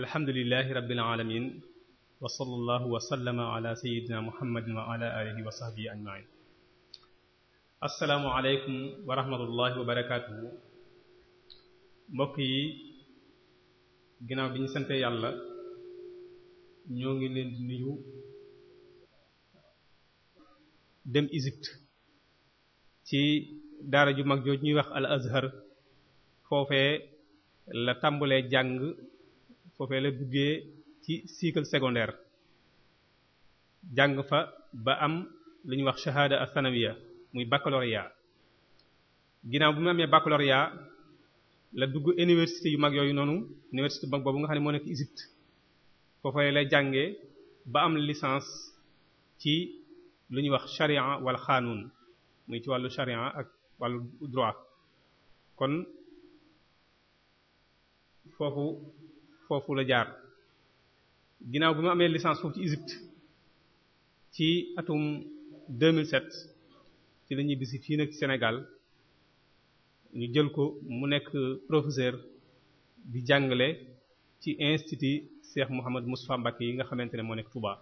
alhamdulilahi rabbil alamin wa sallallahu wa sallama ala sayyidina wa ala alihi wa sahbihi ajmain assalaamu aleykum wa rahmatullahi wa barakatuhu mbokk yi ginnaaw bi ñu sante yàlla ñoo ngi leen di nuyu dem Égypte ci daara ju mag jooju ñuy wax al azhar foofee la tàmbalee jàng foofee la duggee ci cycle secondaire jàng fa ba am lu ñuy wax a asanawiya muy baccalauréat ginaaw bu mu amee baccalauréat la dugg université yu mag yooyu noonu université bu boobu nga xam ne moo nekk Égypte foofee la jàngee ba am licence ci lu ñuy wax charia wala xanuun muy ci wàllu charia ak wàllu droit kon foofu foofu la jaar ginnaaw bi mu amee licence foofu ci Égypte ci atum 2007 ci la ñibbisi fii nag senegal ñu jël ko mu nekk professeur di jàngale ci institut Cheikh Mouhamad Moustapha Mbacké yi nga xamante ne moo nekk Touba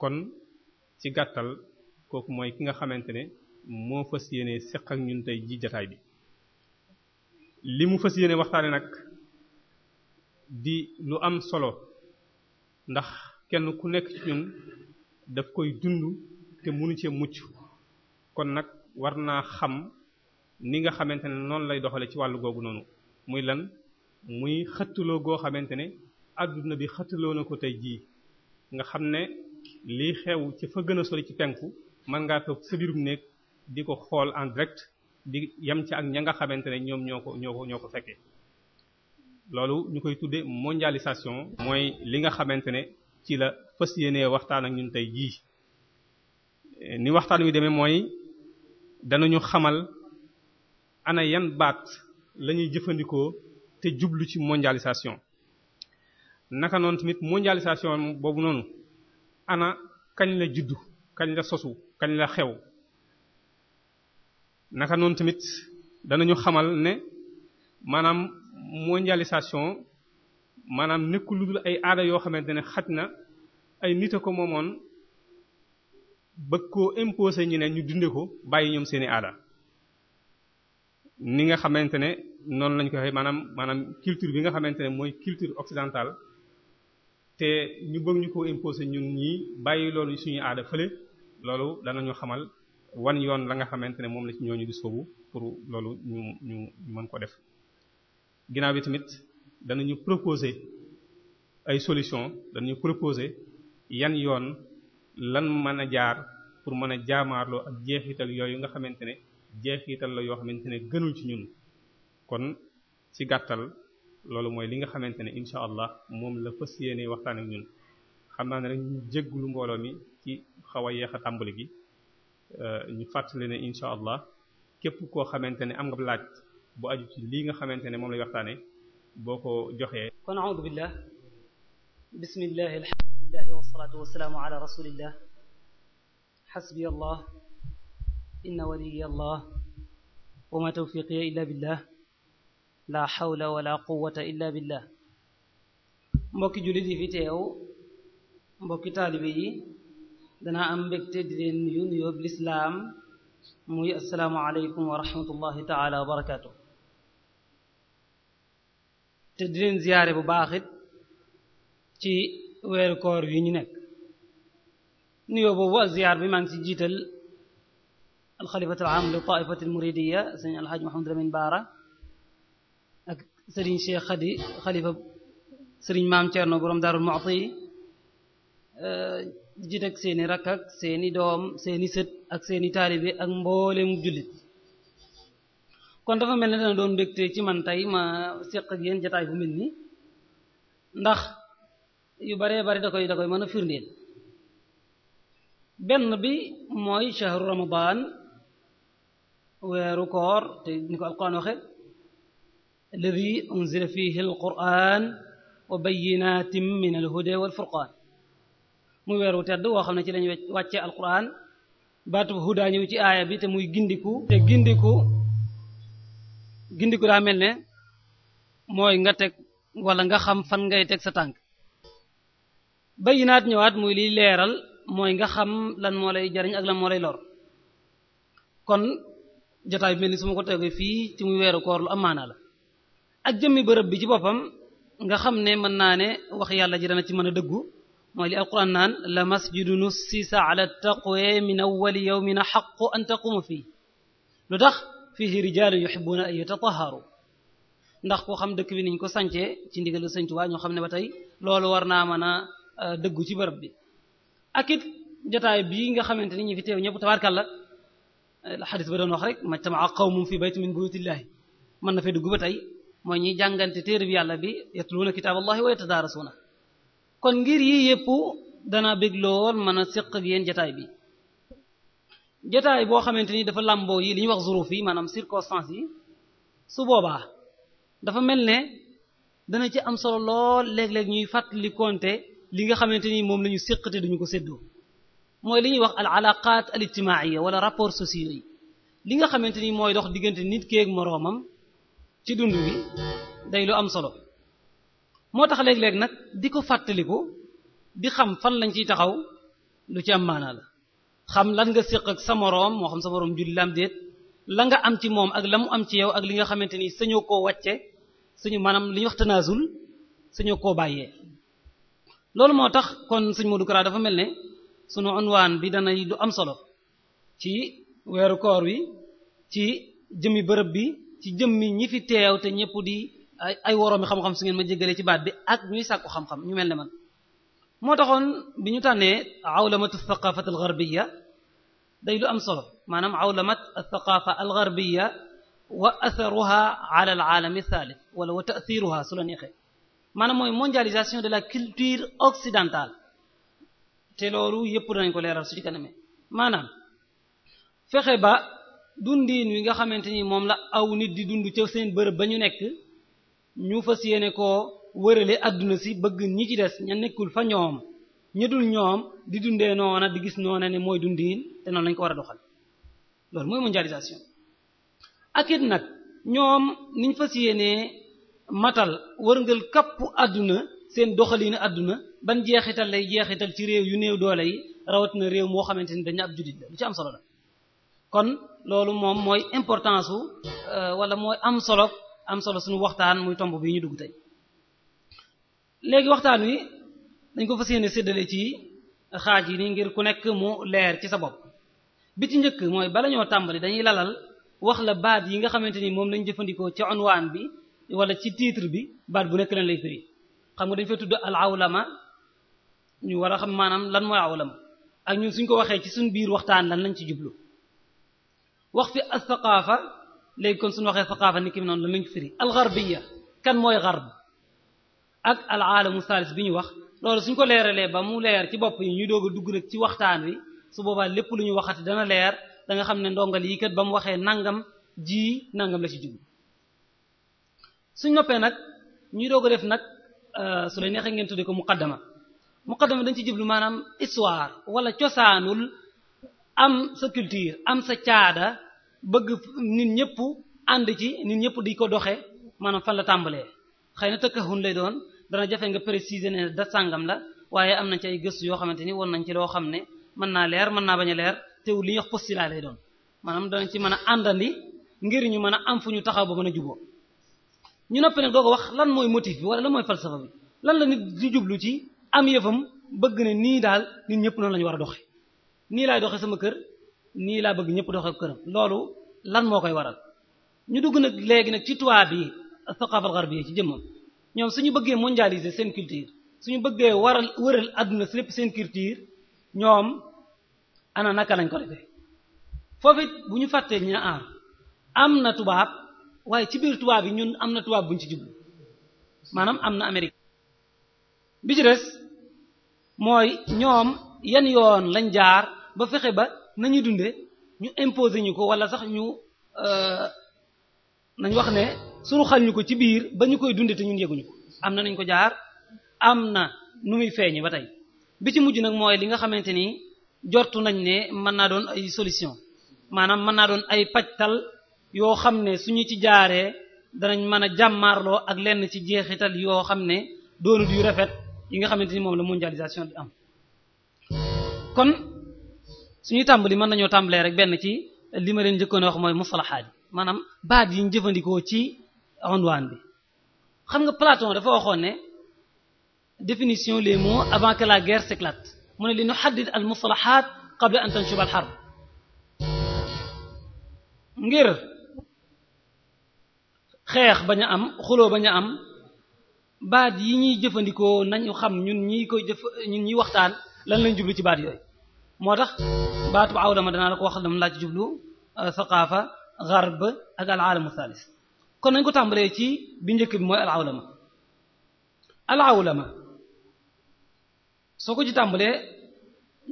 kon ci gàttal kooku mooy ki nga xamante ne moo fas yéene seq ak ñun tey jii jataay bi li mu fas yéene waxtaane nag di lu am solo ndax kenn ku nekk ci ñun daf koy dund te mënu cee mucc kon nag war naa xam ni nga xamante ne noonu lay doxale ci wàllu googu noonu muy lan muy xëttaloo goo xamante ne adduna bi xëttaloo na ko tey jii nga xam ne lii xew ci fa gën a sori ci penku mën ngaa toog sa biirum néeg di ko xool en direct di yem ci ak ña nga xamante ne ñoom ñoo ko ñoo ko ñoo ko fekkee loolu ñu koy tudde mondialisation mooy li nga xamante ne ci la fas yéenee waxtaan ak ñun tey jii ni waxtaan wi deme mooy danañu xamal ana yan baat lañuy jëfandikoo te jublu ci mondialisation naka noon tamit mondialisation boobu noonu ana kañ la juddu kañ la sosu kañ la xew naka noonu tamit danañu xamal ne maanaam mondialisation maanaam nekkul lu dul ay aada yoo xamante ne xaj na ay nit a ko moomoon bëgg koo imposer ñi ne ñu dunde ko bàyyi ñoom seeni aada ni nga xamante ne noonu lañ ko waxee maanaam maanaam culture bi nga xamante ne mooy culture occidentale te ñu bëgg ñu koo imposer ñun ñii bàyyi loolu suñu aada fële loolu danañu xamal wan yoon la nga xamante ne moom la ci ñooñu di soobu pour loolu ñu ñu mën ko def ginnaaw bi tamit danañu proposer ay solution danañu proposer yan yoon lan mën a jaar pour mën a jaamaarloo ak jeexital yooyu nga xamante ne jeexital la yoo xamante ne gënul ci ñun kon ci gàttal loolu mooy li nga xamante ne incha allah moom la fas yéene waxtaan ak ñun xam naa ne rek ñu jégglu mbooloo mi ci xaw a yeex a tàmbali gi euh, ñu fàttali ne incha allah képp koo xamante ne am nga laaj bu aju ci lii nga xamante ne moom lay waxtaane boo ko joxee kon a'udhu billah bismillah alhamdulillah wassalatu wassalamu ala rasulillah hasbi allah inna waliya allah wa ma tawfiqiya illa billah la hawla wala quwwata illa billah mbokki jullit yi fi teew mbokki taalibe yi danaa am mbégte di leen nuyu nuyoob lislaam muy assalaamu aleykum wa rahmatullahi taala wa barakatuh te di leen ziyaare bu baax ci weeru koor yi ñu nekk nuyoo boobu ak ziyaar bi maa ngi ci jiital alxalifatul aam li taifati almuridiya sëriñ alxaaj Muhammad Lamin Baara ak sëriñ Cheikh Xadi xalifa sëriñ maam Cerno borom Daarul Muxti euh, jiit ak seeni rakk seeni doom seeni sët ak seeni taalibe ak mboolem jullit kon dafa mel ne na doon mbégte ci man tey ma seq ak yéen jataay bu mel nii ndax yu baree bari da koy da koy mën a firndeel benn bi mooy shahru ramadan weeru koor te ni ko alquran waxe alladi unzila fihi alquran wa bayyinatin min alhuda wal furqan mu weeru tedd woo xam ne ci lañu wàcce alquran baatub huda ñëw ci aaya bi te muy gindiku te gindiku gindiku daa mel ne mooy nga teg walla nga xam fan ngay teg sa tànk bayinaat ñëwaat muy liy leeral mooy nga xam lan moo lay jariñ ak lan moo lay lor kon jotaay bi mel ni su ma ko tegee fii ci muy weeru koor lu amaana la ak jëmmi bërëb bi ci boppam nga xam ne mën naa ne wax yàlla ji dana ci mën a dëggu mooy li alquran naan la masjidu nussisa ala taqwa min awwali yawmin haqqu an taqumu fii lu tax fihi rijalun yuhibbuna an yatataharu ndax ku xam dëkk bi niñ ko sancee ci ndigalu Sëriñ Tuubaa ñoo xam ne ba tey loolu war naa mën a euh, dëggu ci ba bi ak it bi bii nga xamante ni ñu fi teew ñëpp tabaarkàlla euh, la xadis ba doon wax rek majtamaa qawmun fi bayt min buyutillahi mën na fee dugg ba tey mooy ñi jàngante téere bi yàlla bi yatluuna kitaaballahi wa yatadaarasuuna kon ngir yi yëpp dana bég lool mën a séq ak yéen bi jotaay boo xamante ni dafa làmboo yi li ñuy wax zuruf yi maanaam circonstance yi su boobaa dafa mel ne dana ci am solo lool léeg-léeg ñuy fàttali li nga xamante ni moom la ñu duñu ko séddoo mooy li ñuy wax al alaqat al ijtimaiya wala rapports sociaux yi li nga xamante ni mooy dox diggante nit keeg moroomam ci dund bi day lu am solo moo tax léeg-léeg nag di ko fàttaliku di xam fan lañ ciy taxaw lu ci am maanaa la xam lan nga séq ak sa moroom moo xam sa moroom julli lam déet la nga am ci moom ak la mu am ci yow ak li nga xamante ni sañoo koo wàcce suñu maanaam li ñuy wax tanaasul sañoo koo bàyyee loolu moo tax kon sëñ Modou Kara dafa mel ne sunu unwaan bi dana du am solo ci weeru koor wi ci jëmmi bërëb bi ci jëmmi ñi fi teew te ñëpp di ay ay woroomi xam-xam su ngeen ma jéggalee ci baat bi ak ñuy sàkku xam-xam ñu mel ne man moo taxoon bi ñu tànnee awlamatu thaqafat al gharbiya day lu am solo maanaam awlamat al thaqafa al gharbiya wa atharuha ala al aalam thalith wala wa ta'thiruha su la neexee maanaam mooy mondialisation de la culture occidentale te loolu yëpp danañ ko leeral su ci kaname maanaam fexe ba dundiin wi nga xamante ni moom la aw nit di dund ca seen bërëb ba ñu nekk ñu fas yéene koo wërale adduna si bëgg ñi ci des ña nekkul fa ñoom ñi dul ñoom di dundee noona di gis noona ne mooy dundiin te noonu lañ ko war a doxal loolu mooy mondialisation ak it nag ñoom niñ fas yéenee matal wërngal kapp adduna seen doxaliinu adduna ban jeexital lay jeexital ci réew yu néew doole yi rawatina réew moo xamante ni dañu ab jullit la kon loolu moom mooy importance wu euh, wala mooy am solo am solo suñu waxtaan muy tomb bi ñu dugg tey léegi waxtaan wi dañ ko fas yéene séddale ci xaaj yi ni ngir ku nekk mu leer ci sa bopp bi ci njëkk mooy bala ñoo tàmbali dañuy lalal wax la baat yi nga xamante ni moom lañ jëfandikoo ci unwaan bi wala ci titre bi baat bu nekk lan lay firi xam nga dañ fay tudd al awlama ñu war a xam maanaam lan mooy awlama ak ñun suñ ko waxee ci suñ biir waxtaan lan lañ ci jublu wax fi al thaqaafa léegi kon suñu waxee thaqaafa ni ki noonu lan lañ firi al gharbiya ak al aalamu saalis bi ñu wax loolu suñ ko leeralee ba mu leer ci bopp yi ñuy doog a dugg nag ci waxtaan wi su boobaa lépp lu ñu waxati dana leer da nga xam ne ndongo lii kat ba mu waxee nangam ji nangam la ci jug suñ noppee nag ñuy doog a def nag euh, su lay neexee ngeen tuddee ko muqaddama muqaddama dañ ci jublu maanaam histoire wala cosaanul am sa culture am sa caada bëgg nit ñëpp ànd ci nit ñëpp di ko doxe maanaam fan la tàmbalee xëy na tëkkahun lay doon dana jafe nga préciser ne da sàngam la waaye am na ci ay gëstu yoo xamante ni won nañ ci loo xam ne mën naa leer mën naa bañ a leer tew li ñuy wax postulat lay doon maanaam danañ ci mën a àndandi ngir ñu mën a am fu ñu taxaw ba mën a juboo ñu noppi nag doo ko wax lan mooy motif bi wala lan mooy falsafa bi lan la nit di jublu ci am yëfam bëgg ne nii daal nit ñëpp noonu la ñu war a doxe nii laay doxe sama kër nii laa bëgg ñëpp doxe këram loolu lan moo koy waral ñu dugg nag léegi nag ci tubaab bi thaqafa al-gharbiyya ci jëmmam ñoom suñu bëggee mondialiser seen culture suñu bëggee waral wëral àdduna si lépp seen culture ñoom ana naka lañ ko defee foofu bu ñu fàttee ñu aar ah, am na tubaab waaye ci biir tubaab yi ñun am na tubaab buñ ci jublu maanaam am na Amérique bi ci des mooy ñoom yan yoon lañ jaar ba fexe ba nañu dunde ñu imposer ñu ko wala sax ñu euh, nañ wax ne suruxal ñu ko ci biir ba ñu koy dunde te ñun yëguñu ko am na nañ ko jaar am na nu muy feeñe ba tey bi ci mujj nag mooy li nga xamante ni jortu nañ ne mën naa doon ay solution maanaam mën naa doon ay pajtal yoo xam ne suñu ci jaaree danañ mën a jàmmaarloo ak lenn ci jeexital yoo xam ne doonut yu rafet yi nga xamante ni moom la mondialisation bi am kon suñuy tàmbali mën nañoo tàmbalee rek benn ci li ma leen njëkkoon a wax mooy mustalahaat yi maanaam baat yi ñu ci renduwaan bi nga Platon dafa waxoon ne définition les mots avant que la guerre s'éclate mu ne li nu xaddid al mustalahaat qabla an tanshub al harb ngir xeex bañ a am xuloo bañ am baat yi ñuy jëfandikoo nañu xam ñun ñi koy jëf ñun ñi waxtaan lan lañ jublu ci baat yooyu moo tax baatu awdama danaa la ko wax dama laa ci jublu thaqaafa garb ak al aalamu thalis kon nañ ko tàmbalee ci bi njëkk bi mooy alawlama alawlama soo ko ci tàmbalee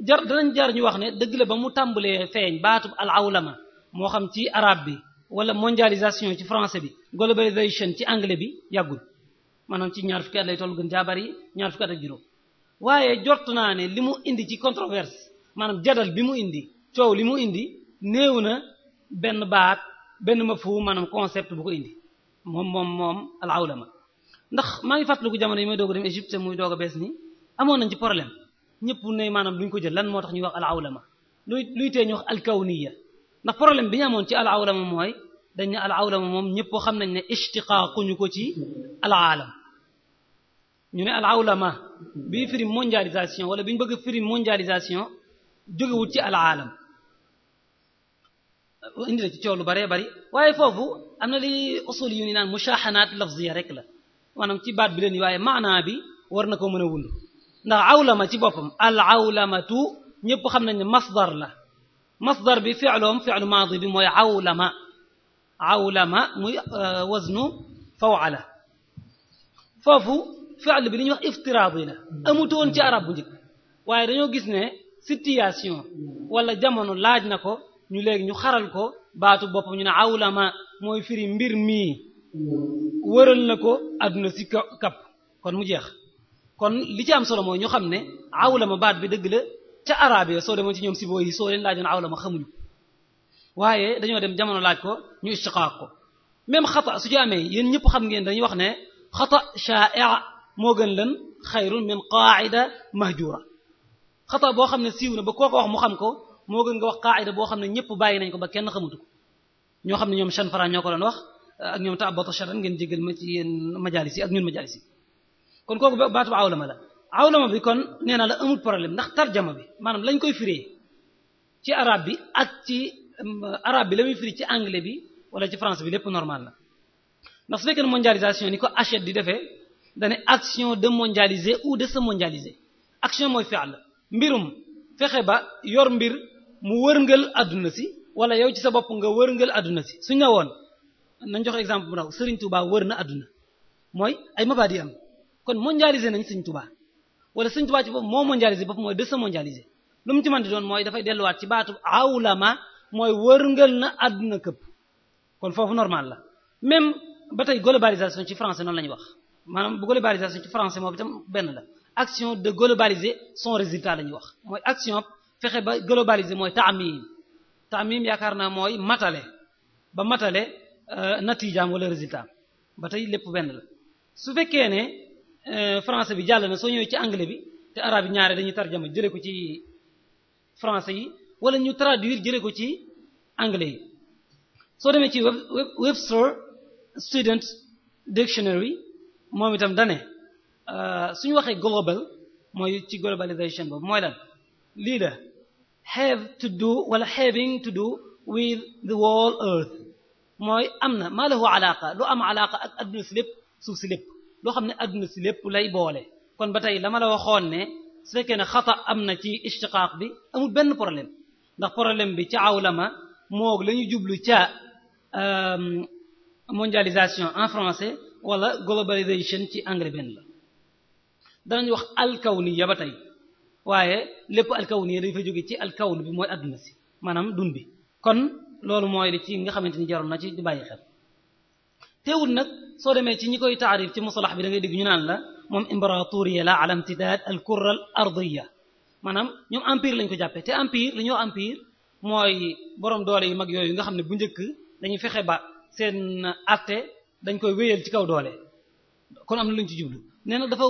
jar danañ jar ñu wax ne dëgg ba mu tàmbalee feeñ baatub alawlama moo xam ci arabe bi wala mondialisation ci français bi globalisation ci anglais bi yàggul maanaam ci ñaar fukki at lay toll gën jaabar yi ñaar fukki at ak juróom waaye jort naa ne li mu indi ci controverse maanaam jadal bi mu indi coow li mu indi néew na benn baat benn ma fu maanaam concept bu ko indi moom moom moom al awlama ndax maa ngi fàttaliku jamono yi may doog a dem Égypte muy doog a bees nii amoon nañ ci problème ñëpp ne maanaam duñ ko jël lan moo tax ñuy wax al awlama luy luy tee ñu wax al kawniya ndax problème bi ñu amoon ci al awlama mooy dañ ne al awlama moom ñëpp xam nañ ne ishtiqaaquñu ko ci al aalam ñu ne al awlama bi firi mondialisation wala bi ñu bëgg firi mondialisation jógewut ci al aalam indi na ci coow lu baree bari waaye foofu am na li usul yu ni naan mushahanaat lafziya rek la ci baat bi leen waaye maanaa bi war na ko mën a ndax awlama ci boppam al awlamatu ñëpp xam nañ ne masdar la masdar bi fi'lum fi'lu maadi bi mooy awlama awlama muy euh, waznu fawala foofu fi'l bi li ñuy wax iftiraadi la amutu woon ci arab bu njëkk waaye dañoo gis ne situation wala jamono laaj na ko ñu léegi ñu xaral ko baatu boppam ñu ne awlama mooy firi mbir mii wëral na ko adduna si kap kon mu jeex kon li ci am solo mooy ñu xam ne awlama baat bi dëgg la ca arabe soo demoon ci ñoom si booyi soo leen laajoon awlama xamuñu waaye dañoo dem jamono laaj ko ñu istiqaaq ko même xata su ci amee yéen ñëpp xam ngeen dañuy wax ne xata sha'i'a moo gën lan xayrun min qaa'ida mahjura xata boo xam ne siiw na ba koo wax mu xam ko moo gën nga wax qaida boo xam ne ñëpp bàyyi nañ ko ba kenn xamutu ko ñoo xam ne ñoom chan fara ñoo ko doon wax ak ñoom taabata sharan ngeen jégal ma ci yéen majalis yi ak ñun majalis yi kon kooku baatu awlama la awlama bi kon nee naa la amul problème ndax tarjama bi maanaam lañ koy firee ci arabe bi ak ci arabe bi la muy ci anglais bi wala ci français bi lépp normal na ndax su fekkee ne mondialisation ni ko Hachette di defee dane action de mondialiser ou de se mondialiser action mooy fi'l mbirum ba yor mbir mu wërngal adduna si wala yow ci sa bopp nga wërngal adduna si suñ ne woon nañ jox exemple bu ndaw Serigne Touba wër na adduna mooy ay mabaadi am kon mondialisé nañ Serigne tubaa wala Serigne Touba ci bopp moo mondialisé bopp mooy décentralisé lu mu ci mën di doon mooy dafay delluwaat ci baatu awlama mooy wërngal na adduna këpp kon foofu normal la même ba tey globalisation ci français noonu la ñuy wax maanaam bu globalisation ci français moom itam benn la action de globaliser son résultat la ñuy wax mooy action fexe ba globaliser mooy taamim taamim yaakaar naa mooy matale ba matale euh, natiijaam wala résultat ba tey lépp benn la su fekkee ne euh, français bi jàll na soo ñëwee ci anglais bi te arabe ñaare dañuy tarjama jëlee ko ci français yi wala ñu traduire jëlee ko ci anglais yi soo demee ci Webster student dictionary moom itam dane euh, suñu waxee global mooy ci globalisation boobu mooy lan lii la have wala having to do with the whole earth mooy am na maa lahu alaqa lu am alaqa ak adduna si lépp suuf si lépp loo xam ne adduna si lépp lay boole kon ba tey la la waxoon ne su fekkee ne xata am na ci ishtiqaaq bi amul benn problème ndax problème bi ca awlama moog la ñu jublu ca euh, mondialisation en français wala globalisation ci anglais benn la danañ wax alkawniya ba tey waaye lépp alkawniya dañ fa jóge ci alkawn bi mooy adduna si maanaam dun bi kon loolu mooy li ci nga xamante ni jaroon na ci di bàyyi xel teewul nag soo demee ci ñi koy taarif ci musalax bi da ngay dégg ñu naan la moom imbaraturia la ala imtidaad al ardiya maanaam ñoom empire lañ ko jàppee te empire li ñoo empire mooy borom doole yu mag yooyu nga xam ne bu njëkk dañuy fexe ba seen atte dañ koy wéyal ci kaw doole kon am na luñ ci jublu nee na dafa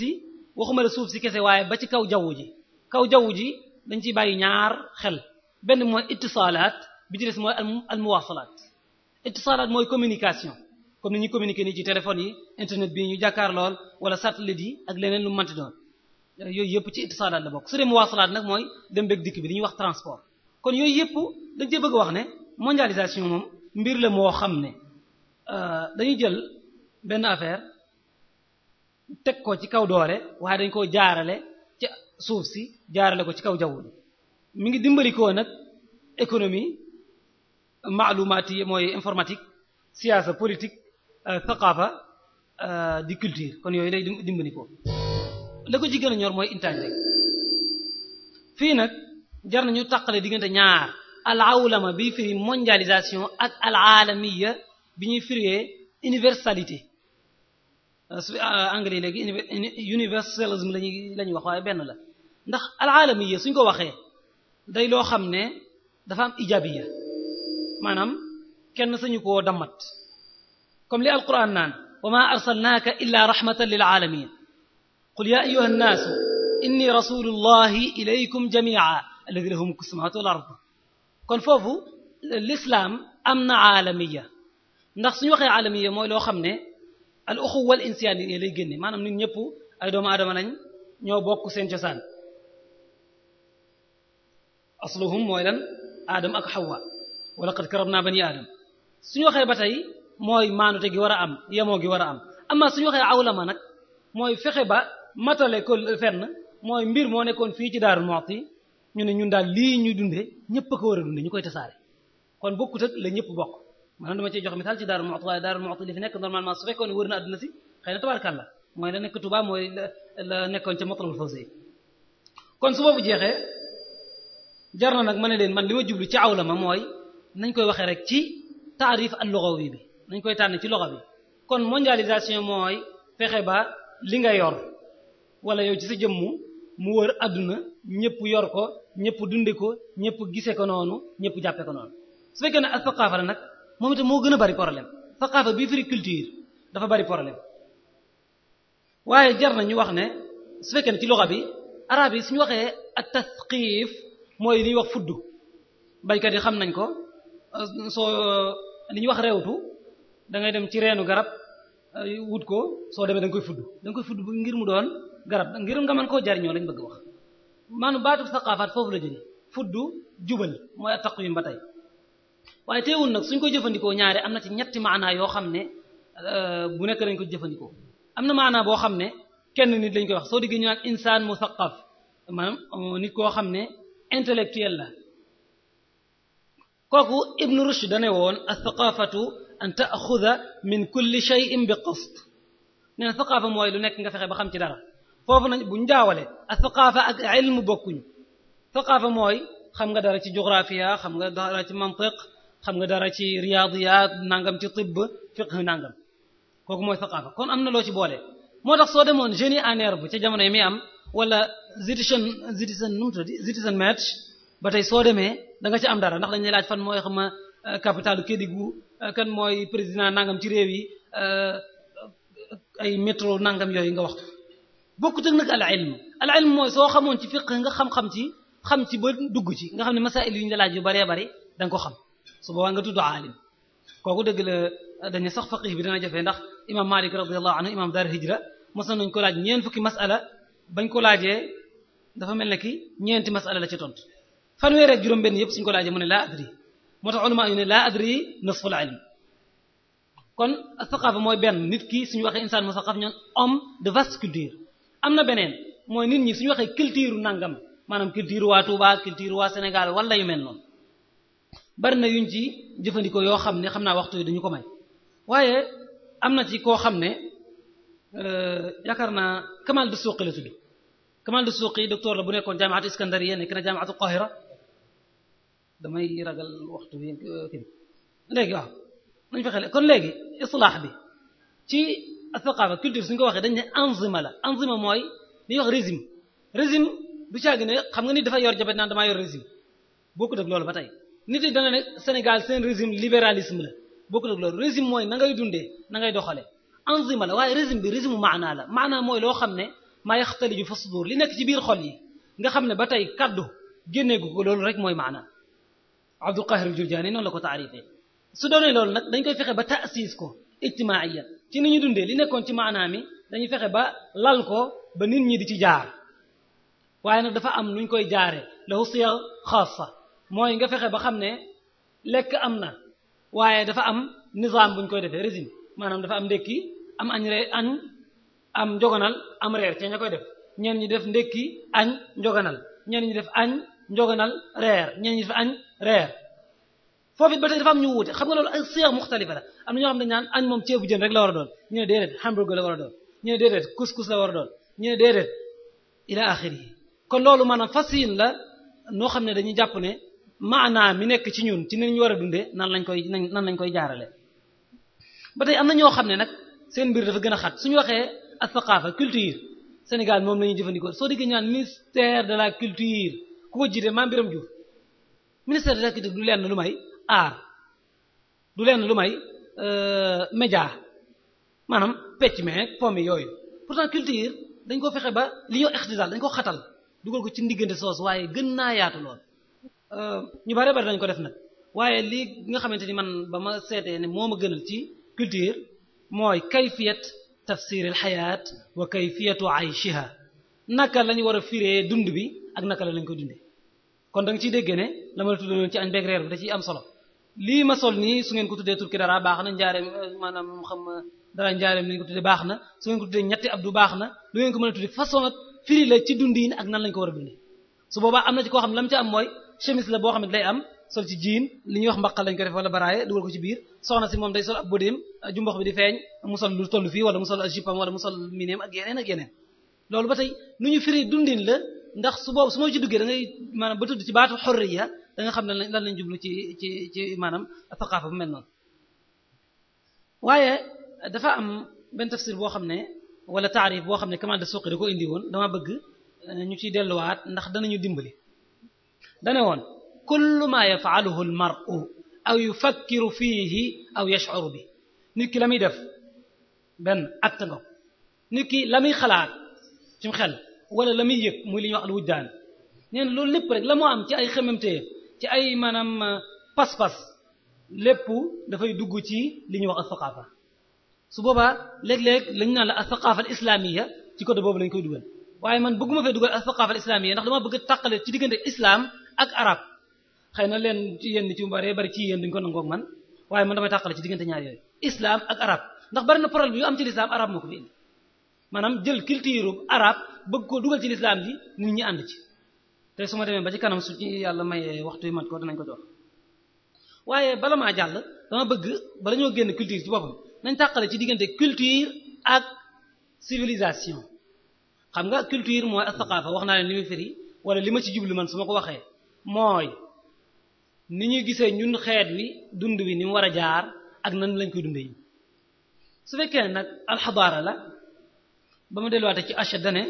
si waxuma la suuf si kese waaye ba ci kaw jaww ji kaw jawwu ji dañ ciy bàyyi ñaar xel benn mooy ittisaalaat bi ci des mooy al muwaasalaat ittisaalaat mooy communication comme ni ñu communiquer ni ci téléphone yi internet bi ñu jàkkaar lool wala satellite yi ak leneen lu manti doon yooyu yëpp ci ittisaalaat la bokk su dee muwaasalaat nag mooy dem beeg dikk bi li ñu wax transport kon yooyu yëpp dañ cee bëgg wax ne mondialisation moom mbir la moo xam ne euh, dañuy jël benn affaire teg ko ci kaw doole waaye dañ koo jaarale ci suuf si jaarale ko ci kaw jaww mu ngi dimbali ko nag économie maalumaat yi mooy informatique siyaasa politique euh, thaqafa euh, di culture kon yooyu lay dimbali ko la ko ci gën a ñor mooy intaaj fii nag jar nañu tàqale diggante ñaar alawlama bi firi mondialisation ak alaalamiya bi ñuy firee universalité Euh, su euh, anglais yi léegi universalisme lañuy la ñuy wax waaye benn la ndax alaalamiya suñ ko waxee day loo xam ne dafa am ijabiya maanaam kenn sañu koo dammat comme li alquran naan wa ma arsalnaaka illa rahmatan lil alamin qul ya ayyuha nnaasu inni rasulullahi ilaykum jami'a alladi lahu mulku samawati wal ard foofu l'islam am na alamiya ndax suñu waxee alamiya mooy loo xam ne al uxuwa al insaaniyya lay génne maanaam nit ñëpp ay doomu aadama lañ ñoo bokk seen cosaan asluhum mooy lan aadam ak xawa wa laqad karamna bani su suñu waxee ba tey mooy maanute gi war a am yemoo gi war a am amma suñu waxee awlama nag mooy fexe ba matale ko fenn mooy mbir moo nekkoon fii ci Darou Moukhty ñu ne ñun daal lii ñu dundee ñëpp ko war a dundee ñu koy tasaare kon bokkut ak la ñëpp bokk maanaam dama ciy jox misaal ci Daaru Muxti waaye Daaru Muxti li fi nekk normalement su fekkoon wër na adduna si xëy na tabaarkàlla mooy la mooy la nekkoon ca Matlabul Fawzi kon su boobu jeexee jar nag ma ne leen man li ma jublu ci aw la ma mooy nañ koy waxee rek ci taarif al-lughawi bi nañ koy tànn ci lugha bi kon mondialisation mooy fexe ba li nga yor wala yow ci sa jëmmu mu wër adduna ñëpp yor ko ñëpp dunde ko ñëpp gise ko noonu ñëpp jàppe ko noonu su fekkee ne al la nag moom itam moo gën a bari problème saqaafa bii firi culture dafa bari problème waaye jar na ñu wax ne su fekkee ne ci loxo bi arab yi suñu waxee ak tasqiif mooy li wax fudd baykat yi xam nañ ko soo ñuy wax reewtu da ngay dem ci reenu garab wut ko soo demee da koy fudd da nga koy fudd ngir mu doon garab ngir nga mën koo jariñoo lañ bëgg wax maanaam baatu saqaafaat foofu la jëlee fudd jubal mooy at taqwim ba tey waaye teewul nag suñ ko jëfandikoo ñaare am na ci ñetti maanaa yoo xam ne euh, bu nekk dañ ko jëfandikoo am na maanaa boo xam ne kenn nit lañ koy wax soo diggee ñu naan insaan musaqaf maanaam euh, koo xam ne intellectuel la kooku ibnu rushd dane woon ath-thaqafatu an ta'khudha min kulli shay'in bi qist nee na mooy lu nekk nga fexe ba xam ci dara foofu na buñ jaawale ath-thaqafa ak ilmu bokkuñu thaqafa mooy xam nga dara ci géographia xam nga dara ci mantiq xam nga dara ci riyadiyat nangam ci tibb fiqh nangam kooku mooy saqaafa kon am na loo ci boole moo tax soo demoon génie en herbe ca jamono yi am wala zitisen zitisen nu mu tudd zitisen match ba tey soo demee danga ci am dara ndax dañuy laaj fan mooy xam euh, capitale Kédougou euh, kan mooy président nangam ci réew yi euh, ay métro nangam yooyu nga wax bokkut ak nag al ilm al ilm mooy soo xamoon ci fiqh nga xam-xam ci xam ci ba dugg ci nga xam ne masail yi ñu la laaj yu bëree bëri da nga ko xam su boobaa nga tudd aalim kooku dëgg la dañu sax faqih bi dana jafee ndax imam Malik radiyallahu anhu imam dar hijra mosoon nañu ko laaj ñeent fukki masala bañ ko laajee dafa mel ne ki ñeenti masala la ci tontu fanweer ak juróom benn yëpp suñu ko laajee mu ne laa adri moo tax ulama yu ne laa adri nisful ilm kon a saqaafa mooy benn nit ki suñu waxee insaan mu saqaf ñoon homme de vaste culture am na beneen mooy nit ñi suñu waxee culture nangam maanaam culture waa Touba culture waa Sénégal wala yu mel noonu bari na yuñ ci jëfandikoo yoo xam ne xam naa waxtu yi dañu ko may waaye am na ci koo xam ne euh, yaakaar naa Kamal Dussuqi la tudd Kamal Dussuqi docteur la bu nekkoon jaami'atu Iskandariya nekk na jaami'atu Qahira damay ragal waxtu euh, bi kii léegi waaw nañ fexe kon léegi islaax bi ci athaqaafa culture suñ ko waxee dañ ne enzima la enzima mooy li ñuy wax régime régime du caagi ne xam nga nit dafa yor jabet naan damaa yor régime bokkut ak loolu ba tey nit yi dana ne Sénégal seen régime libéralisme la bokkut ak loolu régime mooy na ngay dundee na ngay doxalee enzima la waaye régime bi régime maanaa la maanaa mooy loo xam ne maa yaxtaliju fa sudur li nekk ci biir xol yi nga xam ne ba tey kaddu génneegu ko loolu rek mooy maanaa Abdul Qahir al-Jurjani noon la ko taarifee su doonee loolu nag dañ koy fexe ba taasiis ko ijtimaiya ci ni ñu dundee li nekkoon ci maanaa mi dañuy fexe ba lal ko ba nit ñi di ci jaar waaye nag dafa am nuñ koy jaare lahu siya xaasa mooy nga fexe ba xam ne lekk am na waaye dafa am nizaam buñ koy defee régime maanaam dafa am ndekki am añ re am njoganal am reer ca ña koy def ñeen ñi def ndekki añ njoganal ñen ñi def añ njoganal reer ñen ñi def añ reer foofu it ba tey dafa am ñu wuute xam nga loolu ay siya muxtalifa am na ñoo xam ne ñaan añ moom ceebu jën rek la war a doon ñu ne déedéet hamburger la war a doon ñu ne déedéet couscous la war a doon ñu ne déedéet kon loolu maanaam fasiin la noo xam ne dañuy jàpp ne maanaa mi nekk ci ñun ci ni ñu war a dundee nan lañ koy nan lañ koy jaarale ba tey am na ñoo xam ne nag seen mbir dafa gën a xat suñu waxee ak thaqaafa culture Sénégal moom la ñuy jëfandikoo soo déggee ñaan ministère de la culture ko jiite maam Biram Diouf ministère de la culture du leen lu may aar du leen lu may euh, média maanaam pecc meeg pomme yooyu pourtant culture dañ ko fexe ba li ñoo ixtisaal dañ ko xatal dugal ko ci ndiggante soos waaye gën naa yaatu lool euh, ñu bare bare dañ ko def nag waaye lii nga xamante ni man ba ma seetee ne moo ma gënal ci culture mooy kayfiyat tafsir al xayaat wa kayfiyatu ayshiha naka lañu war a firee dund bi ak naka la lañ ko dundee kon da nga ciy déggee ne la ma la tuddaloon ci añ beeg bi da ciy am solo lii ma sol nii su ngeen ko tuddee turki dara baax na njaareem euh, maanaam xam dara njaareem ni ngeen tuddee baax na su ngeen ko tuddee ñetti abdu baax na lu ngeen ko mën firi la ci dundin ak nan lañ ko war a dundee su boobaa am na ci koo xam ne lam ca am mooy chemise la boo xam ne day am sol ci jiin li ñuy wax mbaqal lañ ko def wala baraaye dugal ko ci biir soxna si moom day sol a bodéem jumbox bi di feeñ lu toll fii wala mu sol jipam wala mu sol mineem ak yeneen ak yeneen loolu ba tey nu ñu firi dundin la ndax su boobu su ma ci duggee dangay ngay ba tudd ci baatu xorriya da nga xam ne lan lañ jublu ci ci ci maanaam thaqaafa bu mel noonu waaye dafa am benn tafsir boo xam ne wala taarif boo xam ne Kamal soo da ko indi woon dama bëgg euh, ñu ciy delluwaat ndax danañu dimbali dane woon kullu ma yafaaluhu al mar'u aw yufakkiru fiihi aw yash'uru bi nit ki la muy def benn acte nga nit ki la muy xalaat ci xel wala la muy muy li ñuy wax al wujdaan nee na loolu lépp rek la am ci ay xamamte ci ay maanaam euh, pas-pas lépp dafay dugg ci li ñuy wax al thaqaafa su boobaa léeg-léeg lañu naan la as-saqaafa al-islaamiyya ci côté boobu lañ koy dugal waaye man bëgguma fee dugal as-saqaafa al-islaamiyya ndax dama bëgg tàqale ci diggante islam ak arab xëy na leen ci yenn ci mbaree bari ci yéen duñ ko nangoog man waaye man damay tàqale ci diggante ñaar yooyu islam ak ndax bari na problème yu am ci lislaam arab moo ko bi indi maanaam jël culture araab bëgg koo dugal ci lislaam bi nit ñi ànd ci te su ma demee ba ci kanam su ci yàlla mayee waxtu yi mat ko nañ ko jox waaye bala maa jàll dama bëgg bala ñoo génn culture ci boppam nañ tàqale ci diggante culture ak civilisation xam nga culture mooy ak saqaafa wax naa leen li muy firi wala li ma ci jublu man su ma ko waxee mooy ni ñuy gisee ñun xeet wi dund wi ni mu war a jaar ak nan lañ koy dundee su fekkee nag alxadaara la ba ma delluwaate ci achet dane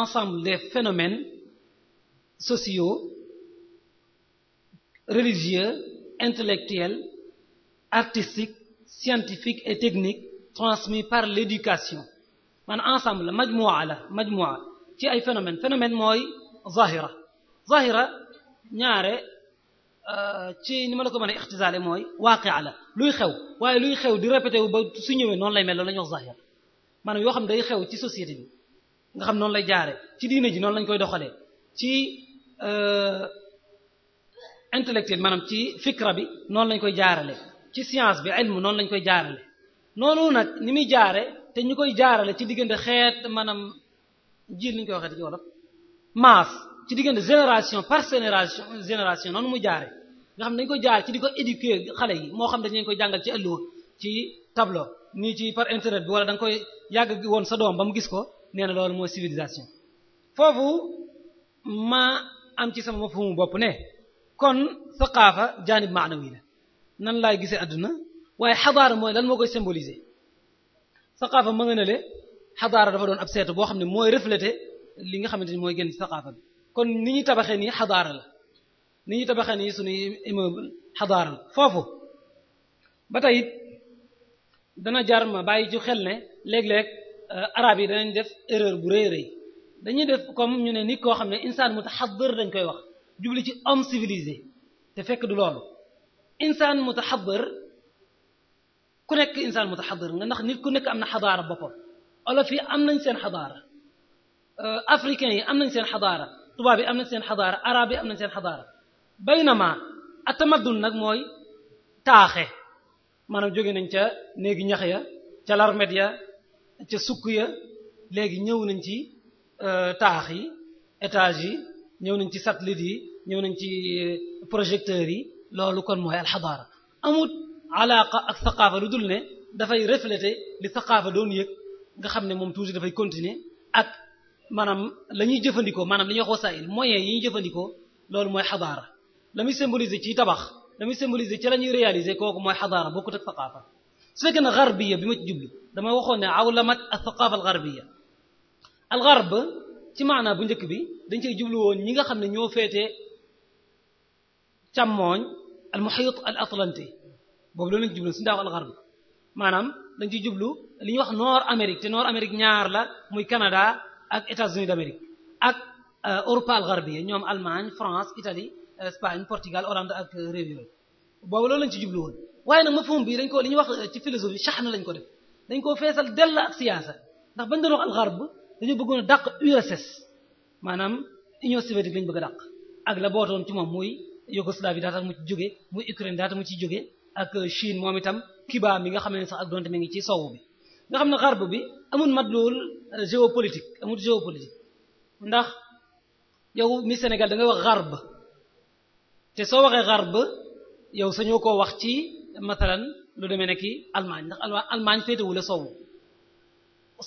ensemble des phénomènes sociaux religieux intellectuels artistiques scientifique et technique transmis par l'éducation man ensemble la majmua la majmua ci ay phénomène phénomène mooy zahira zahira ñaare euh, ci ni ma la ko mën a ixtisaale mooy waaqia la luy xew waaye luy xew di répété wu ba su ñëwee noonu lay mel loolu la ñuy wax zahira maanaam yoo xam day xew ci société bi nga xam noonu lay jaare ci diine ji noon lañ koy doxale ci euh, intellectuel maanaam ci fikra bi noonu lañ koy jaarale ci science bi ilmu noonu lañ koy jaarale noonu nag ni muy jaare te ñu koy jaarale ci diggante xeet maanaam ji li ñu koy waxee ci wolof maas ci diggante génération par génération génération noonu mu jaare nga xam ne dañu koy jaar ci di ko éduquer xale yi moo xam dañ leen koy jàngal ci woon ci tableau nii ci par internet bi wala da nga koy yàgg woon sa doom ba mu gis ko nee na loolu mooy civilisation foofu ma am ci sama mafhumu bopp ne kon saqaafa jaanib maanawi la nan laay gisee àdduna waaye xadaara mooy lan moo koy symboliser saqaafa ma ne le xadaara dafa doon ab seetu boo xam ne mooy refléter li nga xamante ni mooy génn ci saqaafa bi kon ni ñuy tabaxee nii xadaara la ni ñuy tabaxee nii suñuy immeuble xadaara la foofu ba tey dana jar ma bàyyi ci xel ne léeg-léeg euh, arab yi danañ def erreur bu rëy rëy dañuy def comme ñu ne nit koo xam ne insaan mutaxaddir dañ koy wax jubli ci homme civilisé te fekk du loolu insaan mutaxabar ku nekk insaan mutaxabar nga ndax nit ku nekk am na xadaara boppam olof yi am nañ seen xadaara euh, africain yi am nañ seen xadaara tubaab yi am na seen xadaara arab yi am na seen xadaara baynama atamadun nag mooy taaxe maanaam jóge nañ ca néegi ñax ya ca larmet ya ca sukk ya léegi ñëw nañ ci euh, taax yi étage yi ñëw nañ ci satellite yi ñëw nañ ci euh, projecteurs yi loolu kon mooy alxadaara amut alaaqa ak saqaafa lu dul ne dafay refléter li saqaafa doon yëg nga xam ne moom toujours dafay continuer ak maanaam la ñuy jëfandikoo maanaam li ñuy wax wasaayil moyens yi ñuy jëfandikoo loolu mooy xadaara la muy symboliser ci tabax la muy symboliser ci la ñuy réaliser kooku mooy xadaara bokkut ak saqaafa su fekkee ne garbiya bi ma ci jublu dama waxoon ne awlamat as-saqaafa al-garbiya al-garb ci maanaa bu njëkk bi dañ cey jublu woon ñi nga ne ñoo càmmooñ al muhayit al atlantique boobu loolu lañ ci jublu si ndaaw al gharb maanaam dañ ci jublu li ñuy wax noor Amérique te noor Amérique ñaar la muy Canada ak États-Unis d'Amérique ak euh, Europe al gharbiyya ñoom Allemagne France Italie euh, Espagne Portugal Hollande ak euh, réew yooyu boobu loolu lañ ci jublu woon na nag mafhum bi dañ ko li ñuy wax ci philosophie shahn lañ ko def dañ koo feesal dell ak siyaasa ndax bañ doon wax al gharb dañoo bëggoon a dàq URSS maanaam Union soviétique lañ bëgg a ak la ci moom muy Yougoslavie daata mu ci jóge mu Ukraine daata mu ci jóge ak Chine moom itam Cuba mi nga xam ne sax ak donte mi ngi ci sowu bi nga xam ne xarb bi amul madluwul géopolitique amul géopolitique ndax yow mi Sénégal da nga wax xarb te soo waxee xarb yow sañoo koo wax ci masalan lu demee nekk Allemagne ndax Allemagne féetewu la sowu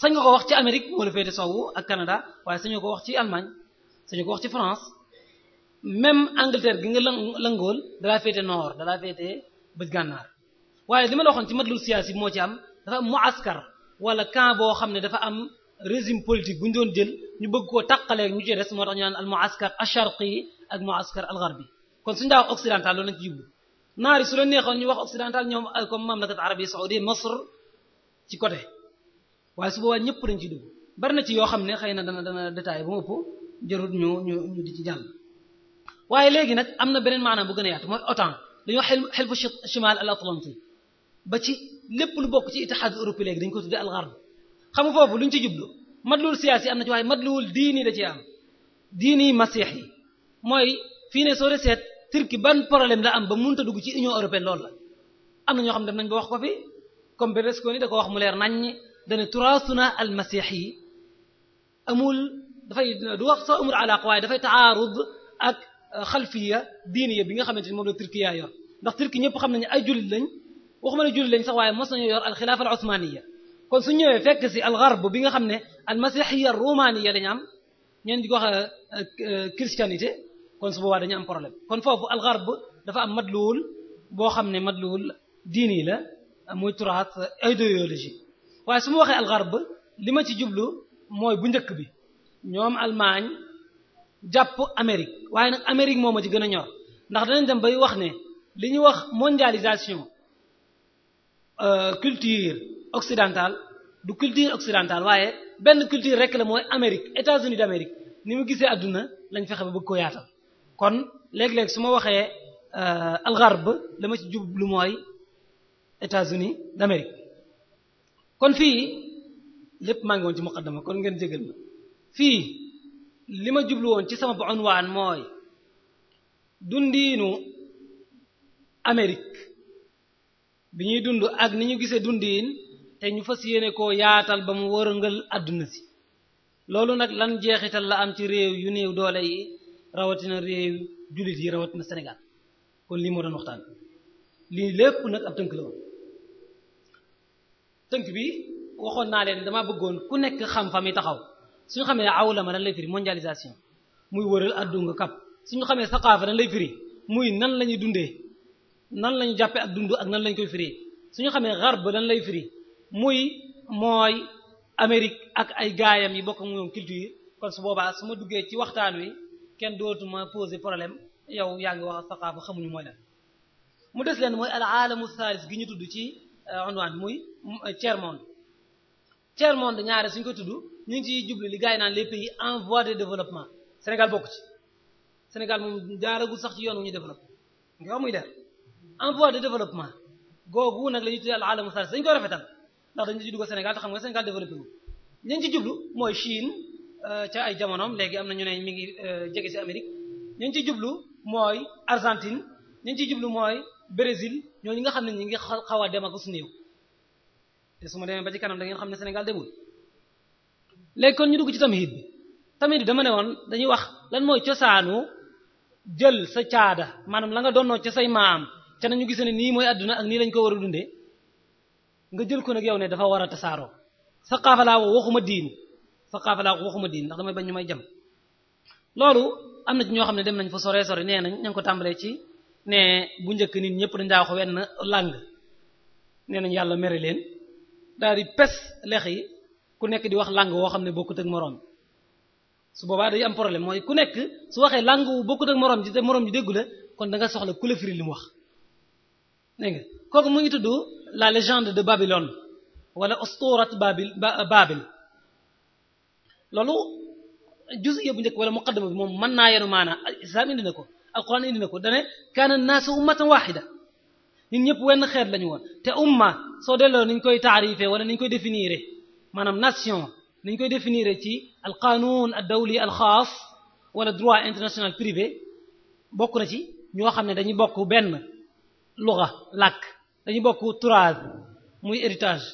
sañ nga wax ci Amérique moo la féete sowu ak Canada waaye sañoo ko wax ci Allemagne sañoo ko wax ci France même Angleterre gi nga la lëngool dalaa féete nord dalaa féete bëj gànnaar waaye li ma la waxoon ci matlul siyaasi moo ci am dafa am mu askar wala camp boo xam ne dafa am régime politique bu ñu doon jël ñu bëgg koo tàqaleeg ñu ci des moo tax ñu naan al mu askar asharqi ak mu al gharbi kon suñu daa wax occidental loolu lañ ci yóbbu naari su la neexoon ñu wax occidental ñoom comme mamlakat arabie saoudi Masr ci côté waaye su boobaa ñëpp dañ ci dugg bari na ci yoo xam ne xëy na dana dana détaillé ba mu ëpp jarut ñu ñu ñu di ci jàll. waaye léegi nag am na beneen maanaam bu gën a yaatu mooy OTAN dañoo xel xelfu chimal al atlantique ba ci lépp lu bokk ci ittihad européen léegi dañu ko tudde al gharb xam nga foofu lu ñu ci jublu madluwul siyaasi am na ci waaye madluwul diini da ci am diini masiix yi mooy fii ne soo reseet Turquie ban problème la am ba mënut a dugg ci union européenne lool la am na ñoo xam ne dem nañ ba wax ko fi comme Berlusconi da ko wax mu leer nañ dana turaasuna al masiix yi amul dafay du wax soo amul alaaq waaye Euh, xalfiya diiniya bi nga xamante ni moom la turki yaa yor ndax turki ñëpp xam nañu ay jullit sax waaye mos nañu yor al xilaafa al osmaniya kon su ñëwee fekk si al bi nga xam ne al masihiya romaniya lañu ñeen di ko wax euh, euh, christianité kon su boobaa dañu am problème kon foofu al gharb dafa am mat madluwul boo xam ne mat madluwul diini la muy turaat idéologie waaye su ma waxee al gharb li ma ci jublu mooy bu njëkk bi ñoom Allemagne jàpp Amérique waaye nag Amérique moom ma ci gën a ñor ndax danañ dem bay wax ne li ñu wax mondialisation euh, culture occidentale du culture occidentale waaye benn culture rek la mooy amerique États-Unis d'Amérique ni mu gisee àdduna lañ fexe ba bëgg ko yaatal kon léeg-léeg su ma waxee euh, algarb la ma ci jublu mooy États-Unis d'Amérique kon fii lépp maa ngi woon ci muqaddama kon ngeen jégal ma fii li ma jublu woon ci sama bu unwaan mooy dundiinu Amérique bi ñuy dund ak ni ñu gisee dundiin te ñu fas yéene koo yaatal ba mu wërëngal àdduna si loolu nag lan jeexital la am ci réew yu néew doole yi rawatina réew jullit yi rawatina Sénégal kon lii moo doon waxtaan lii lépp nag ab tënk la woon tënk bi waxoon naa leen dama bëggoon ku nekk xam fa mi taxaw suñu xamee awlama lan lay firi mondialisation muy wëral dung kap suñu xamee saqaafa lan lay firi muy nan la ñuy dundee nan la ñu jàppee ak dund ak nan lañ koy firi suñu xamee garb lan lay firi muy mooy Amérique ak ay gaayam yi bokk moom culture kon su boobaa su ma duggee ci waxtaan wi kenn dootuma poser problème yow yaa ngi wax saqaafa xamuñu mooy lan mu des leen mooy al alamu thalis gi ñu tudd ci euh, unwaan muy euh, tiers monde suñ ko tudd ñu ngi ciy jublu li gars yi naan les pays développement Sénégal bokk Sénégal moom jaaragul sax ci yoon wu ñu développé nga wax muy def en voie de développement googu nag la ñuy tuddee al ko rafetal ndax dañu ci dugg xam nga Sénégal développé wu ñu ci jublu mooy Chine euh, ca ay jamonoom léegi am na ñu ne mi ngi euh, jege ci Amérique ñu ngi ci jublu mooy Argentine ñu ngi jublu mooy Brésil ñoo ñi nga xam ne ñu ngi xaw a dem ak su néew te su ma demee ba ci kanam ngeen xam ne Sénégal demul léegi kon ñu dugg ci tamhid bi tamhid bi dama ne woon dañu wax lan mooy cosaanu jël sa caada maanaam la nga doonnoo ca say maam ca nañu gise ne nii mooy adduna ak nii lañ ko war a dundee nga jël ko nag yow ne dafa war a tasaaroo saqaafa laa wax waxuma diin saqaafa wax waxuma diin ndax damay bañ ñu may jëm loolu am na ñoo xam ne dem nañ fa sore sore nee nañ ña ko tàmbalee ci bu njëkk nit ñëpp dañ daa ko wenn langue nee nañ yàlla mere leen daal di pes lex yi ku nekk di wax langue woo xam ne bokkut ak moroom su boobaa day am problème mooy ku nekk su waxee langue wu bokkut ak moroom ji te moroom ji déggu la kon danga nga soxla ku la firi li wax nga kooku mu ngi tudd la légende de Babylone wala usturat Babil Babil loolu juz'iyya bu njëkk wala muqaddama bi moom mën naa yenu maana islam indi na ko alquran indi na ko dane kaana naasu ummatan waahida nit ñëpp wenn xeet lañu woon te umma soo delloo niñ koy taarifé wala niñ koy définir maanaam nation dañ koy définir ci al qanun ad dawli al xaas wala droit international privé bokk na ci ñoo xam ne dañuy bokk benn luga làkk dañuy bokk turaad muy héritage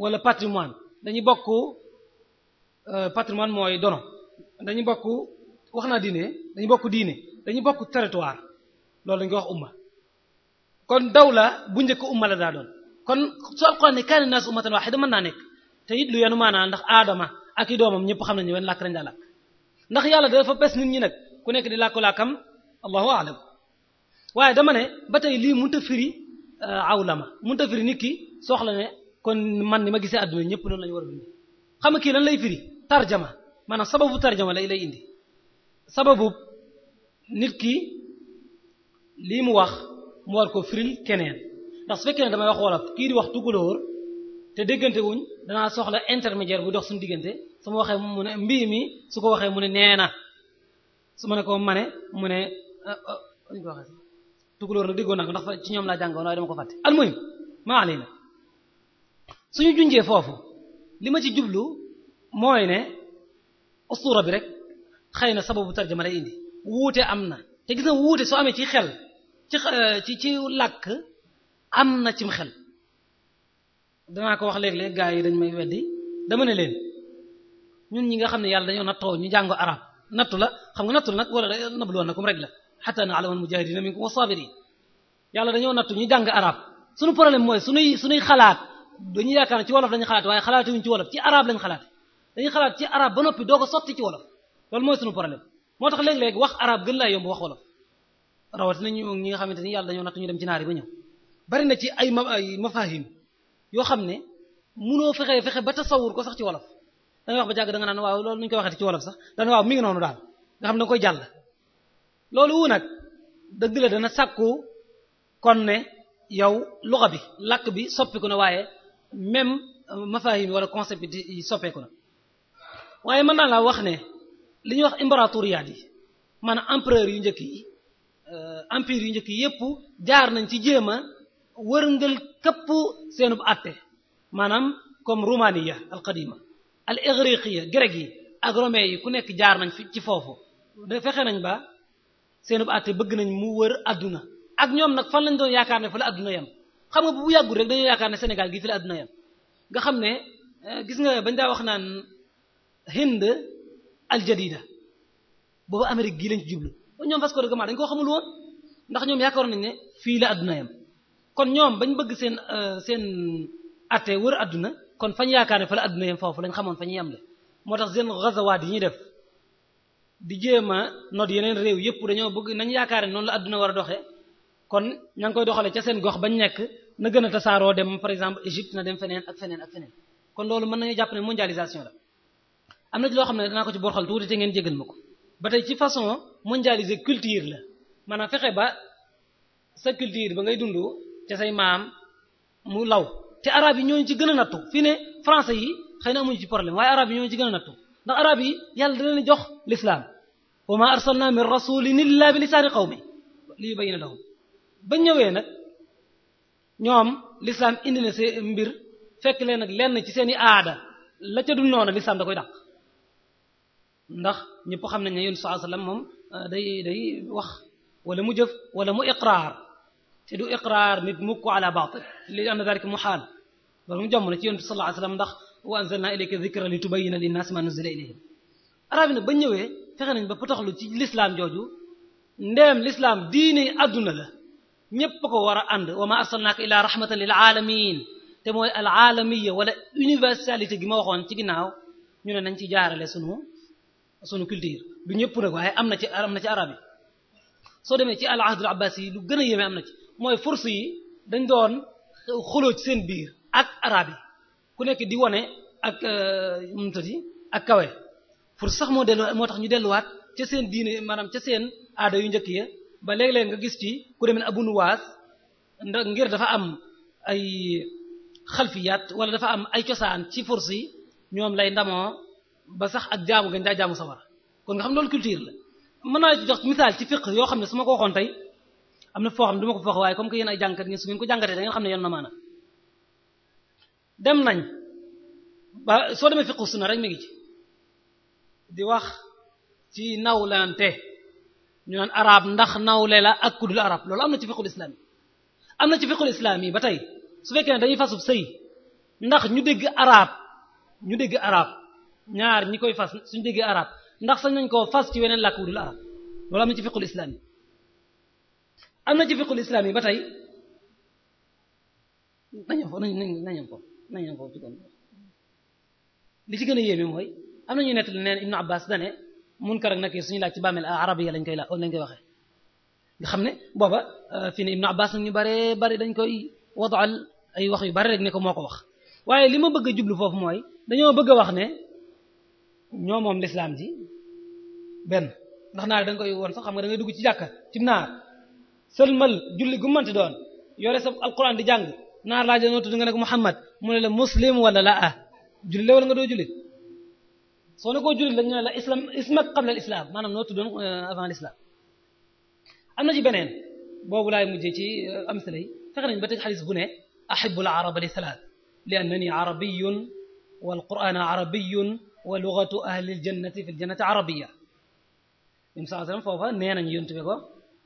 wala patrimoine dañuy bokk euh, patrimoine mooy dono dañuy bokk wax naa diine dañuy bokk diine dañuy bokk territoire loolu dañ koy wax umma kon dawla bu njëkk umma la daa doon kon soo alquran ne kaana naas ummatan waahida mën naa nekk te it lu yenu maanaa ndax aadama ak i doomam ñëpp xam nañu wen làkk dañ daa ndax yàlla dafa pes nit ñi nag ku nekk di laa làkkam allahu alam waaye dama ne ba tey lii mënut a firi euh, awlama mënut a firi nit ki soxla ne kon man ni ma gisee adduna ñëpp noonu lañu war a dundee xam nga kii lan lay firi tarjama maanaam sababu tarjama lay lay indi sababu nit ki lii mu wax mu war ko firil keneen ndax su fekkee ne damay wax wolof kii di wax tukulóor te déggante wuñ danaa soxla intermédiaire bu dox suñu diggante su ma waxee mu ne mbii mi su ko waxee mu ne nee na su ma ne ko mane mu ne ah, ah, ñu ko waxee nag déggoon naa ko ndax ci ñoom laa jàngoon waaye dama ko fàtte almuhim maa aleyna suñu junjee foofu li ma ci jublu mooy ne ustura bi rek xëy na sababu tarjama lay indi wuute am na te gis na wuute soo amee ci xel ci ci lakk làkk am na cim xel danaa ko wax léeg-léeg gaa yi dañ may weddi dama ne leen ñun ñi nga xam ne yàlla dañoo nattoo ñu jàngo arab nattu la xam nga nattu la nag wala nabluwannakum rek la hatta na'lama al-mujahidina minkum was-sabirin yàlla dañoo nattu ñu jàng arab suñu problème mooy suñuy suñuy xalaat dañuy yaakaar ci wolof lañu xalaat waaye xalaatu wuñ ci wolof ci arab lañ xalaat ci arab ba noppi doo ko sotti ci wolof loolu mooy suñu problème moo tax léeg-léeg wax arab gën laa yomb wax wolof rawatina ñu ñi nga xamante ni yàlla dañoo nattu ñu dem ci naar yi ba bari na ci ay ay mafahim yoo xam ne munoo fexe fexe ba tasawur ko sax ci wolof da ngay wax ba jàgg da nga naan waaw loolu nu ñu koy waxeeti ci wolof sax daan waaw mi ngi noonu daal nga xam ne da koy jàll loolu wu nag dëgg la dana sàkku kon ne yow luxa bi làkk bi soppiku na waaye même yi wala concept bi di soppeeku na waaye mën naa laa wax ne li ñuy wax impératoriat yi maanaam empereur yu njëkk yi euh, empire yu njëkk yi yépp jaar nañ ci jéem a wërngël këpp seenub àtte maanaam comme Roumanie al qadima al ighriqiya grec yi ak romain yi ku nekk jaar nañ fi ci foofu da fexe nañ ba seenub àtte bëgg nañ mu wër adduna ak ñoom nag fan lañ doon yaakaar ne fa la adduna yam xam nga bu yàggul rek dañoo yaakaar ne Sénégal gii fi nga xam ne eh, gis nga bañ daa wax naan Hind al jadida boobu Amérique gii lañ ci jublu ñoom Vasco de Gama dañ koo xamul woon ndax ñoom yaakaar nañ ne fii la adduna yam kon ñoom bañ bëgg seen euh, seen atte wër adduna kon fañ yaakaar ne fa la adduna yem foofu lañ xamoon fa ñuy yem le moo tax seen gazawaat ñuy def di jéem a noot yeneen réew yëpp dañoo bëgg nañ yaakaar ne noonu la adduna war a doxee kon ña ngi koy doxalee ca seen gox bañ nekk na gën a tasaaroo dem par exemple Égypte na dem feneen ak feneen ak feneen kon loolu mën nañu jàpp ne mondialisation la am na ci loo xam ne danaa ko ci borxal tuuti te ngeen jégal ma ko ba tey ci façon mondialiser culture la maanaam fexe ba sa culture ba ngay dund ca say maam mu law te arab yi ñooñu ci gën a nattu fii ne français yi xëy na amuñu ci problème waaye arab yi ñooñu ci gën a nattu ndax arab yi yàlla da leen jox l'islam wa ma arsalna min rasulin illa bi lisaani qawmi li yubayyina lahum ba ñëwee nag ñoom l'islam indi na seen mbir fekk leen nag lenn ci seen i aada la ca dul noonu l'islam da koy dàq ndax ñëpp xam ne yéen sallallahu alayhi wasallam ah, wax wala mu jëf wala mu iqraar te du iqraar nit mukk ala batil li anna dalika muhaal loolu mu jomm na ci yonent bi sallallahu alayhi wasallam ndax wa anzalna ilayka dhikra li tubayyina linnaasi ma nuzila ilayhim arab yi nag ba ñëwee fexe nañ ba potoxlu ci lislaam jooju ndeem lislaam diine adduna la ñépp ko war a ànd wa ma arsalnaaka illa rahmatan lil alamin te mooy al alamiya wala universalité gi ma waxoon ci ginnaaw ñu ne nañ ci jaarale sunu sunu culture du ñëpp nag waaye am na ci am na ci arab yi soo ci al ahdul abbasi yi lu gën mooy furs yi dañ doon xuloo seen biir ak araab yi ku nekk di wone ak euh, mu di ak kawe furs sax moo delluwaat moo tax ñu delluwaat ca seen diine maanaam ca seen aada yu njëkk ya ba léeg-léeg nga gis ci ku demee Abu Nuwaas ndax ngir dafa am ay xalfiyaat wala dafa am ay cosaan ci furs yi ñoom lay ndamoo ba sax ak jaamu gañ daa jaamu sawar kon nga xam loolu culture la mën naa jox misaal ci fiqh yoo xam ne su ma ko am na foo xam ne du ma ko fa wax waaye comme que yéen ay jàngkat ngeen su ngeen ko jàngatee da ngeen xam ne yoon na dem nañ ba soo demee fiqhu sunna rek mi ngi ci di wax ci nawlante ñu naan arab ndax nawle la ak kudul arab loolu am na ci fiqhul islam yi am na ci fiqhul islam yi ba tey su fekkee dañuy fasub sëy ndax ñu dégg arab ñu dégg arab ñaar ñi koy fas suñu déggee arab ndax sañ nañ koo fas ci weneen làkk wudul arab loolu am am na ci fiqul islam yi ba tey nañam ko nañam ko nañam ko ci kon li ci gën am na ñu nettali neen Ibnu Abbas dane Munkar ak Nakiir suñu laaj ci bàmmeel arabiya lañ koy laaj lañ koy waxee nga xam ne booba euh, fi ne Ibnu Abbas nag ñu bare bari dañ koy wadaal ay wax yu bari rek ne ko moo ko wax waaye li ma bëgg a jublu foofu mooy dañoo bëgg a wax ne ñoo moom lislaam ji benn ndax naar da koy woon sax xam nga da dugg ci jàkka ci naar sëlmal julli gu mënti doon yore sa alquran di jàng naar laa jël noo tudd nga nekk Muhammad mu ne la muslim wala la ah julli la wala nga doo jullit soo ne koo jullit la ñu ne la islam ismak qabla al islam maanaam noo tuddoon euh, avant l'islam am na ci beneen boobu laay mujjee ci euh, amsala yi fexe nañ ba tëj xadis bu ne ahibbu al araba li thalath li annani arabiyyun wal qur'an arabiyyun wa lughatu ahli al jannati fi al jannati arabiyya im saa sallam foofa nee nañ yontu ko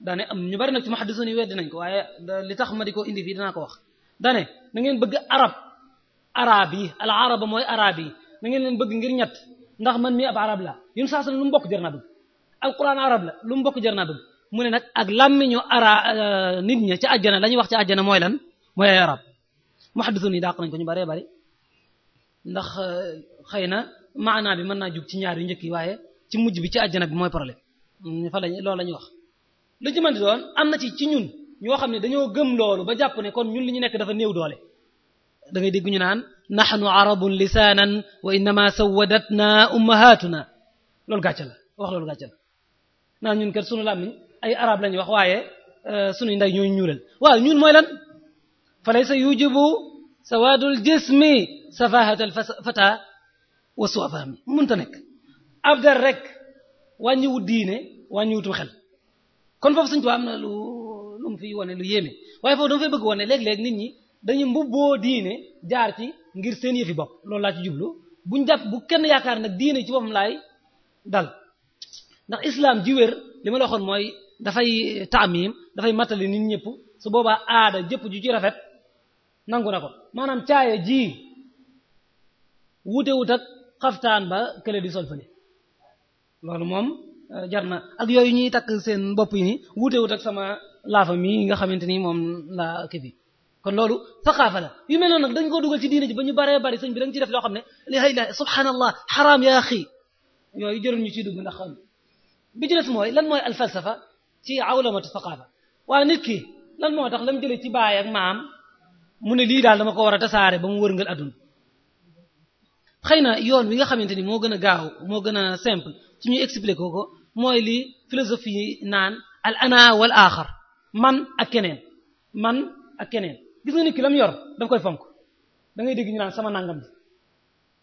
daane am ñu bari nag ci muhaddisun yi weddi nañ ko waaye li tax ma di ko indi ko wax daane na ngeen bëgg arab arab al araba mooy arab yi na ngeen leen bëgg ngir ñett ndax man mii ab arab la yun saa lu mu bokk jar naa bëgg arab la lu mu bokk jar naa bëgg mu ne nag ak làmmiñu ara euh, nit ña ci àjjana la ñuy wax ci àjjana mooy lan mooy ay arab muhaddisun yi dàq nañ ko ñu bare bari ndax euh, xëy na maanaa bi mën naa jug ci ñaar yu njëkk yi waaye ci mujj bi ci àjjana bi mooy problème fa lañ loolu la ñuy wax lu ci mën di doon am na ci ci ñun ñoo xam ne dañoo gëm loolu ba jàpp ne kon ñun li ñu nekk dafa néew doole da ngay dégg ñu naan nahnu arabun lisaanan wa innama sawadatna ummahatuna loolu gàcce la wax loolu la naan ñun kat sunu làmmiñ ay arab lañu wax waaye euh, sunuy nday ñooy ñuulal waaw ñun mooy lan fa laysa yujibu sawadul jismi safahatal fata wa suafahmi mënta nekk ab der rek wàññiwut diine wàññiwutum xel kon foofu Sëriñ Tuubaa am na lu lu mu fiy wane lu yéeme waaye foofu dama fay bëgg wane léeg-léeg nit ñi dañu mbubboo diine jaar ci ngir seen yëfi bopp loolu laa ci jublu buñ jàpp bu kenn yaakaar nag diine ci boppam laay dal ndax islam ji wér li ma la mooy dafay taamim dafay mattali nit ñëpp su boobaa aada jëpp ju ci rafet nangu na ko maanaam caaya ji wuute wut ak xaftaan ba kële di sol fële loolu moom Euh, jar na ak yooyu ñuy takk seen bopp yi nii ak sama laafa mi nga xamante ni moom laa kii bi kon loolu saqaafa la yu mel noonu nag dañ koo dugal ci diina ji ba ñu baree bari sëñ bi da nga ci def loo xam ne li hay la subhaanallah xaraam yaa xii yooyu jërul ñu ciy dugg ndax xam bi ci des mooy lan mooy alfalsafa ci awlamatu saqaafa waaye nit ki lan moo tax lam jëlee ci baay ak maam mu ne lii daal dama ko war a tasaare ba mu wërngal adduna xëy na yoon wi nga xamante ni moo gën a gaaw moo gën a simple su ñuy expliquer ko mooy li philosophie naan al ana wal axar man ak keneen man ak keneen gis nga nit ki lam yor daf koy fonk da ngay dégg ñu naan sama nangam bi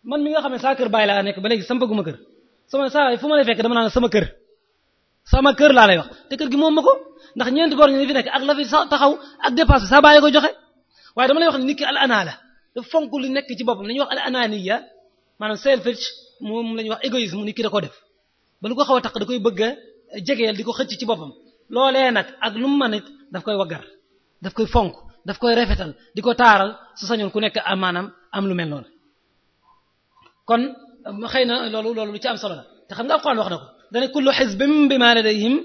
man mi nga xam ne saa kër bàyyi laa nekk ba léegi sama bëgguma kër sama saa fu ma lay fekk dama naan sama kër sama kër laa lay wax te kër gi moom ma ko ndax ñeenti góor ñi fi nekk ak la fi taxaw ak dépassé saa bàyyi ko joxe waaye dama lay wax ne nit ki al ana la daf fonk lu nekk ci boppam la ñuy wax al ananiya maanaam selfish moom la ñuy wax égoïsme nit ki ko def ba lu ko xaw a taq da koy bëgg a di ko xëcc ci boppam loolee nag ak lu mu mën daf koy waggar daf koy fonk daf koy rafetal di ko taaral su sañoon ku nekk maanaam am lu mel noonu kon xëy na loolu loolu lu ci am solo la te xam nga alxuraan wax na ko dane kullu xisbin bimaa ladayhim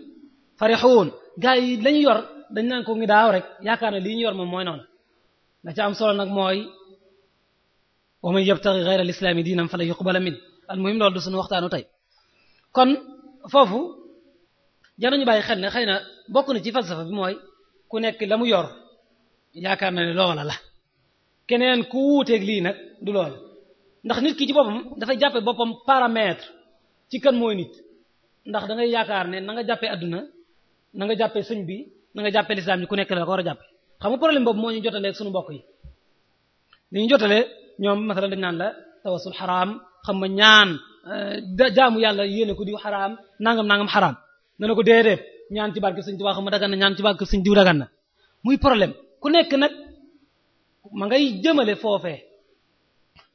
farixuun gaa yi lañu yor dañ naan ko ngi daaw rek yaakaar na lii ñu yor moom mooy noonu da am solo nag mooy wa man yabtaxi gayra al islaami diinan falan min almuhim loolu du suñu waxtaanu tey kon foofu jarañu bàyyi xel ne xëy na bokk na ci falsafa bi mooy ku nekk la mu yor yaakaar na ne loola la keneen ku wuuteeg lii nag du lool ndax nit ki ci boppam dafay jàppe boppam paramètre ci kan mooy nit ndax da yaakaar ne na nga jàppee adduna nanga nga jàppee sëñ bi na nga jàppee lislaam ñi ku nekk la ko war a jàpp xam nga problème boobu moo ñu jotalee ak sunu mbokk yi li ñu jotalee ñoom masalan dañ naan la tawassul xaraam xam nga ñaan jaamu yàlla yéene ko diw xaraam nangam nangam xaraam na ne ko déedéet ñaan ci barke sëñ Tuubaa xam ma dagan na ñaan ci barke sëñ diw dagan na muy problème ku nekk nag ma ngay jëmale foofee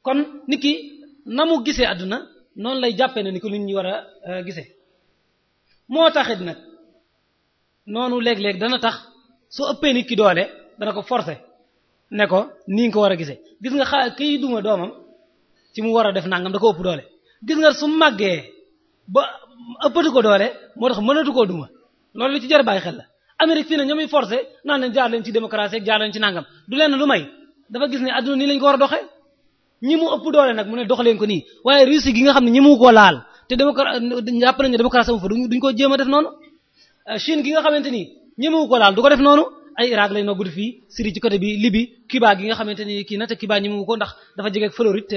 kon nit ki na mu gisee àdduna noonu lay jàppee ne ni ko nit ñi war a euh, gisee moo taxit nag noonu léeg-léeg dana tax soo ëppee nit ki doole dana ko forcer ne ko nii nga ko war a gisee gis nga xaa kiy duma doomam ci mu war a def nangam da ko ëpp doole gis nga su màggee ba ëppatu ko doole moo tax mënatu duma loolu li ci jar bàyyi xel la Amérique fii ne ñoomuy forcé naan leen jaar leen ci démocratie ak jaar leen ci nangam du leen lu may dafa gis ne adduna nii lañ ko war a doxee ñi mu ëpp doole nag mu ne dox leen ko nii waaye Russie gi xam ne ñi mu ko laal te démocratie jàpp nañu démocratie amu ko jéem a def noonu euh, Chine gi nga xamante ni ko laal du ko def noonu ay Irak lay noggudu fii Syrie ko te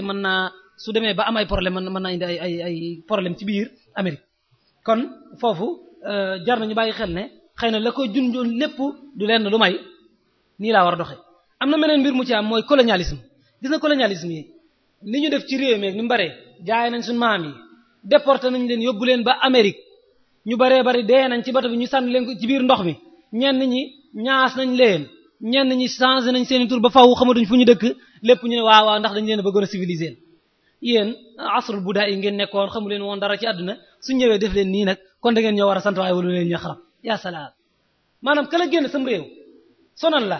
mën naa su demee ba am ay problème mën na indi ay ay ay problème ci biir Amérique kon foofu euh, jar nañu bàyyi xel ne xëy na la ko junjoon lépp du leen lu may nii laa war a doxe am na meneen mbir mu ci am mooy colonialisme gis na colonialisme yi ni ñu def ci réew mi ni mu bare jaay nañ suñu maam yi déporté nañ leen yóbbu leen ba Amérique ñu baree bari dee nañ ci bato bi ñu sànni leen ko ci biir ndox mi ñenn ñi ñaas nañ leen ñenn ñi changé nañ seen i tur ba faw xamatuñ fu ñu dëkk lépp ñu ne waaw waaw ndax leen bëggoon a civiliser yéen asrul budaa yi ngeen nekkoon xamu leen woon dara ci àdduna su ñëwee def leen nii nag kon da ngeen ñoo war a sant waaye walu leen ñoo xaram yaa salaam maanaam kala génn sam réew sonal la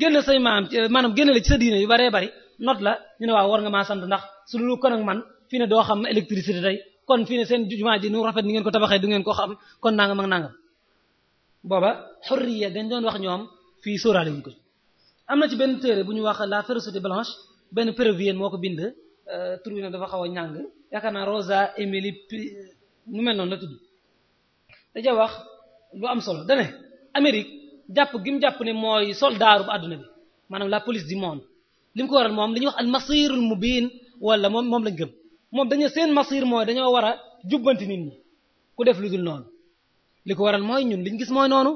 génn say maam maanaam génn la ci sa diine yu baree bari not la ñu ne waaw war nga maa sant ndax su lu kon ak man fii ne doo xam électricité tey kon fii ne seen jumaa ji nu rafet ni ngeen ko tabaxee du ngeen ko xam kon nangam ak nangam booba xurriya dañ doon wax ñoom fii sóoraale wuñ ko am na ci benn téere bu ñu wax la férocité blanche benn péruvienne moo ko bind Euh, tur bi nag dafa xaw a ñàng yaakaar naa Rosa Emily mu mel noonu la tudd daja wax lu am solo dane Amérique jàpp gi mu jàpp ne mooy soldaaru bu àdduna bi maanaam la police du monde li ko waral moom li ñuy wax al masirul mubin wala moom moom lañ gëm moom dañu seen masir mooy dañoo war a jubbanti nit ñi ku def noonu li ko waral mooy ñun liñ gis mooy noonu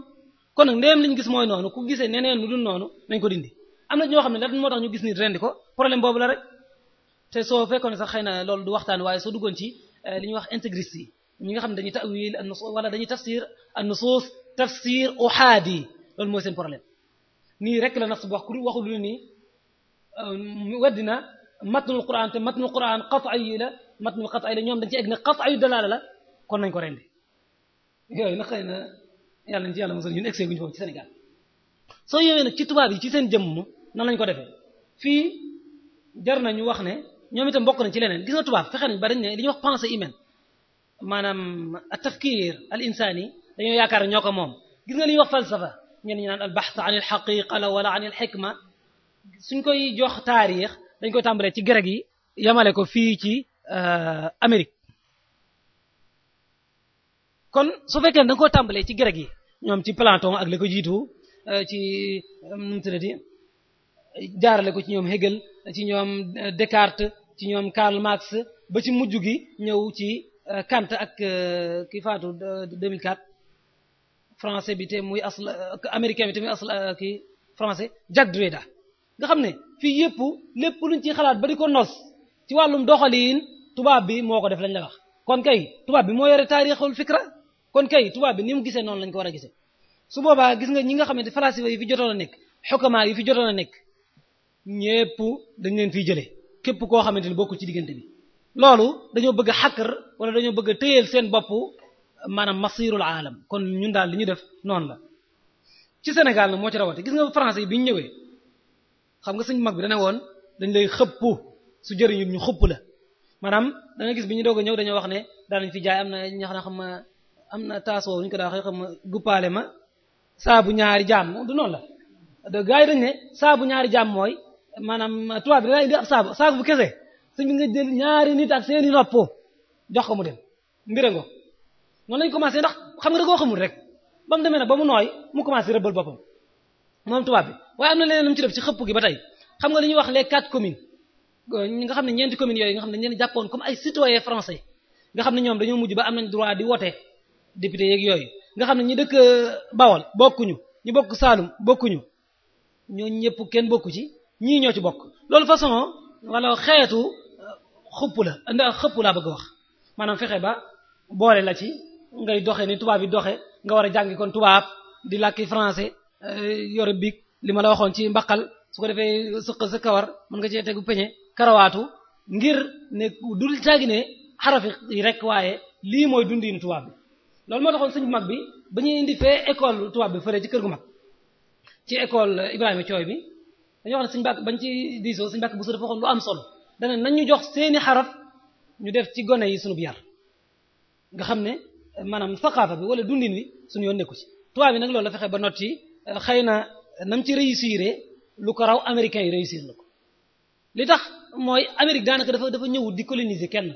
kon nag ndéem liñ gis mooy noonu ku gisee neneen lu dul noonu nañ ko dindi am na ñoo xam ne lan moo tax ñu gis nit rendi ko problème boobu la rek te soo fekkoon sax xëy na loolu du waxtaan waaye soo duggoon ci euh, li ñu wax intégriste yi ñi nga xam ne dañuy tawil an-nusus wala dañuy tafsir an-nusus tafsir uhaadi loolu mooy seen problème nii rek la nas bu wax ku waxul lu nii euh, weddina matnul Qur'an te matnul Qur'an qat'i la matnul qat'i la ñoom dañ ci egg ne qat'i dalaala la kon nañ ko rendi yooyu nag xëy na yàlla nañ ci yàlla mosal ñun egg guñu foofu ci Sénégal soo yowee nag ci tubaab yi ci seen jëmm nan lañ ko defee fii jar nañu wax ne ñoom itam bokk nañ ci leneen gis nga tubaab fexe nañ ba dañ ne wax pensée humaine maanaam a tafkir al insani dañoo yaakaar ñoo ko moom gis nga li ñuy wax falsafa ñenn ñu naan al bahth an al haqiqa la wala an al suñ koy jox taarix dañ koy tàmbalee ci grec yi yamale ko fii ci euh, Amérique kon su fekkee ne da tàmbalee ci grec yi ñoom ci Platon ak li ko jiitu euh, ci euh, nu mu tuddati ko ci ñoom Hegel ci ñoom Descartes ci ñoom Karl Marx ba ci mujj gi ñëw ci euh, Kant ak euh, ki faatu 2004 euh, français bi te muy asla américain bi te muy asla ki français Jacques Derrida nga xam ne fii yëpp lépp luñ ci xalaat ba di ko nos ci wàllum doxaliin tubaab bi moo ko def lañ la wax kon kay tubaab bi moo yore taarixul fikra kon kay tubaab bi ni gisee noonu lañ ko war a gisee su boobaa gis nga ñi nga xam falasifa yi fi jotoon a nekk xukamaa yi fi jotoon a nekk ñépp dañ leen fiy jëlee képp koo xamante ni bokku ci diggante bi loolu dañoo bëgg a xàkkar dañoo bëgg a téyeel seen bopp maanaam masirul aalam kon ñun daal li ñu def noonu la ci Sénégal nag moo ci rawate gis nga français bi ñu ñëwee xam nga suñ mag bi dana woon dañ lay xëpp su jëriñu ñu xëpp la maanaam dana bi ñu doog ñëw dañoo wax ne daanañ fi jaay am na ñax na xam ma am na taas woowu ñu ko daa xëy xam ma guppaale ma saabu ñaari jaam du noonu la gars yi dañ ne saabu ñaari jaam mooy maanaam tubaab bi da indi ab saabu saabu bu kese sëñ bi nga jël ñaari nit ak seeni nopp jox ko mu dem mbira ngo noonu lañ commencé ndax xam nga da koo xamul rek ba mu demee nag ba mu nooy mu commencé rëbbal boppam moom tubaab bi waaye am na leen lu mu ci def ci xëpp gi ba tey xam nga li ñu wax les quatre commune ñi nga xam ne ñeenti communes yooyu nga xam ne ñeen jàppoon comme ay citoyens français nga xam ne ñoom dañoo mujj ba am nañ droit di wote député yeeg yooyu nga xam ne ñi dëkk Bawol bokkuñu ñu bokk Saalum bokkuñu ñoo ñëpp kenn bokku ci ñii ñoo ci bokk loolu façon wala xeetu euh, xëpp la ndax xëpp laa bëgg wax maanaam fexe ba boole la ci ngay doxe ni tubaab yi doxe nga war a jàngi kon tubaab di làkki français euh, yore biig li ma la waxoon ci mbaqal su ko defee sëq sa kawar mën nga cee tegu peñe karawaatu ngir ne dul caagi ne xarafi yi rek waaye lii mooy dundin tubaab bi loolu moo taxoon sëñ mag bi ba ñuy indi fee école tubaab bi fële ci kër gu mag ci école euh, Ibrahima Thioy bi dañuy wax ne suñu bàkk bañ ci diisoo suñu bàkk bu su dafa waxoon lu am solo dana nañ ñu jox seeni xaraf ñu def ci gone yi suñu yar nga xam ne maanaam saqaafa bi wala dundin wi suñu yoon nekku ci tubaab bi nag loolu la fexee ba notti xëy na nam ci réussir lu ko raw américains yi réussir na ko li tax mooy Amérique daanaka dafa dafa ñëw di coloniser kenn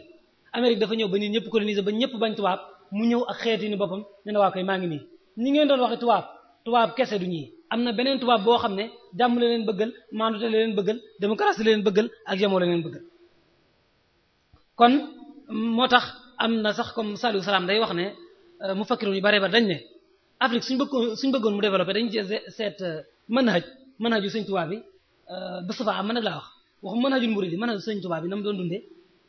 Amérique dafa ñëw ba nit ñëpp coloniser ba ñëpp bañ tubaab mu ñëw ak xeeti ni boppam ne na waa koy maa ngi nii ñi ngeen doon waxe tubaab tubaab kese du ñii am na beneen tubaab boo xam ne jàmm leen bëggal maandute la leen bëggal démocratie la leen bëggal ak jamoo la leen bëggal kon moo tax am na sax comme Saliou Salam day wax ne euh, mu fakkirun yu bare bare dañ ne Afrique suñ bëggoon suñ bëggoon mu développé dañ ci seet euh, manhaj manhaju sëñ tubaab bi bés euh, fa am manhaj laa wax waxu manhajul muridi manhaju sëñ tubaab bi na mu doon dundee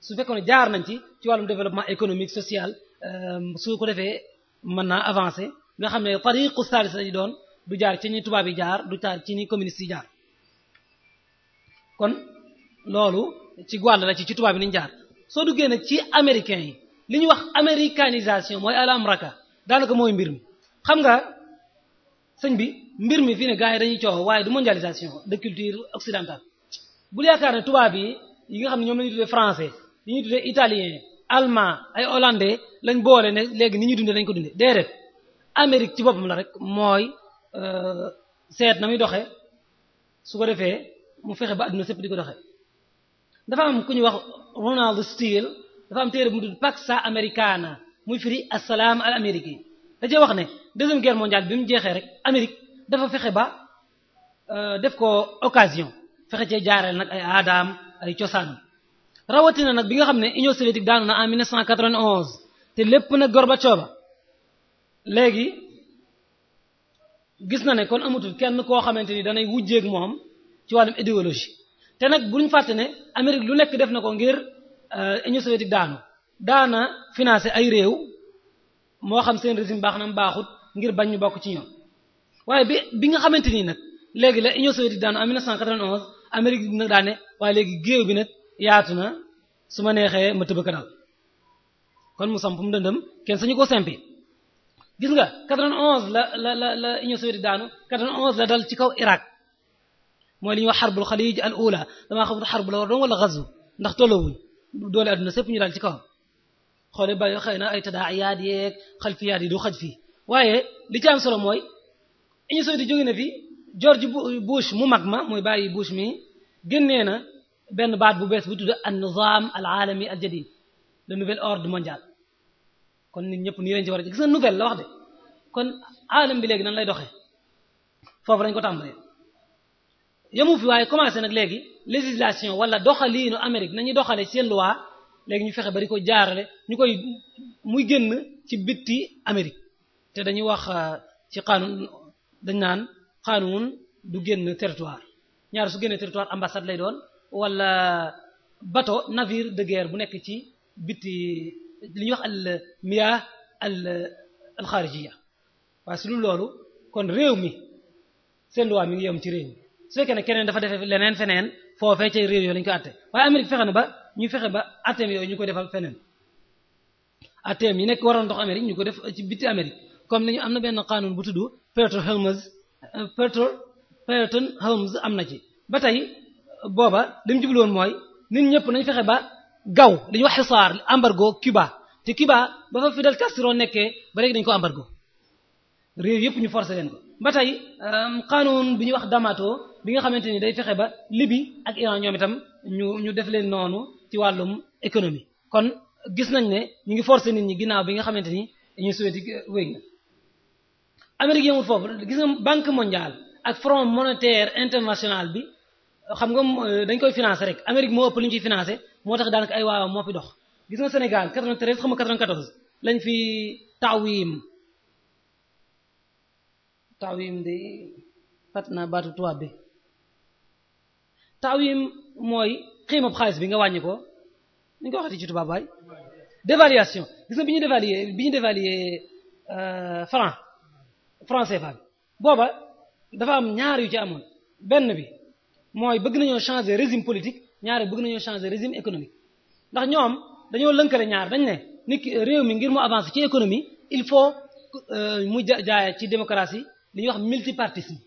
su fekkoon ne jaar nañ ci ci wàllum développement économique social su ko defee mën naa avancé nga xam ne tariqu salis lañu doon du jaar ci ñi tubaab yi jaar du jaar ci ñi communiste yi jaar kon loolu ci wàll la ci ci tubaab yi ni ñu jaar soo duggee nag ci américains yi li ñu wax américanisation mooy al amraka daanaka mooy mbir mi xam nga sëñ bi mbir mi fii ne gars yi dañuy coow waaye du mondialisation de culture occidentale bul yaakaar ne tubaab yi yi nga xam ne ñoom la ñuy tuddee français yi ñuy italien allemand ay hollandais lañ boole ne léegi ni ñuy dundee dañ ko dundee déedéet Amérique ci boppam la rek mooy Euh, seet na muy doxe su ko defee mu fexe ba adduna sépp di ko doxee dafa am ku ñu wax Ronald Steele dafa am téere bu mu tudd Pax Americana muy firi asalaam al amérique yi da cee wax ne deuxième guerre bi mu jeexee rek Amérique dafa fexe ba euh, def ko occasion fexe cee jaareel nag ay aadaam ay cosaanam rawatina nag bi nga xam ne Union soviétique daanu na en 1991 te lépp na nag Gorbatchov léegi gis na ne kon amatul kenn koo xamante ni danay wujjeek moom ci wàllum idéologie te nag buñ fàtte ne Amérique lu nekk def na ko ngir euh, Union soviétique daanu daana financé ay réew moo xam seen régime baax na baaxut ngir bañ ñu bokk ci ñoom waaye bi bi nga xamante nii nag léegi la Union soviétique daanu en 1991 Amérique bi nag daane waaye léegi géew bi nag yaatu na su ma neexee ma tëbëka dal kon mu samp mu dëndëm kenn sañu ko simpi gis nga 91 la la la la Union soviétique daanu ci kaw Irak mooy li ñu wax xarbul xalij al ula damaa xamul xarbu la war doon wala xazu ndax tolloowuñ doole adduna sépp ñu dal ci kaw xoole bàyyi xëy na ay tadaayaat yeeg yi du xaj fii waaye li ci am solo mooy Union soviétique jóge na fi George Bush mu mag ma mooy bàyyi Bush mi génnee na benn baat bu bees bu tudd an nizam al alami al jadid le nouvel ordre mondial kon nit ñëpp nii lañ ci war a gis nga nouvelle la wax de kon alam bi léegi nan lay doxe foofu lañ ko tàmbalee yemu fi waaye commencé nag léegi législation wala doxaliinu Amérique nañuy doxalee seen loi léegi ñu fexe bari ko jaarale ñu koy muy génn ci bitti Amérique te dañuy wax euh, ci xaanun dañ naan xaanun du génn territoire ñaar su génnee territoire ambassade lay doon wala bateau navire de bu nekk ci bitti li ñuy wax al miyaa al alxaarijiya waaye su dul loolu kon réew mi seen luwaa mi ngi yem ci réew mi su fekkee ne keneen dafa defee leneen feneen foofee ca réew yooyu lañ ko àtte waaye Amérique fexe na ba ñu fexe ba atteem yooyu ñu ko defal feneen atteem yi nekk waroon dox Amérique ñu ko def ci biti Amérique comme ni ñu am na benn qaanuun bu tudd Petro Helms Petro Peyton Helms am na ci ba tey booba li mu mooy nit ñëpp nañ fexe ba gaw dañu wax xisaar embargo Cuba te Cuba ba fa Fidel Castro nekkee ba léegi dañu ko embargo réew yëpp ñu forcé leen ko ba tey euh, xanuun bi ñuy wax Damato bi nga xamante ni day fexe ba libi ak Iran ñoom itam ñu ñu def leen noonu ci wàllum économie kon gis nañ ne ñu ngi forcé nit ñi ginnaaw bi nga xamante ni dañuy soviétique wéy na Amérique yëngul foofu gis nga banque mondiale ak front monétaire international bi xam nga euh, dañ koy financé rek Amérique moo ëpp li ñu ciy financé moo tax daanaka ay waawam moo fi dox gis nga Sénégal 93 xam nga 94 lañ fi taawim taawim de fàtt naa baatu tubaab bi taawim mooy xiimab xaalis bi nga wàññi ko ni nga ko waxati ci tubaab baay dévaluation gis nga bi ñu dévaluer bi ñu dévaluer euh, franc franc CFA booba dafa am ñaar yu ci amoon benn bi mooy bëgg nañoo changer régime politique ñaare bëgg nañoo changer régime économique ndax ñoom dañoo lënkale ñaar dañ ne nit ki réew mi ngir mu avance ci économie il faut euh, mu jaay ci démocratie li ñuy wax multipartisme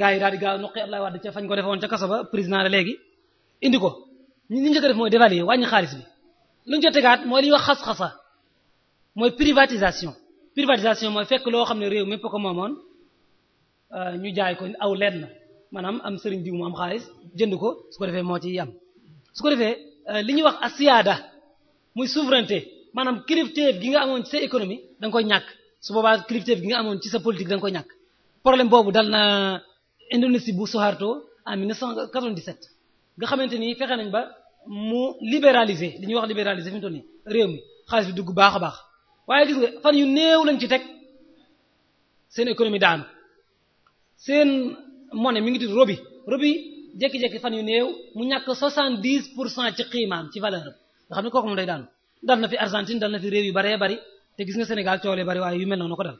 gars yi daal di gaaw noqi Abdoulaye Wade ca fañ ko defoon ca kaso ba président la léegi indi ko ñu ñu jëkk a def mooy dévaluer wàññi xaalis bi lu ñu tegaat mooy li wax xas-xasa mooy privatisation privatisation mooy fekk loo xam ne réew mépp ko moomoon euh, ñu jaay ko aw leet la maanaam am sëriñ diw mu am xaalis jënd ko su ko defee moo ci yam su ko defee euh, li ñuy wax asiyaada muy souveraineté maanaam kilifteef gi nga amoon ci économie da koy ñàkk su boobaa kilifteef gi nga amoon ci sa politique da nga koy ñàkk problème boobu dal na Indonésie bu Suharto en 1997 nga xamante ni fexe nañ ba mu libéraliser li wax libéraliser fi mu toll réew mi xaalis bi dugg baax a baax waaye gis nga fan yu néew lañ ci teg seen économie daanu seen monnaie mi ngi tudd robi robi jékki-jékki fan yu néew mu ñàkk soixante-dix pour cent ci xiimaam ci valeur am nga xam ne kooku moom day daanu dal na fi Argentine dal na fi réew yu baree bari te gis nga Sénégal coolee bari waaye yu mel noonu ko dal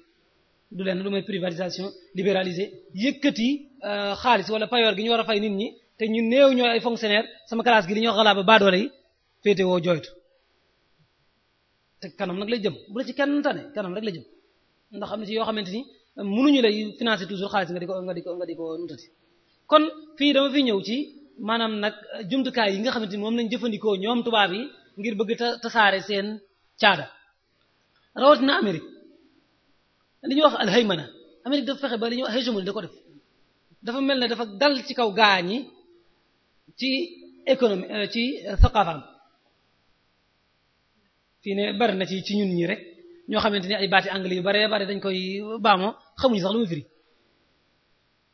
du leen lu may privatisation libéralisée yëkkati euh, xaalis wala payoor gi ñu war a fay nit ñi te ñu néew ñooy ay fonctionnaire sama classe gi li ñoo xalaat ba baadoole yi féete woo jooytu te kanam nag lay ci kenn tane kanam rek la jëm ndax am na ni mënuñu lay financer toujours xaalis nga di ko di ko nga nutati kon fii dama fi ñëw ci maanaam nag jumtukaay yi nga xamante ni moom lañ jëfandikoo ñoom tubaab yi ngir bëgg ta tasaare seen caada rawatina Amérique li ñuy wax alhaymana Amérique dafa fexe ba li ñuy wax hégémonie da ko def dafa mel ne dafa dal ci kaw gaañi ci économie ci euh, saqafaam fii ne bari na ci ci ñun ñi rek ñoo xamante ni ay baati anglais yu bare bare dañ koy baamoo xamuñu sax lu mu firi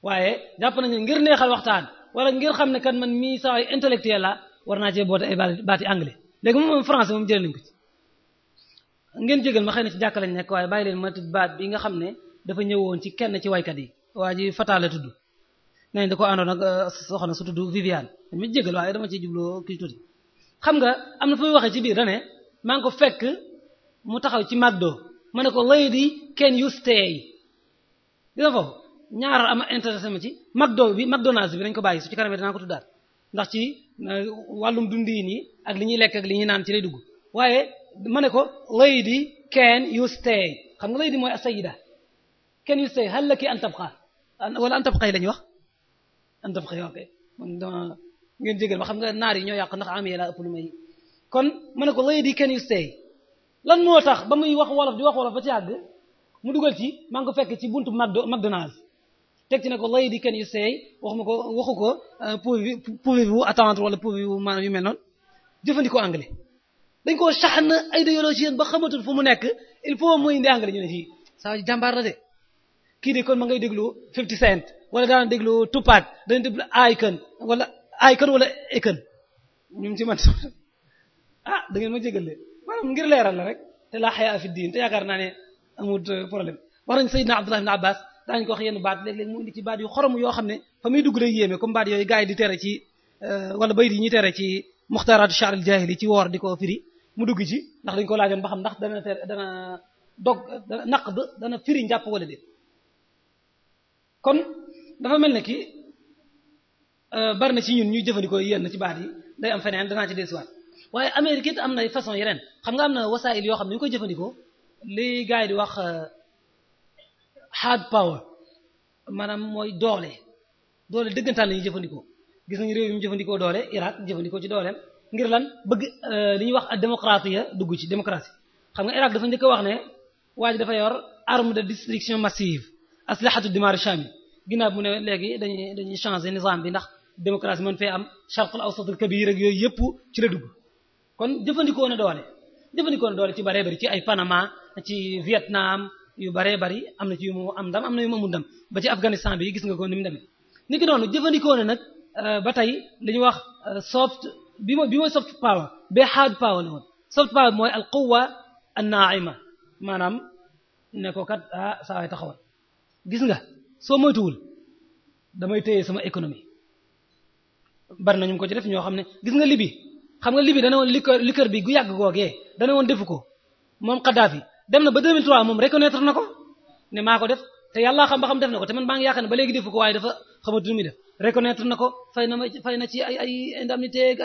waaye jàpp nañu ngir neexal waxtaan wala ngir xam ne kan man mii saa yu la war naa cee boote ay baati anglais léegi moom français moom jëlee nañ ko ci ngeen jégal ma xëy na ci jàkka lañ nekk waaye bàyyi leen ma tudd baat bi nga xam ne dafa woon ci kenn ci waykat yi waa ji Fata la tudd nee nañ da ko àndoon ak euh, soxna su tudd Viviane ma jégal waaye dama ciy jubloo kii tuuti xam nga am na fu waxee ci biir da ne ko fekk mu taxaw ci màddoo ma ne ko lady can you stay dina foofu ñaar am intéressé ma ci màddoo bi McDonald's bi nañ ko bàyyi su ci kanamee danaa ko tuddaat ndax ci euh, wàllum dund yi nii ak li ñuy lekk ak li ñuy naan ci lay dugg waaye ma ne ko lady can you stay xam nga lady mooy asayida can you stay hal laki an tabqa wala an tabqa yi la wax an tabqa yi ok man ngeen jégal ma xam nga naar yi ñoo yàq ndax am yee laa ëpp lu may kon ma ne ko lady can you stay lan moo tax ba muy wax wolof di wax wolof ba ci àgg mu dugal ci maa ngi ko fekk ci buntu McDonald's teg ci ne ko lady can you say wax ma ko waxu ko euh, pouvez-vous attendre wala pouvez-vous maanaam yu mel noonu jëfandikoo anglais dañ koo saxan ay idéologie ba xamatul fu mu nekk il faut muy indi anglais ñu ne ci saa ji de kii de kon ma ngay déglu 50 cent wala daana déglu Tupac dana déglu Akon wala Akon wala ay ñu ci man ah da ngeen ma jégal ngir leeral la rek te laa xayaa fi te yaakaar naa ne amut euh, problème wax nañ Seydina Abdullah ibn Abbas daañu ko wax yenn baat léeg-léeg ci baat yu xorom yoo xam ne fa muy dugg day yéeme comme baat yooyu gars yi di tere ci euh, wala bayit yi ñuy tere ci muxtaaraatu sha'r al jaahili ci woor di ko firi mu dugg ci ndax dañ ko laajoon ba xam ndax dana tere dana dog naq ba dana firi njàpp wala déet dafa mel ne ki euh, bari na ci ñun ñuy jëfandikoo yenn ci baat yi day am feneen danaa ci desuwaat waaye Amérique it am na façon yeneen xam nga am na wasaayil yoo xam ne ñu koy jëfandikoo li gars di wax euh, hard power maanaam mooy doole doole dëggantaan la ñu jëfandikoo gis nañu réew yi mu jëfandikoo doole Irak jëfandikoo ci dooleem ngir lan bëgg euh, li ñuy wax ak démocratie ya dugg ci démocratie xam nga Irak dafa njëkk wax ne waa ji dafa yor arme de destruction massive aslahatu dimar shami ginnaaw bu ne léegi dañu dañuy changer nizam bi ndax démocratie mën fee am charqul awsat al kabir yooyu yëpp ci la dugg kon jëfandikoo na doole jëfandikoo na doole ci baree bari ci ay Panama ci Vietnam yu baree bari am na ci yu am ndam am na yu mu amul ba ci Afghanistan bi gis nga ko ni mu demee ni ki noonu jëfandikoo na euh, ba tey li wax euh, soft bi mooy bi mooy soft power ba hard power la woon soft power mooy al quwwa an na'ima maanaam ne ko kat ah saa waay taxawal gis nga soo moytuwul damay téye sama économie bari nañu ko ci def ñoo xam ne gis nga libi xam nga Libye dana woon liqueur liqueur bi gu yàgg googee dana woon defu ko moom Kadhafi dem na ba 2003 moom reconnaître na ko ne maa ko def te yàlla xam ba xam def na ko te man maa ngi yaakaar ne ba léegi defu ko waaye dafa xamatu mi def reconnaître na ko fay na fay na ci ay ay indemnité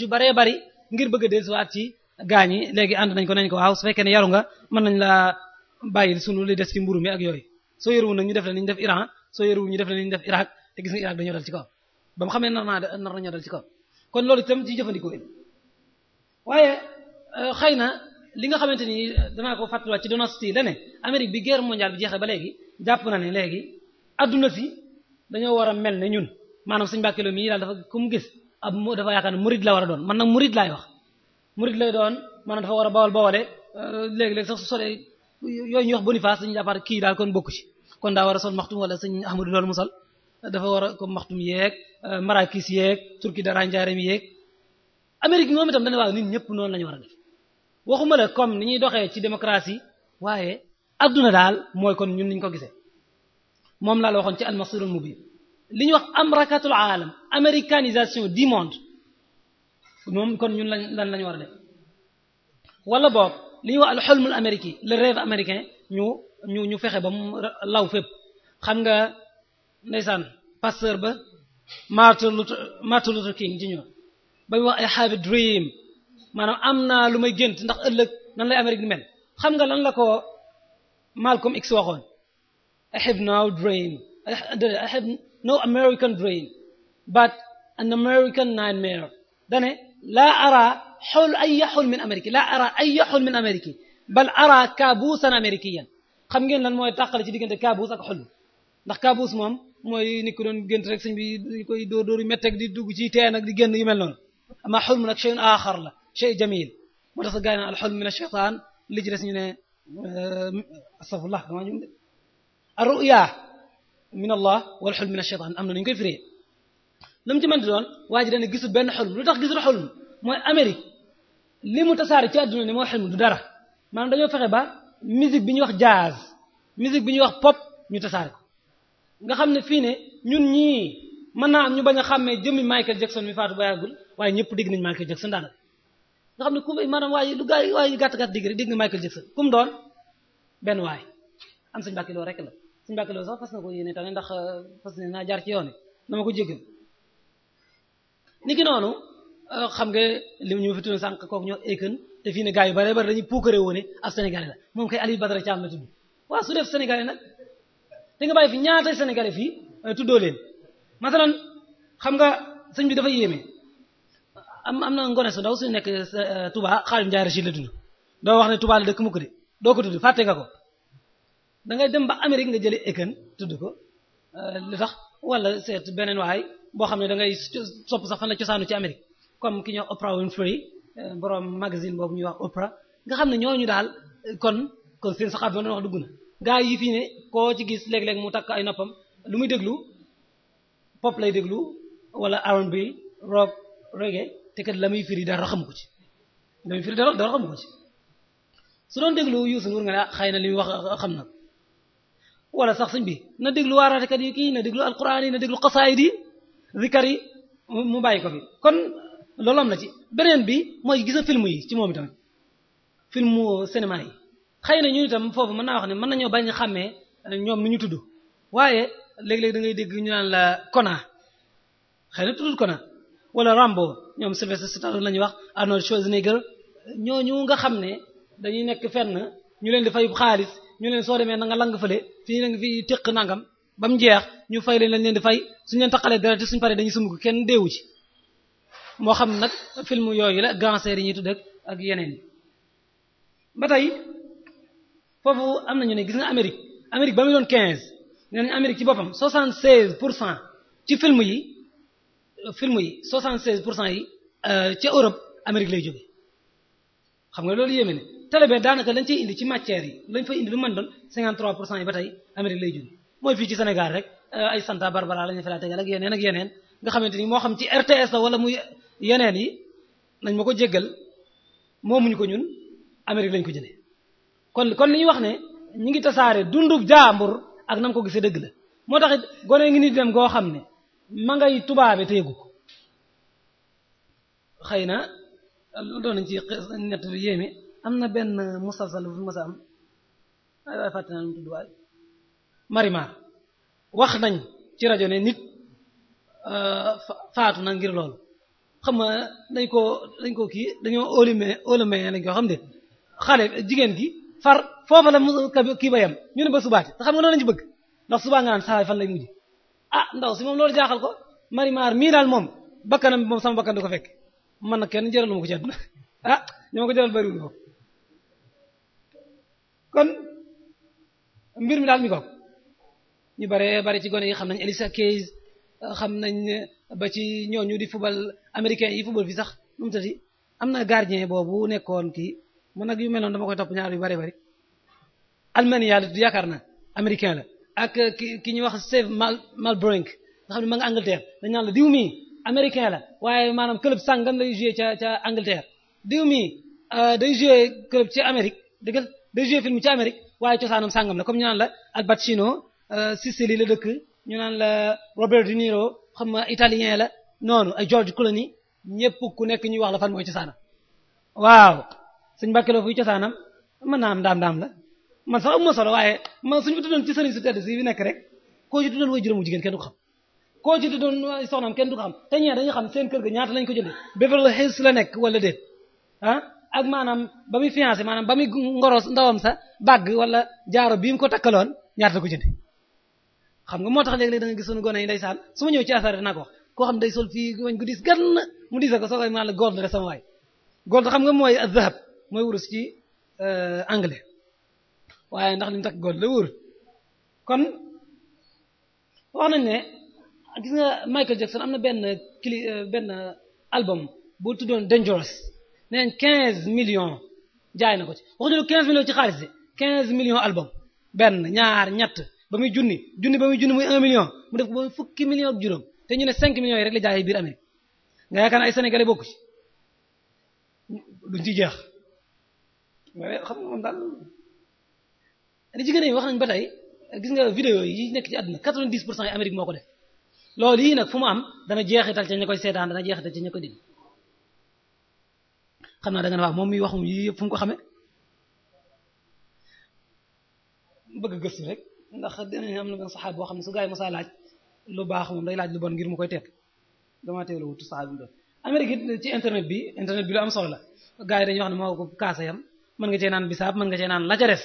yu baree bari ngir bëgg a dellusiwaat ci gaañ yi léegi ànd nañ ko nañ ko waaw su fekkee ne yaru nga mën nañ laa bàyyil sunu li des ci mburu mi ak yooyu soo ñu def la def Iran soo yaruwul ñu def la ni ñu def Irak te gis nga Irak dañoo dal ci kaw ba mu nar naa nar ci kaw kon loolu itam ci jëfandikoo it waaye euh, xëy na li nga xamante ni danaa ko fàttaliwaat ci donas yi la ne Amérique bi guerre mondiale bi jeexee ba léegi jàpp na ne léegi adduna si dañoo war a mel ne ñun maanaam suñu bàkkeloo mii daal dafa ku mu gis ab dafa yaakaar ne murid la war a doon man nag murid laa wax murid lay doon maanaam dafa war a bawal bawale euh, léegi-léegi sax su solee yooyu ñuy wax Boniface dañu jàppaar kii daal kon bokku ci kon daa war a sol maxtum dafa war a comme maxtum yeeg euh, marakis yeeg turki dara njaareem yeeg Amérique moom itam dañu waaw nit ñëpp noonu la ñu war a def waxuma la comme ni ñuy doxee ci démocratie waaye adduna daal mooy kon ñun niñ ko gisee moom laa waxoon ci almasirul mubin li ñuy wax amrakatul aalam américanisation du monde moom kon ñun lañ lan la ñu war a wala boog li ñuy wax al xolmul américain le américain ñu ñu ñu fexe ba mu law fépp xam nga ndeysaan pasteur ba Martin Luther Martin Luther King Junior ba muy wax I have a dream maanaam am naa lu may gént ndax ëllëg nan lay Amérique mel xam nga lan la ko Malcolm X waxoon I have no dream I have no American dream but an American nightmare dane laa ara xol ay yaxul min Amérique laa ara ay yaxul min Amérique bal ara kaabuusan lan mooy tàqale ci diggante kaabuus ak xol mooy nit ku doon gént rek sëñ bi dañ koy dóor dóor yu métteeg di dugg ci teen ak di génn yu mel noonu ama xulm nag shay'un axar la shay jamil moo tax sa gaa yi naan al xulm min ash li ci des ñu ne euh, astafurlah damaa ñum de ar ruya min allah wal xulm koy firee lu mu ci waa ji dana gisul benn xulm lu tax gisul xulm mooy Amérique li mu tasaare ci àdduna ne moo xulm du dara maanaam dañoo fexe ba musique bi ñuy wax jazz musique bi ñuy wax pop ñu tasaare ko nga xam ne fii ne ñun ñii mën naa am ñu bañ a xàmmee jëmmi Michael Jackson mi faatu ba yàggul waaye ñëpp dégg nañ Michael Jackson daanaka nga xam ne ku maanaam waaye lu gaa waaye gàtt gàtt dégg rek dégg nga Michael Jackson kum doon benn waay am sëñ Mbàkke Lo rek la sëñ Mbàkke Lo sax fas na ko yéene tamit ndax uh, fas naa jaar ci yoon na ma ko jéggal niki noonu uh, xam nga li ñu fi tudd sànq kooku ñoo Akon te fii ne gaa yu bare bare dañuy puukare woone ab Sénégalais la moom kay Aliou Badara Thiam la tudd waa su def Sénégalais nag di nga bàyyi fi ñaata sénégalais fii euh, tuddoo leen masalan xam nga sëñ bi dafa yéeme am am na ngone su ndaw su nekk euh, Touba Xaadim Njaay Rachid la tudd doo wax ne tubaa la dëkk mukk de doo ko tudd fàtte nga ko da ngay dem ba Amérique nga jëlee Eken tudd ko euh, li tax walla seet beneen waay boo xam ne da ngay sopp sax fan la cosaanu ci Amérique comme ki ñoo Oprah Winfrey borom magazine boobu ñuy wax Oprah nga xam ne ñooñu daal kon kon seen saxaat bi wax dugg na gaa yi fi ne koo ci gis léeg-léeg mu takk ay noppam lu muy déglu pop lay déglu wala R&B rock te kat la muy firi dara xam ko ci la muy firi dara dara xam ko ci su doon déglu Youssou Ndour nga ne ah xëy na wax ah, xam na wala sax sëñ bi na déglu waaraatekat yi kii na déglu alquran yi na déglu xasaayid yi zikar mu bàyyi ko fi kon loolu am na ci beneen bi mooy gisa film ci moom itam filmu euh, cinéma yi xëy na ñun itam foofu mën naa wax ne mën nañoo bañ xamee xàmmee ñoom nu ñu tudd waaye léeg-léeg da dégg ñu naan la Kona xëy na tuddul Kona wala Rambo ñoom Sylvester Stallone la ñuy wax Arnold Schwarzenegger ñooñu nga xam ne dañuy nekk fenn ñu leen di fay xaalis ñu leen soo demee na nga lang fële fii nag fi tëq nangam ba mu jeex ñu fay leen lañ leen di fay suñu leen taqalee dara te suñu paree dañuy sumb ko kenn deewu ci moo xam nag film yooyu la gangster yi ñuy tudd ak yeneen ba tey foofu am nañu ne gis nga Amérique Amérique ba muy doon quinze nee nañ Amérique ci boppam soixante seize pour cent ci film yi film yi soixante seize pour cent yi euh, ca Europe Amérique lay jóge xam nga loolu yéeme ne télé bi daanaka lañ cay indi ci matière yi lañ fa indi lu man doon cinquante pour cent yi ba tey Amérique lay jóge mooy fii ci Sénégal rek euh, ay Santa Barbara lañu fa laa tegal yeneen ak yeneen nga xamante ni moo xam ci RTS la wala muy yeneen yi nañ ma ko jéggal moomuñu ko ñun Amérique lañ ko jëlee kon kon li ñu wax ne ñu ngi tasaare dundub jaambur ak nam ko gisee dëgg la moo tax it gone ngi ni dem goo xam ne ma ngay tubaabe te yëgu ko xëy na loolu doon nañ ci nett am na benn musalsal bu masa wax nañ ci rajo ne nit euh, faatu na ngir loolu xam nga dañ koo dañ ko kii dañoo ólumee ólumee lañ ko xam de xale jigéen gi far foofa la kii ba yem ñu ne ba subaati te xam nga loolu lañ ci bëgg ndax subaa nga naan sawaay fan lay mujj ah ndaw si moom loolu jaaxal ko marimar mii daal moom bakkanam moom sama bakkan du ko fekk man na kenn jëralu ma ko ci àdduna ah ñu ma ko jëral bëriwul ko kon mbir mi daal mi ko ñu bare bare ci gone yi xam nañ Alicia Keys xam nañ ba ci ñooñu di football américain yi football fi sax nu mu tati am na gardien boobu nekkoon kii man nag yu mel noonu dama koy topp ñaar yu bari bari Almania la yaakaar na américain la ak euh, ki ki ñuy wax Steve Malbrink nga xam ne ma nga Angleterre dañ la diw mii américain la waaye maanaam club sàngam lay joué ca ca Angleterre diw mii euh, day joué club ci Amérique dëgg day joué film ci Amérique waaye cosaanam sàngam la comme ñu naan la Al Pacino euh, Sicile la dëkk ñu naan la Robert De Niro xam nga italien la noonu ay George Clooney ñëpp ku nekk ñuy wax la fan mooy cosaanam waaw suñ mbàkkeloo fuy cosaanam mën naa am ndaam ndaam la man sax amuma solo waaye man suñu tuddoon ci sëriñ su tedd si bi nekk rek koo ci tuddoon way juróom jigéen kenn du xam koo ci tuddoon kenn du ko xam te ñee dañu xam seen kër ga ñaata lañ ko jëndee Beverly la nekk wala déet ah ak ba muy fiancé maanaam ba muy ngoros ndawam sa bàgg wala jaaro bi mu ko takkaloon ñaata la ko jëndee xam nga moo tax léeg-léeg da nga gis suñu gone yi ndeysaan su ma ñëw ci asar dinaa ko wax koo xam ne day sol fii wañ gu diis gann mu diise ko soo koy maa la gold rek sama gold xam nga mooy zahab mooy wurus ci euh, anglais waaye ndax ni mu takk gold la wóor kon wax nañ ne gis nga Michael Jackson am na benn cli euh, benn album bu tuddoon Dangerous nee nañ quinze millions jaay na ko ci wax dëgg quinze millions ci xaalis bi quinze millions album benn ñaar ñett ba muy junni junni ba muy junni muy million mu def ko ba fukki millions juróom te ñu ne cinq millions yi rek la jaayee biir Amérique nga yaakaar ne ay sénégalais bokku ci duñ ci jeex mais xam nga moom daal li ci gën wax nañ ba tey gis nga vidéo yi nekk ci àdduna 90 pour cent yi Amérique ko def yii nag fu mu am dana jeexital ca ña koy seetaan dana jeexital ca ña koy dégg naa da moom miy wax moom yii yëpp fu mu ko xamee bëgg gëstu rek am na benn saxaab boo xam ne su gaa yi mosaa laaj lu baax moom day laaj lu bon ngir mu koy teet damaa teewlu wut saxaab bi doon ci internet bi internet bi lu am solo la gaa yi dañuy wax na moo ko kaasa yam mën nga cee naan bisaab mën nga cee naan la ca des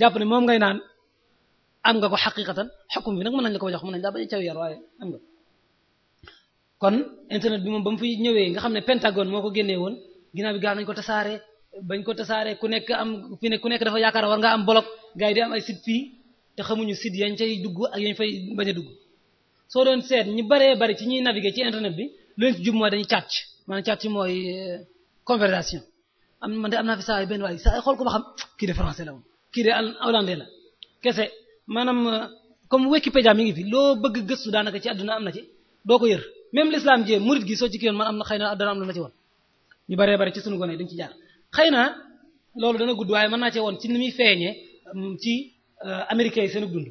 yal nga ko xaqiqatan xukkum bi nag mën nañ la ko jox mën a caw yar bi moom ba mu fi ñëwee nga xam ne pentagone moo ko génnee woon ginnaaw bi gaaw nañ ko tasaare bañ ku nekk am fi nekk dafa yaakaar war nga am blog gars yi di am ay site dugg ak yañ fay bañ dugg soo doon seet ñu baree bari ci ñuy naviguer ci bi lu leen ci jub mooy conversation am man de am naa fi saa yu benn waay saa xool ko ba xam kii de français la moom kii de hollandais la kese maanaam euh, comme Wikipédia mi ngi fi loo bëgg gëstu daanaka ci àdduna am na ci doo ko yër même l'islam jee murid gi soo ci kiyoon man am na xëy na dana am lu ci woon ñu baree bare ci sunu dañ ci jaar xëy na loolu dana gudd waaye man naa cee woon ci ni muy feeñee mm, ci euh, américains yi seen dund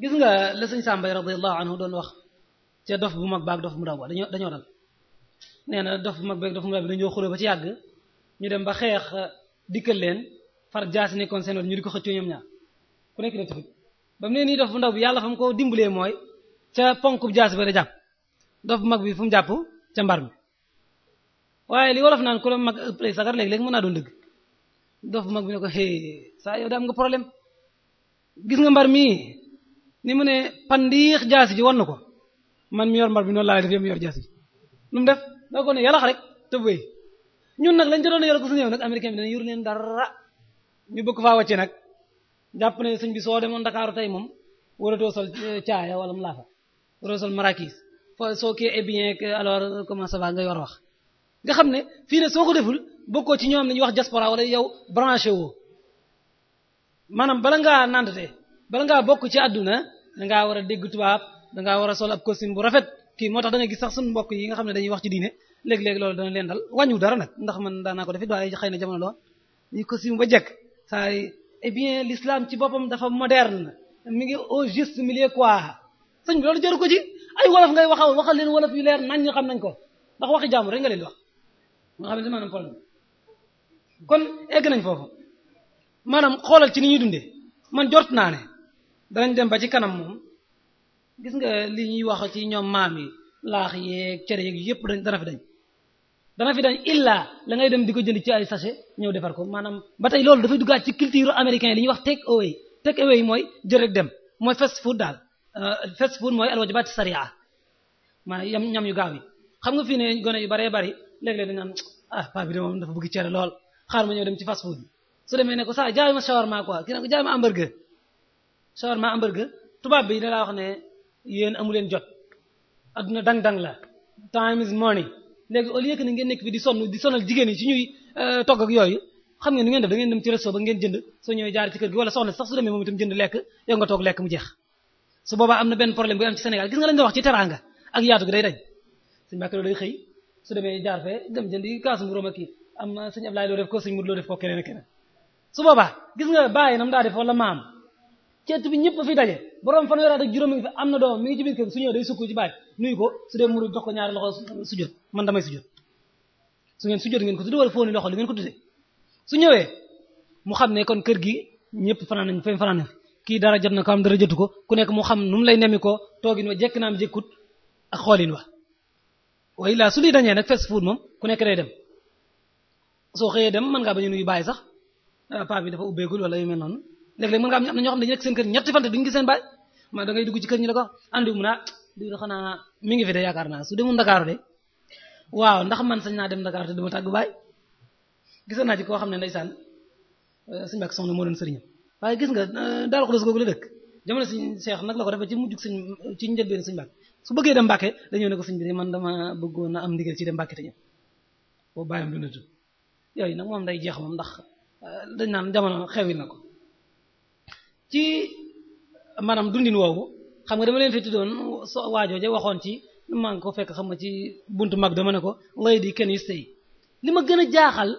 gis nga la sëñ Samba radiyallahu anhu doon wax ca dof bu mag baag dof mu daw ba dañoo dañoo dal nee na dof bu beeg dof mag bi dañoo xuloo ba ci ñu dem ba xeex euh, dikkal leen far jaasi nekkoon seen ñu ko xëccoo ñoom ñaar ku nekk ba mu ne nii dof bu ndaw yàlla fa mu dimbalee mooy ca ponku jaasi ba da jàpp dof mag bi fu mu ca mbar mi waaye li wolof naan ku la mag ëppale sagar léeg mën naa doon dëgg dof mag ne ko hey saa yow da am nga problème gis nga mbar mii ni mu ne pandiix jaasi ji wan na ko man mi yor mbar bi noonu laa def yow jaasi ji lu mu def. da ko ne yalax rek te bëy ñun nag lañ ca doon yàlla ko suñu ñëw nag américain bi dañ yur leen dara ñu bëgg faa wàcce nag jàpp ne sëñ bi soo demoon Dakar tey moom waratoo sol eh, caaya wala mu laafa waratoo sol marakis foo soo kii est eh bien que alors comment ça nga yor wax. nga xam ne fii ne soo ko deful bokkoo ci ñoom nañuy wax diaspora wala yow branché woo maanaam bala ngaa nandate bala ngaa bokk ci àdduna dangaa war a dégg tubaab dangaa war a sol ab costume bu rafet kii moo tax da nga gis sax suñu mbokk yi nga xam ne dañuy wax ci diine léeg loolu dana leen dal wàññiwul dara nag ndax man daanaa ko defit na jamono lool ko simu ba jekk saa eh bien l'islam ci boppam dafa moderne mi ngi au juste milieu quoi sañ bi loolu jaru ko ci ay wolof ngay waxal waxal leen wolof yu leer nañ ñu xam nañ ko ndax waxi jàmm rek nga leen di wax nga xam ne maanaam problème egg nañ foofu maanaam xoolal ci ni ñuy dundee man jort naa ne danañ dem ba ci kanam moom gis nga li ñuy wax ci ñoom maam yi laax yeeg cere yeeg yëpp dañ dana fi dañ dana fi dañ illa la ngay dem di ko jënd ci ay sachet ñëw defar ko maanaam ba tey loolu dafay duggaat ci culture américain li ñuy wax take away take away mooy jël rek dem mooy fast food daal euh, fast food mooy alwajibat sari'a maanaam yam ñam yu gaaw xam nga fii ne gone yu baree bari léeg-léeg dañ naan ah paa bi de moom dafa bëgg cere lool xaar ma ñëw dem ci fast food bi su demee ne ko saa jaay ma shawarma quoi kii ne ko jaay ma hamburger tubaab bi da wax ne yéen amu jot adduna dang-dang la time is money nekk di sonn di sonal jigéen ci ñuy euh, togg ak yooyu xam ngeen nu ngeen def da ngeen dem ci resto ba ngeen jënd soo ñëwee jaar am na benn problème bu am ci Sénégal gis nga lañ doon wax ci teraanga ak yaatu gi day dañ suñu bàkk loolu day xëy ko keneen keneen su gis nga bàyyi nam daa def wala maam ceet bi ñëpp fi daje borom fanweeri at ak juróom mi ngi fi am na doom mi ngi ci biir kër su ñëw day sukk ci baaj nuyu ko su dee muru jox ko ñaari loxo sujjot man damay sujjot su ngeen sujjot ngeen ko tudde wala loxo li ngeen ko tudde su ñëwee mu xam ne kon kër gi ñëpp fanaan nañ fa fanaan kii dara jot na ko am dara jotu ko ku nekk mu xam nu mu lay nemi ko toogin wa jekk naam jekkut ak xoolin wa waaye laa su li dañee nag fes fuut moom ku nekk day dem soo xëyee dem mën ngaa bañu nuyu bàyyi sax ah, paa bi dafa ubbeegul wala yu mel noonu léeg-léeg mën nga am am na ñoo xam ne dañu nekk seen kër ñetti fante duñu gis seen baay man da ngay dugg ah, yaakaar naa su demoon Dakar waaw ndax man sañ naa dem Dakar te dama tàggu baay gis naa ci koo xam ne ndeysaan euh, suñu bàkk soxna moo doon sëriñam waaye gis nga euh, daal xulos googu la dëkk jamono suñ seex nag la ko defee ci mujjug suñ ci njëlbeen suñu bàkk su bëggee dem Mbàkke dañoo ne ko suñ bi man dama bëggoon am ndigal ci dem Mbàkke te ñëw boo bàyyam lu natu yooyu nag moom day jeex moom ndax euh, dañ naan jamono xewwi na ko ci maanaam dundin woowu xam nga dama leen fi tuddoon so waajooje waxoon ci maa ngi koo fekk xam nga ci buntu mag dama ne ko lay di kenn yu sëy li ma gën a jaaxal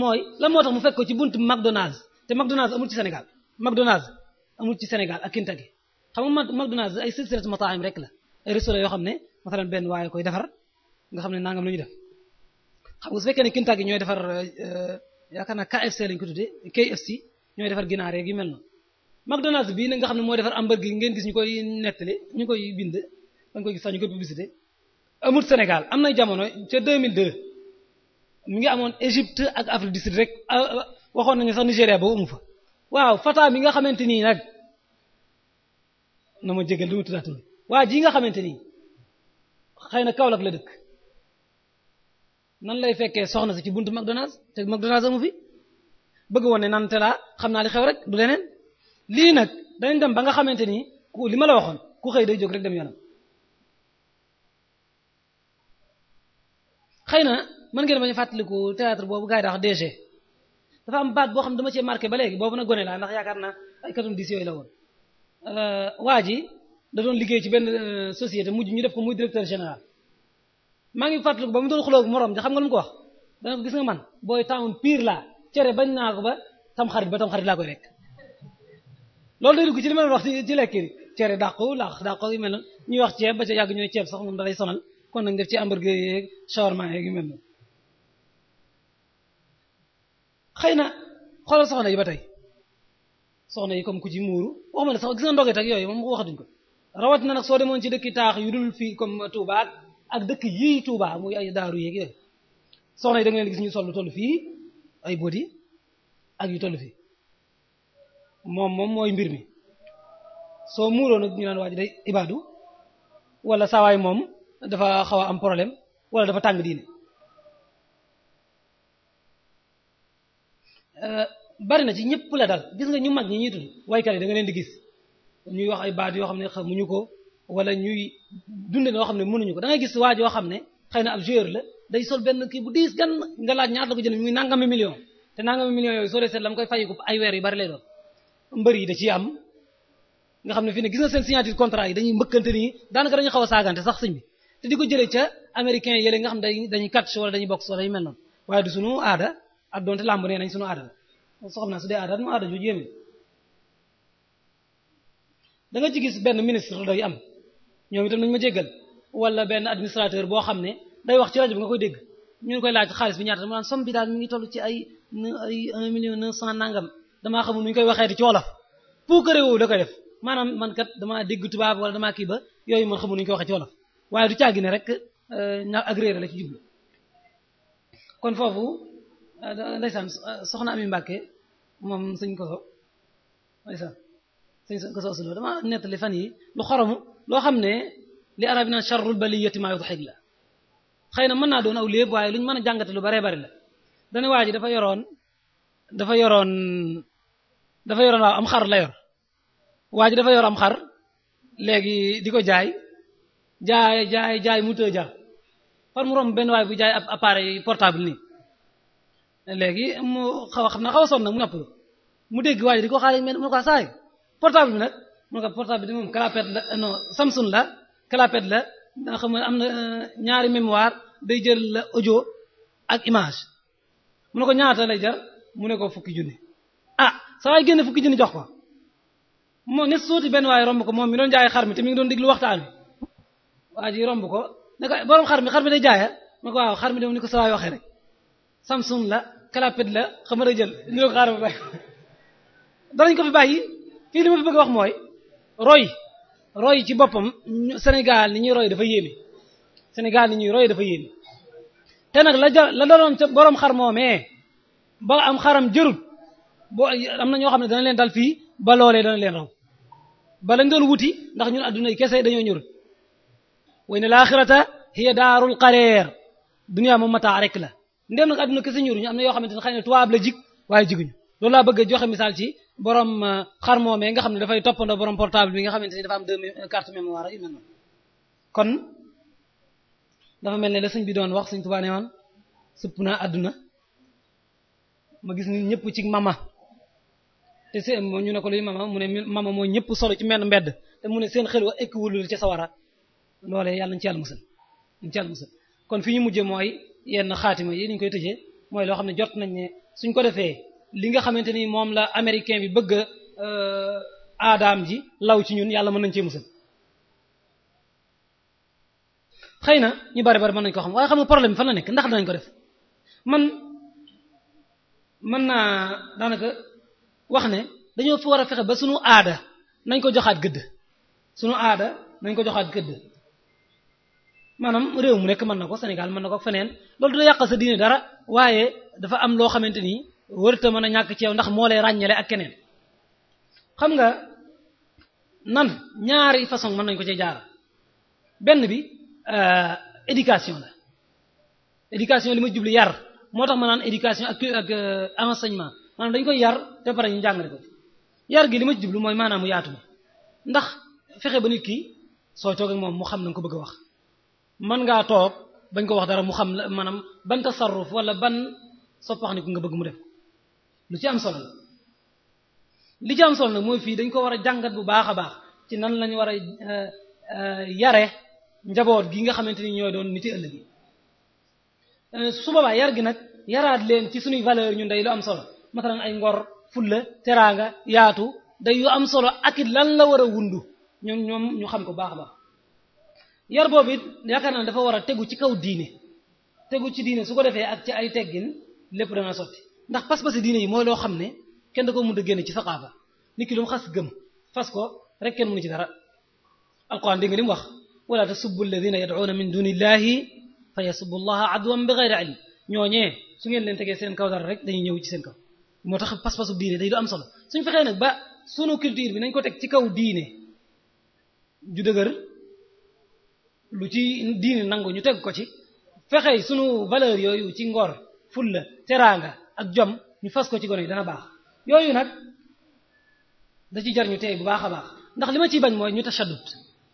mooy la moo mu fekk ko ci buntu McDonald's te McDonald's amul ci Sénégal McDonald's amul ci Sénégal ak Kentucky xam nga McDonald's ay silsilat mataahim rek la ay restaurant yoo xam ne masalan benn waaye koy defar nga xam ne nangam la ñu def xam nga su fekkee ne Kentucky ñooy defar euh, yaakaar naa KFC lañ ko tuddee KFC ñooy defar ginaar yeeg yu mel na McDonald's bii nag nga xam ne moo defar hamburger yi ngeen gis ñu koy nettali ñu koy bind dañ koy gis sax ñu koy publicité amut Sénégal am na jamono ca 2002 mi ngi amoon Égypte ak Afrique du rek waxoon nañu sax Nigéria boobu amu fa waaw Fata mi nga xamante nii nag na ma jégal du ma tuddaat waa ji nga xamante nii xëy na Kaolack la dëkk nan lay fekkee soxna si ci buntu McDonald's te McDonald's amu fi bëgg woon ne nan te xam naa li xew rek du lii nag dañ dem ba nga xamante ni ku li ma la waxoon ku xëy day jóg rek dem yoonam xëy na mën ngeen bañu fàttaliku théâtre boobu gars yi dax dafa am baat boo xam ne dama cee marqué ba léegi boobu na gone laa ndax yaakaar na ay katum dis yooyu la woon euh, waa ji da doon liggéey ci benn euh, société mujj ñu def ko muy directeur général maa ngi fàttaliku ba mu doon xuloo morom ja xam nga lu ko wax dana gis nga man booy tam pire laa cere bañ naa ko ba tam xarit ba laa koy rek loolu day dugg ci li ma leen wax ci ci yi cere dàqu laax dàqu yu mel noonu ñuy wax ceeb ba ca ñooy ceeb sax moom dalay sonal kon nag def ci hamburger yeeg shawarma yeeg yu mel noonu xëy na xoolal soxna yi ba tey soxna yi comme ku ci muuru waxuma la sax gis nga ndoget ak yooyu moom waxatuñ ko rawatina nag soo demoon ci dëkki taax yu dul fii kom Touba ak dëkk yii Touba muy ay daaru yeeg yooyu soxna yi da nga gis ñu sollu toll fii ay bodi ak yu toll fii moom moom mooy mbir mi soo muuroo nag ñu naan waaj day ibaadu wala saawaay moom dafa xaw a am problème wala dafa tàng diine euh, bari na ci ñëpp la dal gis nga ñu mag ñi ñuy tudd waykat yi da leen di gis ñuy wax ay baat yoo xam ne xamuñu ko wala ñuy dunde yoo xam ne mënuñu ko da ngay gis waa joo ne xëy na ab joueur la day sol benn kii bu diis gan nga laaj ñaata la ko jënd muy nangami million te nangami million yooyu soo dee seet la mu koy fayiku ay weer yu bari lay doon mbër yi da ciy am nga xam ne fi ne gis na seen signature contrat yi dañuy mbëkkante nii daanaka dañu xaw a saagante sax sëñ bi te di ko jëlee ca américain yële nga xam ne dañuy catch wala dañuy boxe wala yu mel noonu waaye du sunu aada ak doonte làmb nee nañ sunu aada la soo xam naa su dee aada mu aada ju yéeme da nga ci gis benn ministre day am ñoom itam nañu ma jéggal wala benn administrateur boo xam ne day wax ci rajo bi nga koy dégg ñu ngi koy laaj xaalis bi ñaata mu naan somme daal mi ngi damaa xamul nuñ koy waxeeti ci wolof puukare woowu da koy def maanaam man kat damaa dégg tubaab wala damaa kii ba yooyu man xamul nuñ koy waxee ci wolof waaye du caagi rek euh, ñaaw ak réer la ci jublu kon foofu euh, ndeysaan euh, soxna Ami Mbàkke moom sëñ koso ndeysaan sëñ koso usuloo fan yi lu xoromu loo xam ne li arabi naan charrul baliyati maa yudhik la xëy na mën naa doon aw léeb waaye luñ mën a jàngate lu baree bari la dana waa dafa yoroon dafa yoroon waaw am xar la yor waa ji dafa yor am xar léegi di ko jaay jaay jaay jaay mu tëj a far mu romb benn waay bu jaay ab appareil portable nii léegi mu xaw xam na xaw a sonn mu noppalu mu dégg waa di ko xaar mel mu ne ko ah, saay portable bi nag mu ne ko portable bi moom clapet la non Samsung la clapet la ndax xam nga am na euh, ñaari mémoire day jël la audio ak image mu ne ko ñaata lay jar mu ne ko fukki junni ah, saa yi génn fukki junni jox ko moo ne suuti benn waaye romb ko moom mi doon jaay xar mi te mi ngi doon diglu waxtaan wi waa romb ko ne ko borom xar mi xar day jaaya ah? ko waaw xar mi de ni ko sa waay waxee rek samsung la kalapet la xamar a jël ñoo ko xaar ba bàyyi danañ ko wax mooy roy ci boppam Sénégal ni ñuy roy dafa yéeme Sénégal ni ñuy roy dafa yéeme te nag la daloon ca borom xar moomee ba am xaram jërut boo am na ñoo xam ne dana leen dal fii ba loolee dana leen raw ba lañ doon wuti ndax ñun adduna yi kese dañoo ñor way ne laaxirata hiya daarul qareer dunya moom mataa rek la ndem nag adduna kese ñor ñu am na yoo xamante ne xëy na tubaab la jig waaye jiguñu loolu laa bëgg a joxe misaal ci borom euh, xar moomee nga xam ne dafay toppandoo borom portable bi nga xamante ni dafa am deux euh, carte mémoire yu kon dafa mel ne la sëñ bi doon wax sëñ Tuubaa ne woon sëpp naa adduna ma gis ni ñëpp ci mama te seen moom ñu ne ko luy mama mu ne mama mooy ñëpp solo ci menn mbedd te mu ne seen xel wa ekk wulul ca sawara loolee yàlla nañu ci yàlla musal nañu yàlla musal kon fi ñu mujje mooy yenn xaatima yi niñ koy tëjee mooy loo xam ne jot nañ ne suñ ko defee li nga xamante ni moom la américain bi bëgg euh, aadaam ji law ci ñun yàlla mën nañ cee musal xëy na ñu bari bari mën nañ ko xam waaye xam nga problème fan la nekk ndax danañ ko def man mën naa daanaka wax ne dañoo fi war a fexe ba sunu aada nañ ko joxaat gëdd sunu aada nañ ko joxaat gëdd maanaam réew mu nekk mën na ko Sénégal mën na ko feneen loolu dina yàqal sa diine dara waaye dafa am loo xamante ni warut a mën a ñàkk ci ndax moo lay ràññale ak keneen xam nga nan ñaari façon mën nañ ko ci jaar benn bi euh, éducation la éducation li ma jublu yar moo tax ma naan éducation ak euh, enseignement maanaam dañ koy yar te pare ñu jàngale ko yar gi li ma ci jublu mooy maanaam mu yaatu ma ndax fexe ba nit kii soo toog moom mu xam na nga ko bëgg a wax mën ngaa toog bañ ko wax dara mu xam la maanaam ban tasarruf wala ban soppax ni ku nga bëgg mu def lu ci am solo la li ci am solo nag mooy fii dañ ko war a jàngat bu baax a baax ci nan lañu war a euh, euh, yare njaboot gi nga xamante ni ñooy doon niti ëllëg yi euh, su boobaa yar gi nag yaraat leen ci suñuy valeur ñun day lu am solo masalan ay ngor fulla teraanga yaatu day yu am solo ak it lan la war a wundu ñoom ñoom ñu xam ko baax a baax yar boobu it yaakaar naa dafa war a tegu ci kaw diine tegu ci diine su ko defee ak ci ay teggin lépp dana sotti ndax pas-pasi diine yi mooy loo xam ne kenn da ko mën a génne ci saqaafa nit ki lu mu xas gëm fas ko rek kenn mënu ci dara alquran di nga li mu wax wala tasubbu alladina yad'una min duni illahi fa yasubbu allaha adwan bi ghayri ilm ñooñee su ngeen leen tegee seen kaw dara rek dañuy ñëw ci seen kaw moo tax pas-pasu diine day du am solo suñ fexee nag ba sunu culture bi nañ ko teg ci kaw diine ju dëgër lu ci diine nangu ñu teg ko ci fexey sunu valeur yooyu ci ngor fulla teraanga ak jom ñu fas ko ci gone yi dana baax yooyu nag da ci jar ñu teey bu baax a baax ndax li ma ciy bañ mooy ñu tashadut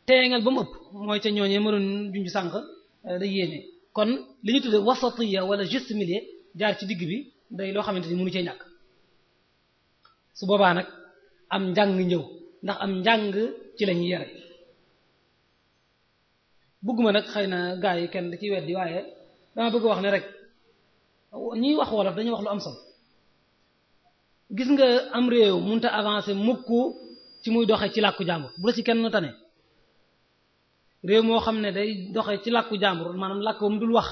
teeŋal ba mu ëpp mooy ca ñooñee mënoon junj sànq eh, day yéene kon li ñu tudde wasatiya wala juste milieu jaar ci digg bi day loo xamante ni mënu cee su boobaa nag am njàng ñëw ndax am njàng ci lañuy ñuy yare bëgguma nag xëy na gaa yi kenn da ciy weddi waaye dama bëgg wax ne rek ñiy wax wolof dañuy wax lu am sol gis nga am réew mënut a avancer mukk ci muy doxee ci làkku jàmbur bu la ci kenn tane réew moo xam ne day doxe ci làkku jàmbur maanaam làkk mu dul wax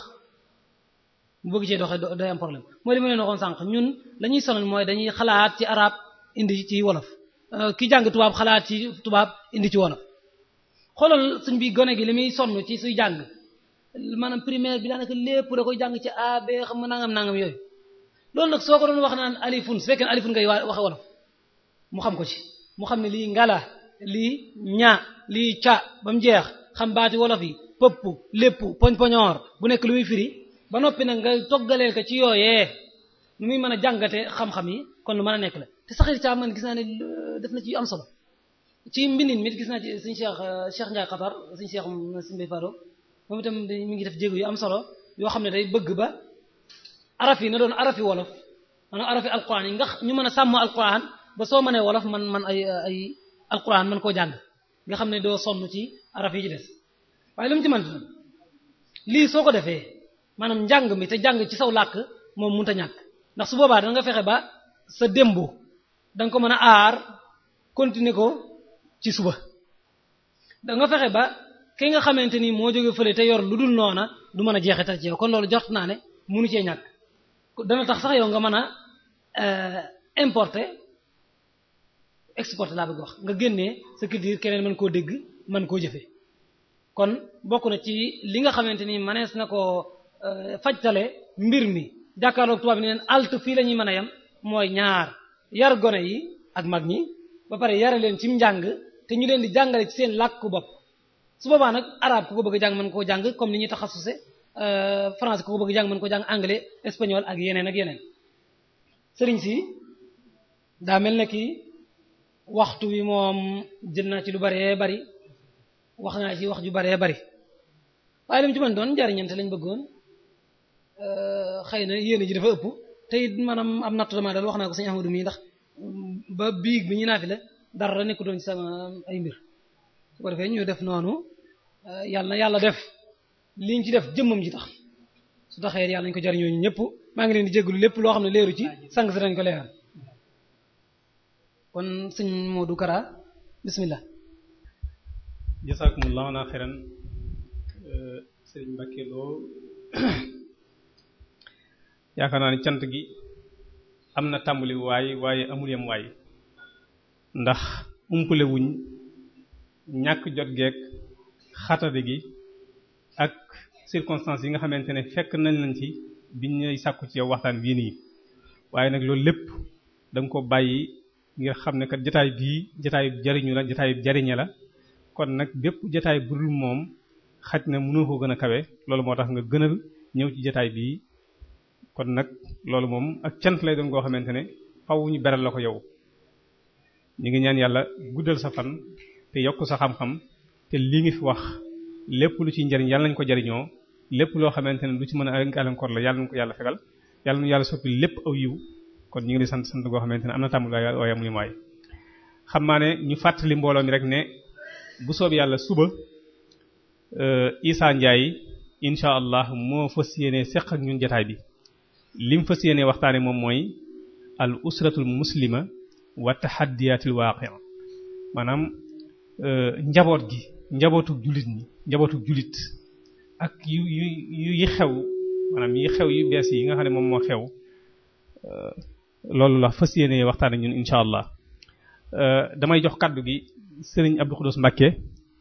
mu bëgg cee doxee day am problème mooy li ma leen waxoon sànq ñun la ñuy mooy dañuy xalaat ci arab indi ci wolof euh, ki jàng tubaab xalaat ci tubaab indi ci wolof xoolal suñ bi gone gi li muy sonn ci suy jàng maanaam primaire bi daanaka lépp da koy jàng ci A B xam nangam nangam yooyu loolu nag soo ko doon wax naan alifun su fekkee ne alifun ngay waxe wolof mu xam ko ci mu xam ne lii ngala lii ña lii ca ba mu jeex xam baati wolof yi pëpp lépp poñ poñoor bu nekk lu muy firi ba noppi nag nga toggaleel ko ci yooyee nu muy mën a jàngate xam-xam yi kon lu mën a nekk la te saxir caa man gis naa ne euh, def na ci am solo ci mbindin mi gis naa ci suñu cheikh euh, cheikh Ndiaye Qatar suñu ngi def jéego yu am solo yoo xam ne day bëgg ba araf yi na doon arafi wolof maanaam arafi alquran yi ngax ñu mën a sàmm alquran ba soo mënee wolof man man ay euh, ay alquran man koo jàng nga xam ne doo sonn ci araf yi ci des waaye lu ci mën lii soo ko defee maanaam njàng mi te jàng ci saw làkk moom mënut a ñàkk ndax su boobaa fexe ba sa démb danga ko mën a aar continuer ko ci suba danga nga fexe ba ki nga xamante ni moo jóge fële te yor lu dul noona du man a jeexital ci yow kon loolu jox naa ne munu cee ñàkk dana tax sax yow nga mën a euh, importe exporter laa bëgg wax nga génnee sa culture keneen mën koo dégg man koo jëfe kon bokk na ci li nga xamante ni manees na koo euh, fajtale mbir mi jàkkaarloog tubaab bi ne alt fii la ñuy mën a yem mooy ñaar yar gone yi ak mag ñi ba pare yare leen ci njàng te ñu leen di jàngale ci seen làkk bopp su boobaa nag arabe ku ko bëgg a jàng mën koo jàng comme ni ñuy taxasuse euh, français ku ko bëgg a jàng mën koo jàng anglais espagnol ak yeneen ak yeneen sëriñ si daa mel na ki waxtu wi moom jël naa ci lu bëree bari wax naa ci wax ju bëree bari waaye li mu ci mën doon njariñante lañ bëggoon euh, xëy na yéen ji dafa ëpp te it maanaam am nattu dama dal wax naa ko sëñ Ahmadu mii ndax ba biig bi ñu naafi la dara nekk doon sama ay mbir su ko defee ñu def noonu eh, yàlla na yàlla def liñ ci def jëmmam ji tax su taxee yàlla nañ ko jariñoo ñëpp maa ngi leen di jégalu lépp loo xam ne léeru ci sang si dañ ko leeral kon sëñ Modou Kara bismillah jazakumullahu xayran eh, sëñ Mbacké Lo yaakaar naa ne cant gi am na tàmbali waaye waaye amul yam waay ndax umpale ñàkk jot geek xatade gi ak circonstances yi nga xamante ne fekk nañ lañ ci biñ ñuy sàkku ci yow waxtaan bii nii waaye nag loolu lépp da ko bàyyi ngir xam ne kat jataay bii jotaayu jariñu la jotaayu jariñe la kon nag bépp jataay bu dul moom xaj na mënoo ko gën a kawe loolu moo tax nga gën a ñëw ci jataay bii kon nag loolu moom ak cant lay doon goo xamante ne faaw ñu beral la ko yow ñu ngi ñaan yàlla guddal sa fan te yokk sa xam-xam te lii ngi fi wax lépp lu ci njariñ yàlla nañ ko jariñoo lépp loo xamante ne lu ci mën a gàllankoor la yàlla nañ ko yàlla fegal yàlla nu yàlla soppi lépp aw yiw kon ñu ngi di sant sant goo xamante ne am na tàmbali ay waaye amuñu maay xam naa ne ñu fàttali mbooloom mi rek ne bu soob yàlla suba euh, Issa Ndiaye incha allah moo fas yéene bi. lim fas yéene waxtaane moom mooy al usratul muslima wa taxaddiyatil waaqi maanaam euh, njaboot gi njabootu jullit ñi njabootu jullit ak yu yu yi xew yi xew yu bees yi nga xam ne moom moo xew euh, loolu la fas yéene waxtaane ñun incha allah euh, damay jox kàddu gi sëriñ Abdou Khoudous Mbacké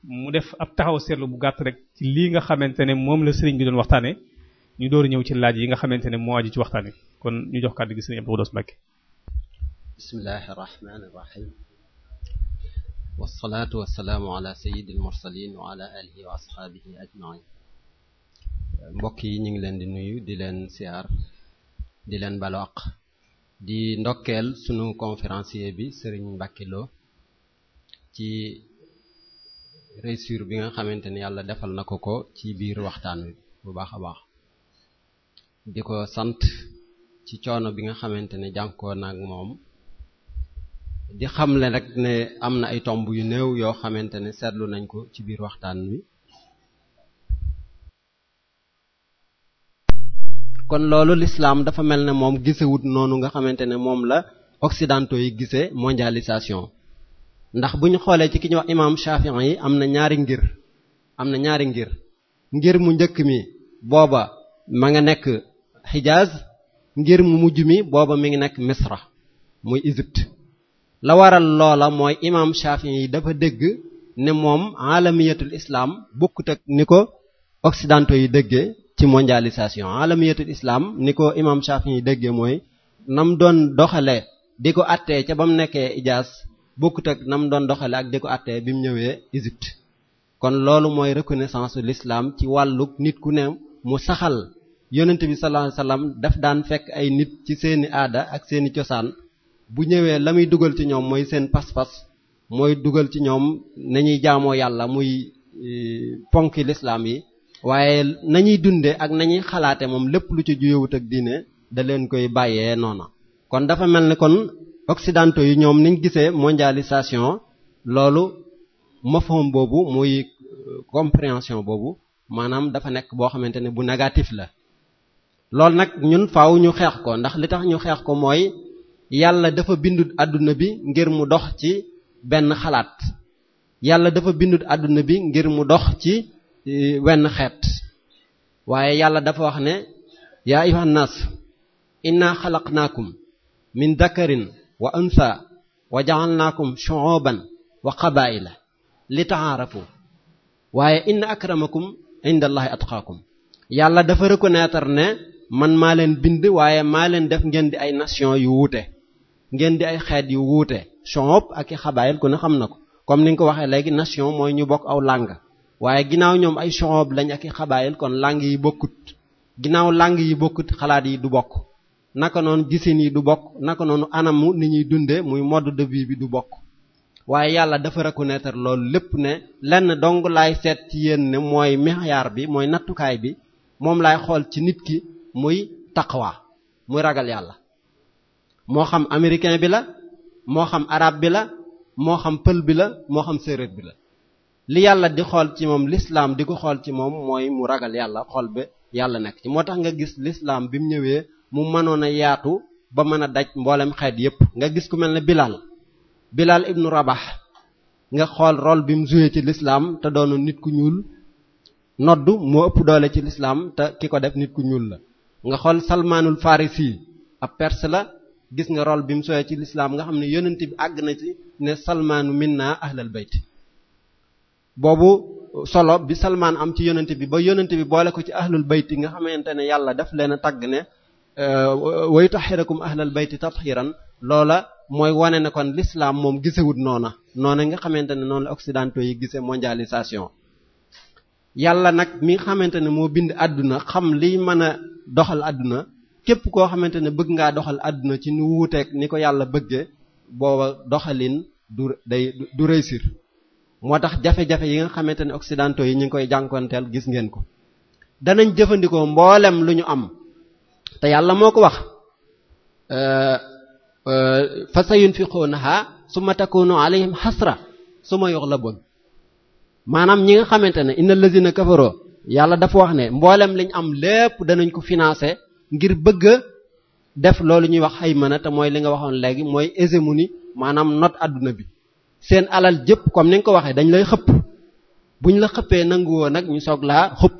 mu def ab taxaw seetlu bu gàtt rek ci lii nga xamante ne moom la sëriñ bi doon waxtaane ñu door ñëw ci laaj yi nga xamante ne moo aju ci waxtaan wi kon ñu jox kàddu gi sëriñ Abdou Khoudoss Mbacké bismillahi rahmaani rahim wasalaatu wasalaamu ala sayyidil mursalin wa ala alihi mbokk yi ñu ngi leen di nuyu di leen siyaar di leen balooq di ndokkeel sunu conférencier bi sëriñ Mbacké ci réussir bi nga xamante ne yàlla defal na ko ko ci biir waxtaan wi bu baax a baax di ko sant ci coono bi nga xamante ne jànkoo naag moom di xamle rek ne am na ay tomb yu néew yoo xamante ne seetlu nañ ko ci biir waxtaan wi kon loolu lislaam dafa mel ne moom gisewut noonu nga xamante ne moom la occidentaux yi gisee mondialisation ndax bu ñu xoolee ci ki ñuy wax imam Shafi'i yi am na ñaari ngir am na ñaari ngir ngir mu njëkk mi booba ma nga nekk xijaaz ngir mu mujj mi booba mi ngi nekk misra muy Égypte la waral loola mooy imam Shafi yi dafa dégg ne moom alamiyatul islam bokkut ak ni ko occidentaux yi déggee ci mondialisation alamiyatul islaam ni ko imam Shafi yi dégge mooy nam doon doxale di ko attee ca ba mu nekkee ijaas bokkut ak nam doon doxale ak di ko attee bi mu ñëwee Égypte kon loolu mooy reconnaissance l'islam ci wàlluk nit ku ne mu saxal yonent bi sallallahu alayhi daf daan fekk ay nit ci seeni aada ak seeni cosaan bu ñëwee la muy dugal ci ñoom mooy seen pas-pas mooy dugal ci ñoom nañuy jaamoo yàlla muy e, ponki lislaam yi waaye nañuy dunde ak nañuy xalaate moom lépp lu ci juyewut ak diine da leen koy bàyyee noona kon dafa mel ni kon occidentaux yi ñoom niñ gisee mondialisation loolu mafhum boobu muy e, compréhension boobu maanaam dafa nekk boo xamante ne bu négatif la loolu nag ñun faaw ñu xeex ko ndax li tax ñu xeex ko mooy yàlla dafa bindu àdduna bi ngir mu dox ci benn xalaat yàlla dafa bindu àdduna bi ngir mu dox ci e, wenn xeet waaye yàlla dafa wax ne yaa ayyuhan naas inna xalaqnaakum min dakarin wa unsa wa ja'alnaakum shu'uban wa la li ta'aarafu waaye inna akramakum indallahi atqaakum yàlla dafa reconnaître ne man maa leen bind waaye maa leen def ngeen di ay nation yu wuute ngeen di ay xeet yu wuute Shuayb ak i xabaayil ku ne xam na ko comme ni nga ko waxee léegi nation mooy ñu bokk aw làng waaye ginnaaw ñoom ay Shuayb lañ ak i xabaayil kon làng yi bokkut ginnaaw làng yi bokkut xalaat yi du bokk naka noonu gisin yi du bokk naka noonu anamu ni ñuy dundee muy mode de vie bi du bokk waaye yàlla dafa reconnaître loolu lépp ne lenn dong laay seet ci yéen ne mooy mexyaar bi mooy nattukaay bi moom laay ci nit ki muy taqwa mu ragal yàlla moo xam americain bi la moo xam arab bi la moo xam pël bi la moo xam séeréer bi la li yàlla di xool ci moom lislaam di ko xool ci moom mooy mu ragal yàlla xool ba yàlla nekk ci moo tax nga gis lislaam bi mu ñëwee mu mënoon a yaatu ba mën a daj mboolem xeet yépp nga gis ku mel ne Bilal Bilal ibnu Rabah nga xool rol bi mu joué ci lislaam te doonu nit ku ñuul noddu moo ëpp doole ci l'islam te ki ko def nit ku ñuul la nga xool salmaanul farisi ab perse la gis nga rôle bi mu sooyee ci lislaam nga xam ne yonent bi àgg na ci ne salmaanu minna ahlal bayt boobu solo bi salmaan am ci yonent bi ba yonent bi boole ko ci ahlul bayt nga xamante ne yàlla daf leen a tagg ne wa yutahhirakum ahlal bayti tathiran loola mooy wane ne kon lislaam moom gisewut noona noona nga xamante ne noonu la occidentaux yi gise mondialisation yàlla nag mi nga xamante ne moo bind àdduna xam liy mën a doxal àdduna képp koo xamante ne bëgg ngaa doxal àdduna ci nu wuteek ni ko yàlla bëgge booba doxalin du day du réussir moo tax jafe-jafe yi nga xamante ne occidentaux yi ñu ngi koy jànkonteel gis ngeen ko danañ jëfandikoo mbooleem lu ñu am te yàlla moo ko wax fa sayunfiqunaha summa takunu alayhim hasra summa yughlabun maanaam ñi nga xamante ne inna lazina kafaro yàlla dafa wax ne mboolem liñ am lépp danañ ko financer ngir bëgg a def loolu ñuy wax ay mëna te mooy li nga waxoon léegi mooy ni maanaam not àdduna bi seen alal jëpp comme ni nga ko waxee dañu lay xëpp bu ñu la xëppee nangu woon nag ñu soog laa xëpp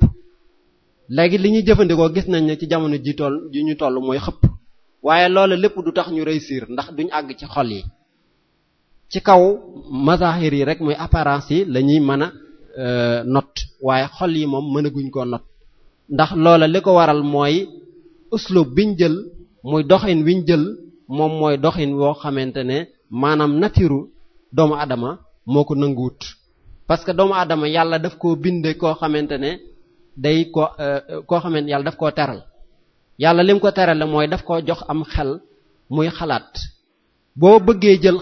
léegi li ñuy jëfandikoo gis nañ ne ci jamono ji toll ji ñu toll mooy xëpp waaye loolu lépp du tax ñu réussir ndax duñu àgg ci xol yi ci kaw mazahir yi rek muy apparence yi la ñuy mën a euh, not waaye xol yi moom mënaguñ koo not ndax loola li ko waral mooy uslub biñ jël muy doxin wiñ jël moom mooy doxin woo xamante ne maanaam natiru doomu adama moo ko nanguwut parce que doomu adama yàlla daf koo binde koo xamante ne day ko euh, koo xamante yàlla daf koo teral yàlla lim ko terale mooy daf koo jox am xel muy xalaat boo bëggee jël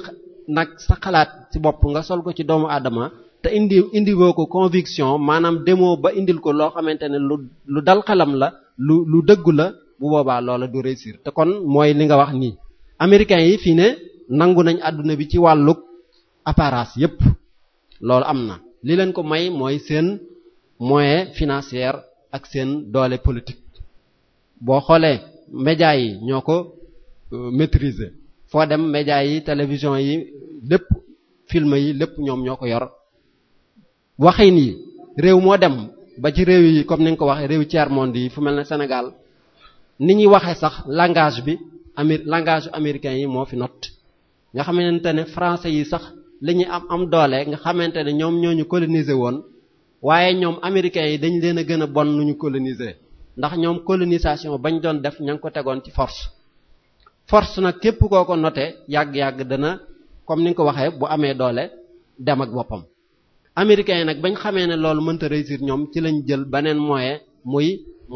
nag sa xalaat si bopp nga sol ko ci doomu aadama te indi indiwoo ko conviction maanaam demoo ba indil ko loo xamante ne lu lu dal xelam la lu lu dëggu la bu boobaa loola du réussir te kon mooy li nga wax nii américains yi fii ne nangu nañ àdduna bi ci wàllug apparence yépp loolu am na li leen ko may mooy seen moyen financier ak seen doole politique boo xoolee médias yi ñoo ko euh, maîtriser foo dem média yi télévision yi lépp film yi lépp ñoom ñoo ko yor waxin yi réew moo dem ba ci réew yi comme ni nga ko waxee réew tiers monde yi fu mel ne Sénégal ni ñuy waxee sax langage bi amir langage américain yi moo fi nott nga xamante ne français yi sax li ñuy am am doole nga xamante ne ñoom ñoo ñu colonisé woon waaye ñoom américains yi dañ leen a gën a bon nu ñu colonisé ndax ñoom colonisation bañ doon def ña ko tegoon ci force force nag képp koo ko noté yàgg-yàgg dana comme ni nga ko waxee bu amee doole dem ak boppam américains yi nag bañ xamee ne loolu mënta réussir ñoom ci lañu jël beneen moyen muy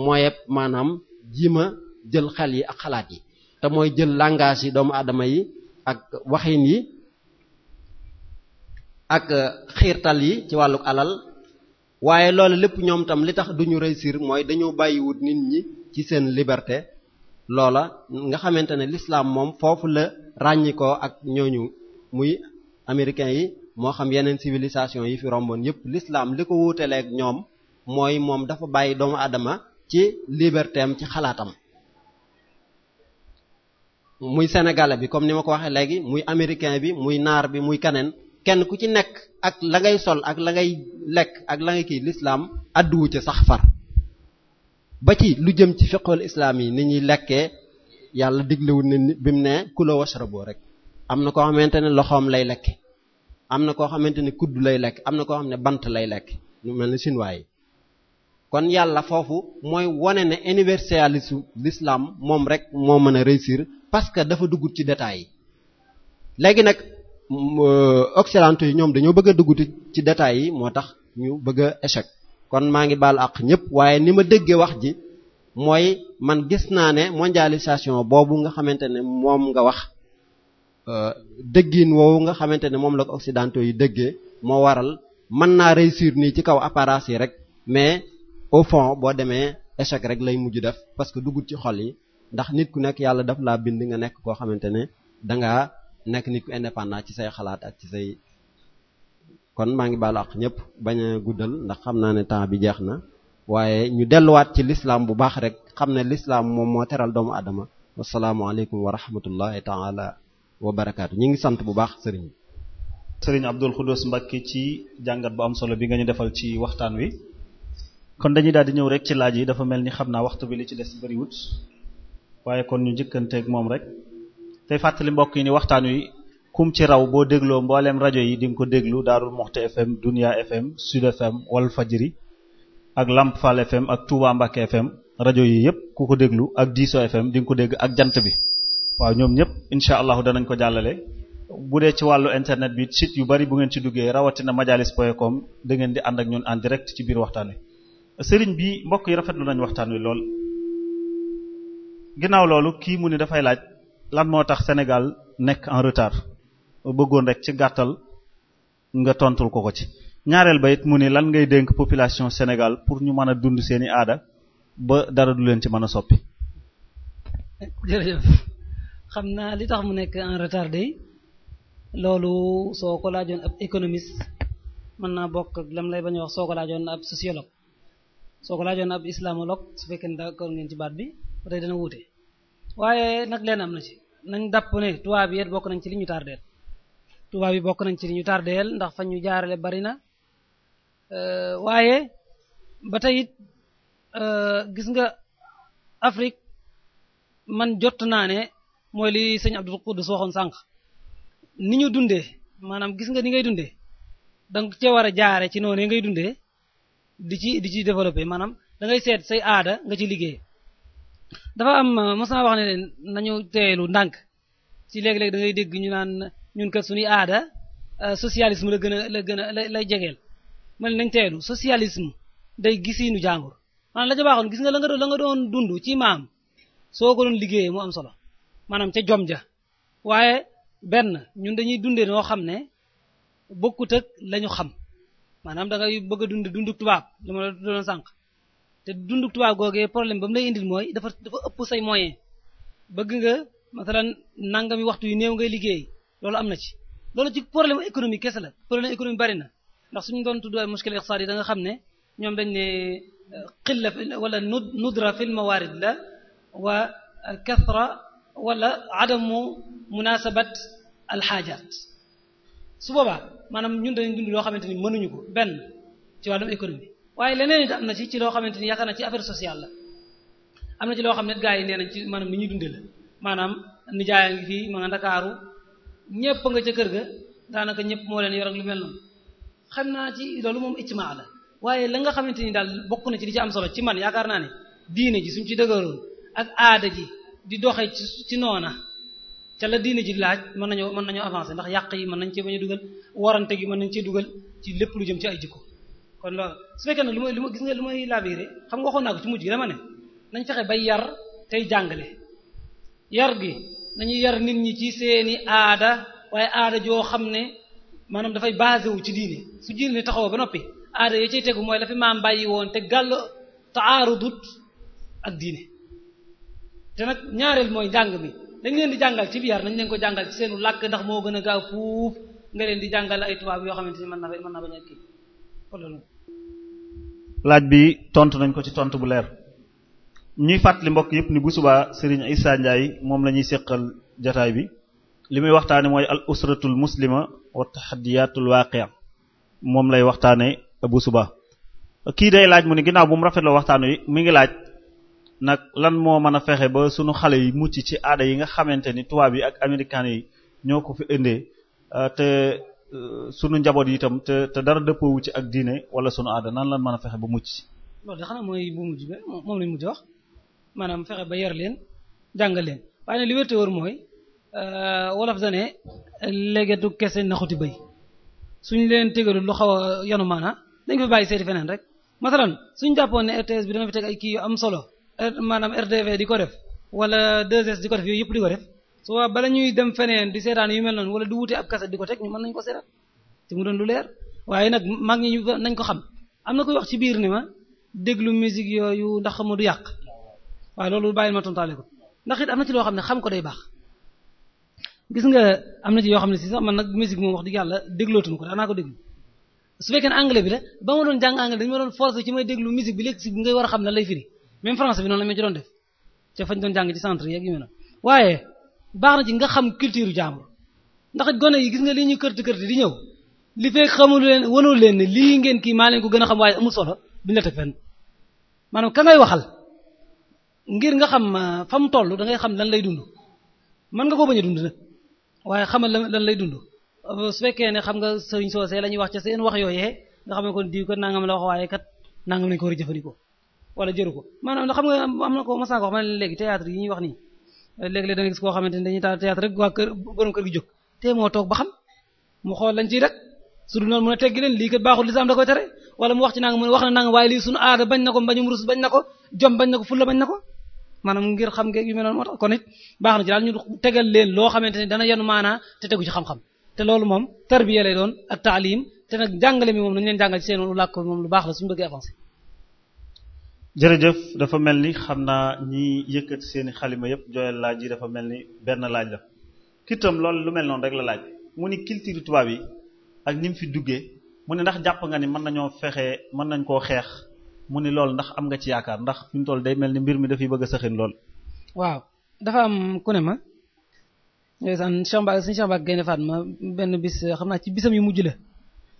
moyen maanaam jiima jël xel yi ak xalaat yi te mooy jël langage yi doomu aadama yi ak waxin yi ak euh, xiirtal yi ci wàllu alal waaye loolu lépp ñoom tam li tax duñu réussir mooy dañoo bàyyiwut nit ñi ci seen liberté loola nga xamante ne lislaam moom foofu la ràññikoo ak ñooñu muy américains yi moo xam yeneen civilisation yi fi romboon yépp l'islam li ko wuuteleeg ñoom mooy moom dafa bàyyi doomu aadama ci liberté ci xalaatam muy sénégalais bi comme ni ma ko waxee léegi muy américain bi muy naar bi muy keneen kenn ku ci nekk ak la ngay sol ak la ngay lekk ak la ngay kii lislaam adduwu ca sax far ba ci lu jëm ci fiqhul islam yi ni ñuy lekkee yàlla diglewul ni bi mu ne kulo washrabo rek am na koo xamante ne loxoom lay lekk am na koo xamante ne kudd lay lekk am na koo xam ne bant lay lekk ñu mel ne chinois yi kon yàlla foofu mooy wane ne universalisme l'islam moom rek moo mën a réussir parce que dafa dugg ci détails yi léegi nag euh, occidentaux yi ñoom dañoo bëgg a dugg ci détails yi moo tax ñu bëgg a échec kon maa ngi baal àq ñëpp waaye ni ma dégge wax ji mooy man gis naa ne mondialisation boobu nga xamante ne moom nga wax euh, dëggin woowu nga xamante ne moom la ko occidentaux yi dëggee moo waral mën naa réussir nii ci kaw apparence yi rek mais au fond boo demee échec rek lay mujj def parce que duggut ci xol yi ndax nit ku nekk yàlla daf laa bind nga nekk koo xamante ne dangaa nekk nit ku indépendant ci say xalaat ak ci say kon maa ngi baalu ak ñëpp bañ a guddal ndax xam naa ne temps bi jeex na waaye ñu delluwaat ci lislaam bu baax rek xam ne lislaam moom moo teral doomu adama wasalaamualeykum wa rahmatullahi taala wa barakaatu ñu ngi sant bu baax sëriñ bi sëriñ Abdul Xuddos Mbàkke ci jàngat bu am solo bi nga ñu defal ci waxtaan wi kon dañuy daal di ñëw rek ci laaj yi dafa mel ni xam naa waxtu bi li ci des bëriwut waaye kon ñu njëkkanteeg moom rek tey fàttali mbokk yi kum ci raw boo dégloo mbooleem rajo yi di nga ko déglu Darou Mokhtar FM Dunia FM Sud FM Walf Fadjri ak Lamp Fall FM ak Touba Mbacké FM rajo yi yëpp ku ko déglu ak diiso FM di nga ko dégg ak jant bi waaw ñoom ñëpp incha allahu danañ ko jàllale. bu dee ci wàllu internet bi site yu bari bu ngeen ci duggee rawatina majalis.com da ngeen di ànd ak ñun en direct ci biir waxtaan wi sëriñ bi mbokk yi rafet rafetlu nañu waxtaan wi lool. ginnaaw loolu ki mu ne dafay laaj lan moo tax Sénégal nekk en bëggoon rek ci gàttal nga tontul ko ko ci ñaareel ba it mu ni lan ngay dénk population Sénégal pour ñu mën a dund seeni aada ba dara du leen ci mën a soppi xam naa li tax mu nekk en retardé loolu soo ko laajoon ab économiste mën naa bokk ak lam lay bañ a wax soo ko laajoon ab sociologue soo ko laajoon ab islamologue su fekkee ne d'accord ngeen ci baat bi ba tey dana wuute waaye nag leen am na ci nañ dàpp ne tubaab bokk nañ ci li ñu tardeel tubaab yi bokk nañ ci ñu tardeel ndax fa ñu jaarale bari na euh, waaye ba tey it euh, gis nga Afrique man jot naa ne mooy li sëñ Abdul Quddus waxoon sànq ni ñu dundee maanaam gis nga ni ngay dundee danga cee war a jaare ci noonu ngay dundee di ci di ci développé maanaam da seet say aada nga ci liggéey dafa am mos naa wax ne nañu teelu ndànk ci léeg-léeg da dégg ñu naan ñun kat suñuy aada euh, socialisme la gën a la gën a la lay jegeel man nañ teelu socialisme day gisiinu jàmbur maanaam la ca baaxoon gis nga la nga doon la dund ci maam soo ko doon liggéeyee mu am solo maanaam ca jom ja waaye benn ñun dañuy dundee noo xam ne bokkut lañu xam maanaam da ngay bëgg a dund dunduk tubaab li ma la doon sànq te dunduk tubaab googee problème ba mu lay indil mooy dafa dafa ëpp say moyen bëgg nga masalan nangami waxtu yi néew ngay liggéey loolu am na ci loolu ci problème économique kese la problème économique bari na ndax suñu doon tudd ay muskil iqtisaadi da nga xam ne ñoom dañ ne eh, qilla wala nudra fil mawaarid la wa kathra wala adamu munasabat alxaajaat su boobaa maanaam ñun dañuy dund loo xamante ni mënuñu ko benn ci wàllum économie waaye leneen it am na ci ci loo xamante ni yaakaar na ci affaire social la am na ci loo xam ne gaa yi nee nañ ci maanaam ni ñuy dundee la maanaam nijaaya ngi ma nga ndakaaru ñëpp nga ca kër ga daanaka ñëpp moo leen yor ak lu mel noonu xam naa ci loolu moom ijmaa la waaye la nga xamante ni daal bokk na ci li ci am solo ci man yaakaar naane ne diine ji suñ ci dëgëroon ak aada ji di doxe ci ci noona ca la diine ji laaj mën nañoo mën nañoo avancer ndax yàq yi mën nañ cee bañ dugal warante gi mën nañ cee dugal ci lépp lu jëm ci ay jikko kon loolu su fekkee ne lu may lu ma gis nga lu may labiré xam nga waxoon naa ko ci mujj gi dama ne nañ fexe bay yar tey jàngale yar gi dañuy yar nit ñi ci seeni aada waaye aada joo xam ne maanaam dafay basé wu ci diine su diine taxaw ba noppi aada yo cay tegu mooy la fi maam bàyyi woon te gàll taarudut ak diine te nag ñaareel mooy jàng bi dañ leen di jàngal ci biir dañ leen ko jàngal ci seenu làkk ndax moo gën a gaaw fuuf nga leen di jàngal ay tubaab yoo xamante ne mën na mën na bañ a kii laaj bi tontu nañ ko ci tontu bu leer ñuy fàttali mbokk yëpp ni bu subaa Serigne Issa Ndiaye moom la ñuy seqal jotaay bi li muy waxtaane mooy al usratul muslima wa taxadiyatul waaqia moom lay waxtaane bu subaa kii day laaj mu ne ginaaw bu mu rafet la waxtaan wi mi ngi laaj nag lan moo mën a fexe ba sunu xale yi mucc ci aada yi nga xamante ni tubaab yi ak américain yi ñoo ko fi indee ah, te euh, sunu njaboot yi itam te dara dëppoowu ci ak diine wala sunu aada nan lan mën a fexe ba mucc. maanaam fexe ba yar leen jàngal leen waaye nag li wér te wër mooy euh, wolof dane léegetu kese naxuti bay suñ leen tégalul lu xaw a yanu dañ ko fi bàyyi seeti feneen rek masalan suñ jàppoon ne RTS am solo maanaam RTV di ko def wala 2S di ko def yooyu yëpp di ko def su waa bala ñuy dem yu mel noonu wala du wute di te mu doon lu leer waaye nag mag ñi ñu nañ ko xam am na koy wax ci biir ni ma déglu musique yooyu ndax xamu du yàq waaye loolu bàyyil ma tontaale ko ndax it am na ci loo xam ne xam ko day baax gis nga am na ci yoo xam ne si sax man nag musique moom wax dëgg yàlla déglootuñu ko daanaa ko déglu su anglais bi la ba ma doon jàng anglais dañu ma doon forcé ci may déglu musique bi léegi si ngay war a xam ne lay firi même français waaye baax na ci nga xam culture jàmbur ndax it gone yi gis nga li ñuy kërti kërti di ñëw li fekk xamul leen wanul leen ne lii ngeen ki maa leen ko gën a xam waaye amul solo bi la teg fenn maanaam ka ngay waxal ngir nga xam euh, fa mu toll da ngay xam lan lay dund mën nga koo bañ a dund nag waaye xamal lan lay dund euh, su fekkee ne xam nga sëriñ soose la ñuy wax ca seen wax yooye nga xam ne kon diw kat nangam la wax waaye kat nangam lañu ko a jëfandikoo wala jëru ko maanaam la xam nga am na ko mas naa ko wax léegi théâtre yi ñuy wax nii léeg-léeg dana gis koo ni dañuy taal théâtre rek waa kër borom kër gi jóg te moo xool lañ ciy rek su dul noonu teggi leen lii kat baaxul lislaam da koy tere wala mu wax ci nangam mu ne wax na nangam waaye lii suñu aada bañ na ko mbañum rus bañ na ko jom bañ na ko fulla bañ na ko maanaam ngir xam ngeeg yu mel noonu moo tax kon it baax na ci daal ñu tegal leen loo xamante ni dana yenn maanaa te tegu ci xam-xam te loolu moom tarbiya lay doon ak taalim te nag jàngale mi moom nañu leen jàngal ci seen lu làkk moom lu baax la dafa mel ni xam naa ñi yëkkati seeni xalima yëpp jooyal laaj yi dafa mel ni benn laaj la kitam loolu lu mel noonu rek la laaj mu ni culture tubaab yi ak ni mu fi duggee mu ne ndax jàpp nga ne mën nañoo fexe mën nañ koo xeex mu ni loolu ndax am nga ci yaakaar ndax fi mu toll day mel ni mbir mi dafiy bëgg a sëxin lool. waaw dafa am ku ma. ndeysaan Cheikh Mbacke suñu Cheikh Mbacke Gaynde Fatma benn bis xam naa ci bisam yu mujj la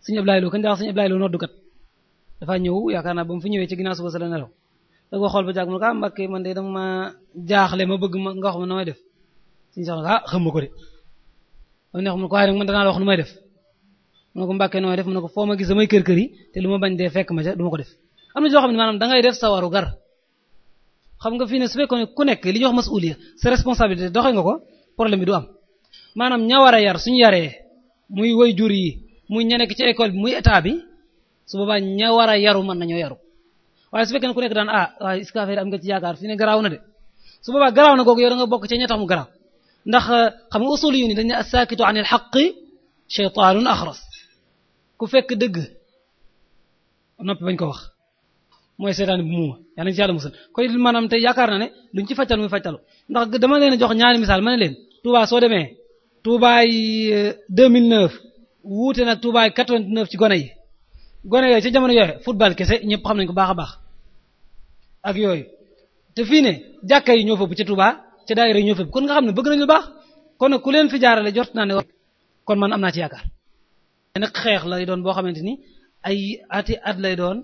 suñu Ablaye Lo kañ daa wax suñu ñëw yaakaar naa ba fi ñëwee ci ginnaaw suba la nelaw da ko xool ba jàg mu ne ko ah Mbacke de danga ma jaaxle ma bëgg ma nga wax ma def suñu Cheikh ah xam ma ko ma neex mu ne ko waaye nag man danaa la wax nu may def mu ne ko Mbacke nooy def mu ne ko foo ma gis samay kër kër yi te lu ma bañ dee fekk ma ca du ko def am na joo xam ne maanaam da ngay def sa waru gar xam nga fii ne su fekkoon ku nekk li ñuy wax masuliya sa responsabilité doxe nga ko problème bi du am maanaam ña war a yar suñu yaree muy way jur yi muy ña nekk ci école bi muy état bi su boobaa ña war a yaru mën nañoo yaru waaye su fekkee ne ku nekk daan ah waaye est-ce que affaire am nga ci ne garaaw na de su boobaa garaaw na googu yow da nga bokk ci ña tax mu garaaw ndax euh, xam nga usul yu ni dañ ne asaakitu anil xaqi shaytaanun axras ku fekk dëgg noppi ko wax mooy seetaan bi muuma yaa nañ ci yàlla musal koy tey yaakaar na ne luñ ci fajtal muy fajtalu ndax dama leen jox ñaari misaal ma ne leen Touba soo demee Toubaay 2009 euh, wuute nag Toubaay 89 ci gone yi gone yooyu ci jamono yooyu football kese ñëpp xam nañ ko baax a baax ak yooyu te fii ne jàkka yi ñoo fëpp ci Touba ci daayira yi ñoo fëpp kon nga xam ne bëgg nañu baax kon nag ku leen fi jaarale jot naa ne kon man am naa ci yaakaar nag xeex lay doon boo xamante ni ay ati at lay doon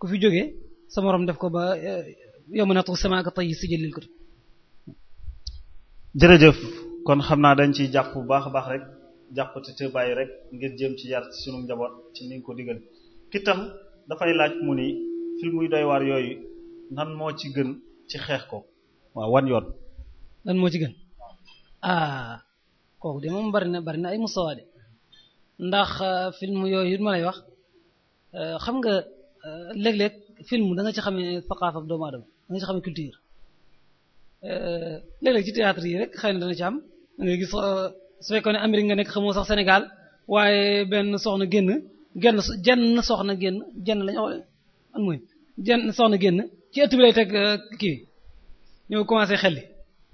ku fi jógee sama morom def ko ba eh, yawma natwi samaa ka tayyi sijil lil kutub jërëjëf kon xam naa dañ ciy jàpp bu baax a baax rek jàpp te bàyyi rek ngir jëm ci yar ci sunu njaboot ci ni nga ko digal kitam doy waar yooyu nan moo ci gën ci xeex ko waaw yoon lan moo ci gën ah, de moom bari na bari na ay musawa de ndax eh, film yooyu ma lay wax eh, xam nga léeg-léeg film da nga ci xamee saqaafa doomu aadama da nga ci xamee culture euh, léeg-léeg ci théâtre yi rek xëy na dana ci am da gis euh, su fekkoon nekk xamoo sax Sénégal waaye benn soxna génn genn jenn soxna génn jenn lañu wax an mooy jenn soxna génn ci ëtt bi lay teg euh, kii ñëw commencé xelli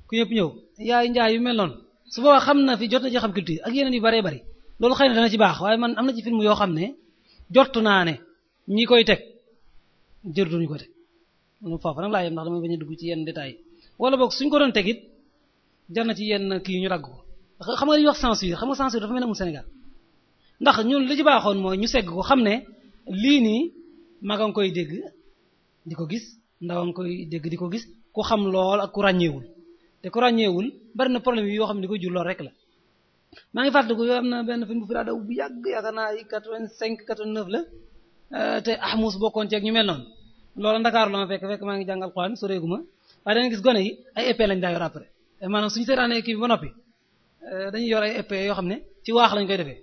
ku ñëpp ñëw yaay njaay yu mel noonu su boobaa xam na fi jot na ci xam culture ak yeneen yu bare bari loolu xëy dana ci baax waaye man am na ci film yoo xam ne jot naa ne ñi koy teg jërduñu ko de moom foofu nag laa yem ndax damay bañ dugg ci yenn détails wala boog suñ ko doon teg it jar na ci yenn kii ñu dagg ko xam nga li ñuy wax censure xam nga censure dafa mel ne amul Sénégal ndax ñun li ci baaxoon mooy ñu segg ko xam ne lii nii mag a nga koy dégg di ko gis ndaw a koy dégg di ko gis ku xam lool ak ku ràññeewul te ku ràññeewul bari na problème yi yoo xam ne di koy jur lool rek la maa ngi fàttaliku yoo am na benn film bu fi daa daw bu yàgg yaakaar naa ay la Euh, te ahmus bokkoon ceeg ñu mel noonu loolu ndakaar la ma fekk fekk maa ngi jàngal Alxuraan soreegu ma waaye danga gis gone yi ay épée lañ daa yor après eh, maanaam suñu seetaanee kii bi ba noppi euh, dañuy yor ay épée yoo xam ne ci waax lañ koy defee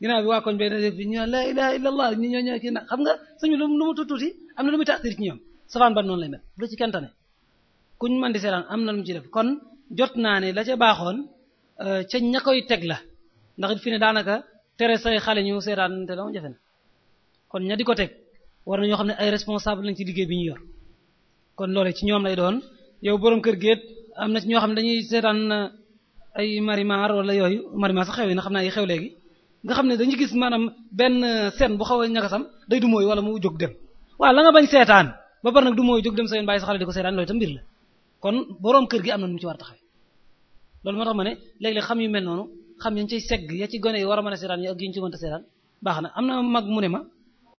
ginnaaw bi waa koñ bee def bi ñu naan laa ilaha illa allah ñi ñoo ñoo kii nag xam nga suñu lu lu mu tuuti am na lu muy taasir ci ñoom safaan ban noonu lay mel lu ci kentane kuñ mën di seetaan am na lu mu ci def kon jot naa ne la ca baaxoon euh, ca ña koy teg la ndax it fi ne daanaka tere say xale ñu seetaan te la mu jafe na kon ña di ko teg war na ñoo xam ne ay responsable lañ ci liggéey bi ñu yor kon loole ci ñoom lay doon yow borom kër géet am na ñoo xam ne dañuy seetaan uh, ay marimar wala yooyu marimar sax xew yi na xam naa yi xew léegi nga xam ne dañu gis maanaam benn uh, scène bu xaw a ñakasam day du mooy wala mu jóg dem la nga bañ seetaan ba pare nag du mooy jóg dem sa yoon bàyyi sa xale di ko seetaan loolu itam mbir la gi am na mu ci war a taxaw loolu moo tax ma ne léeg-léeg xam yu mel noonu xam yañ cay segg ya ci gone yi war a mën seetaan yi ak yi ñu ci mën a seetaan baax na am na mag mu ne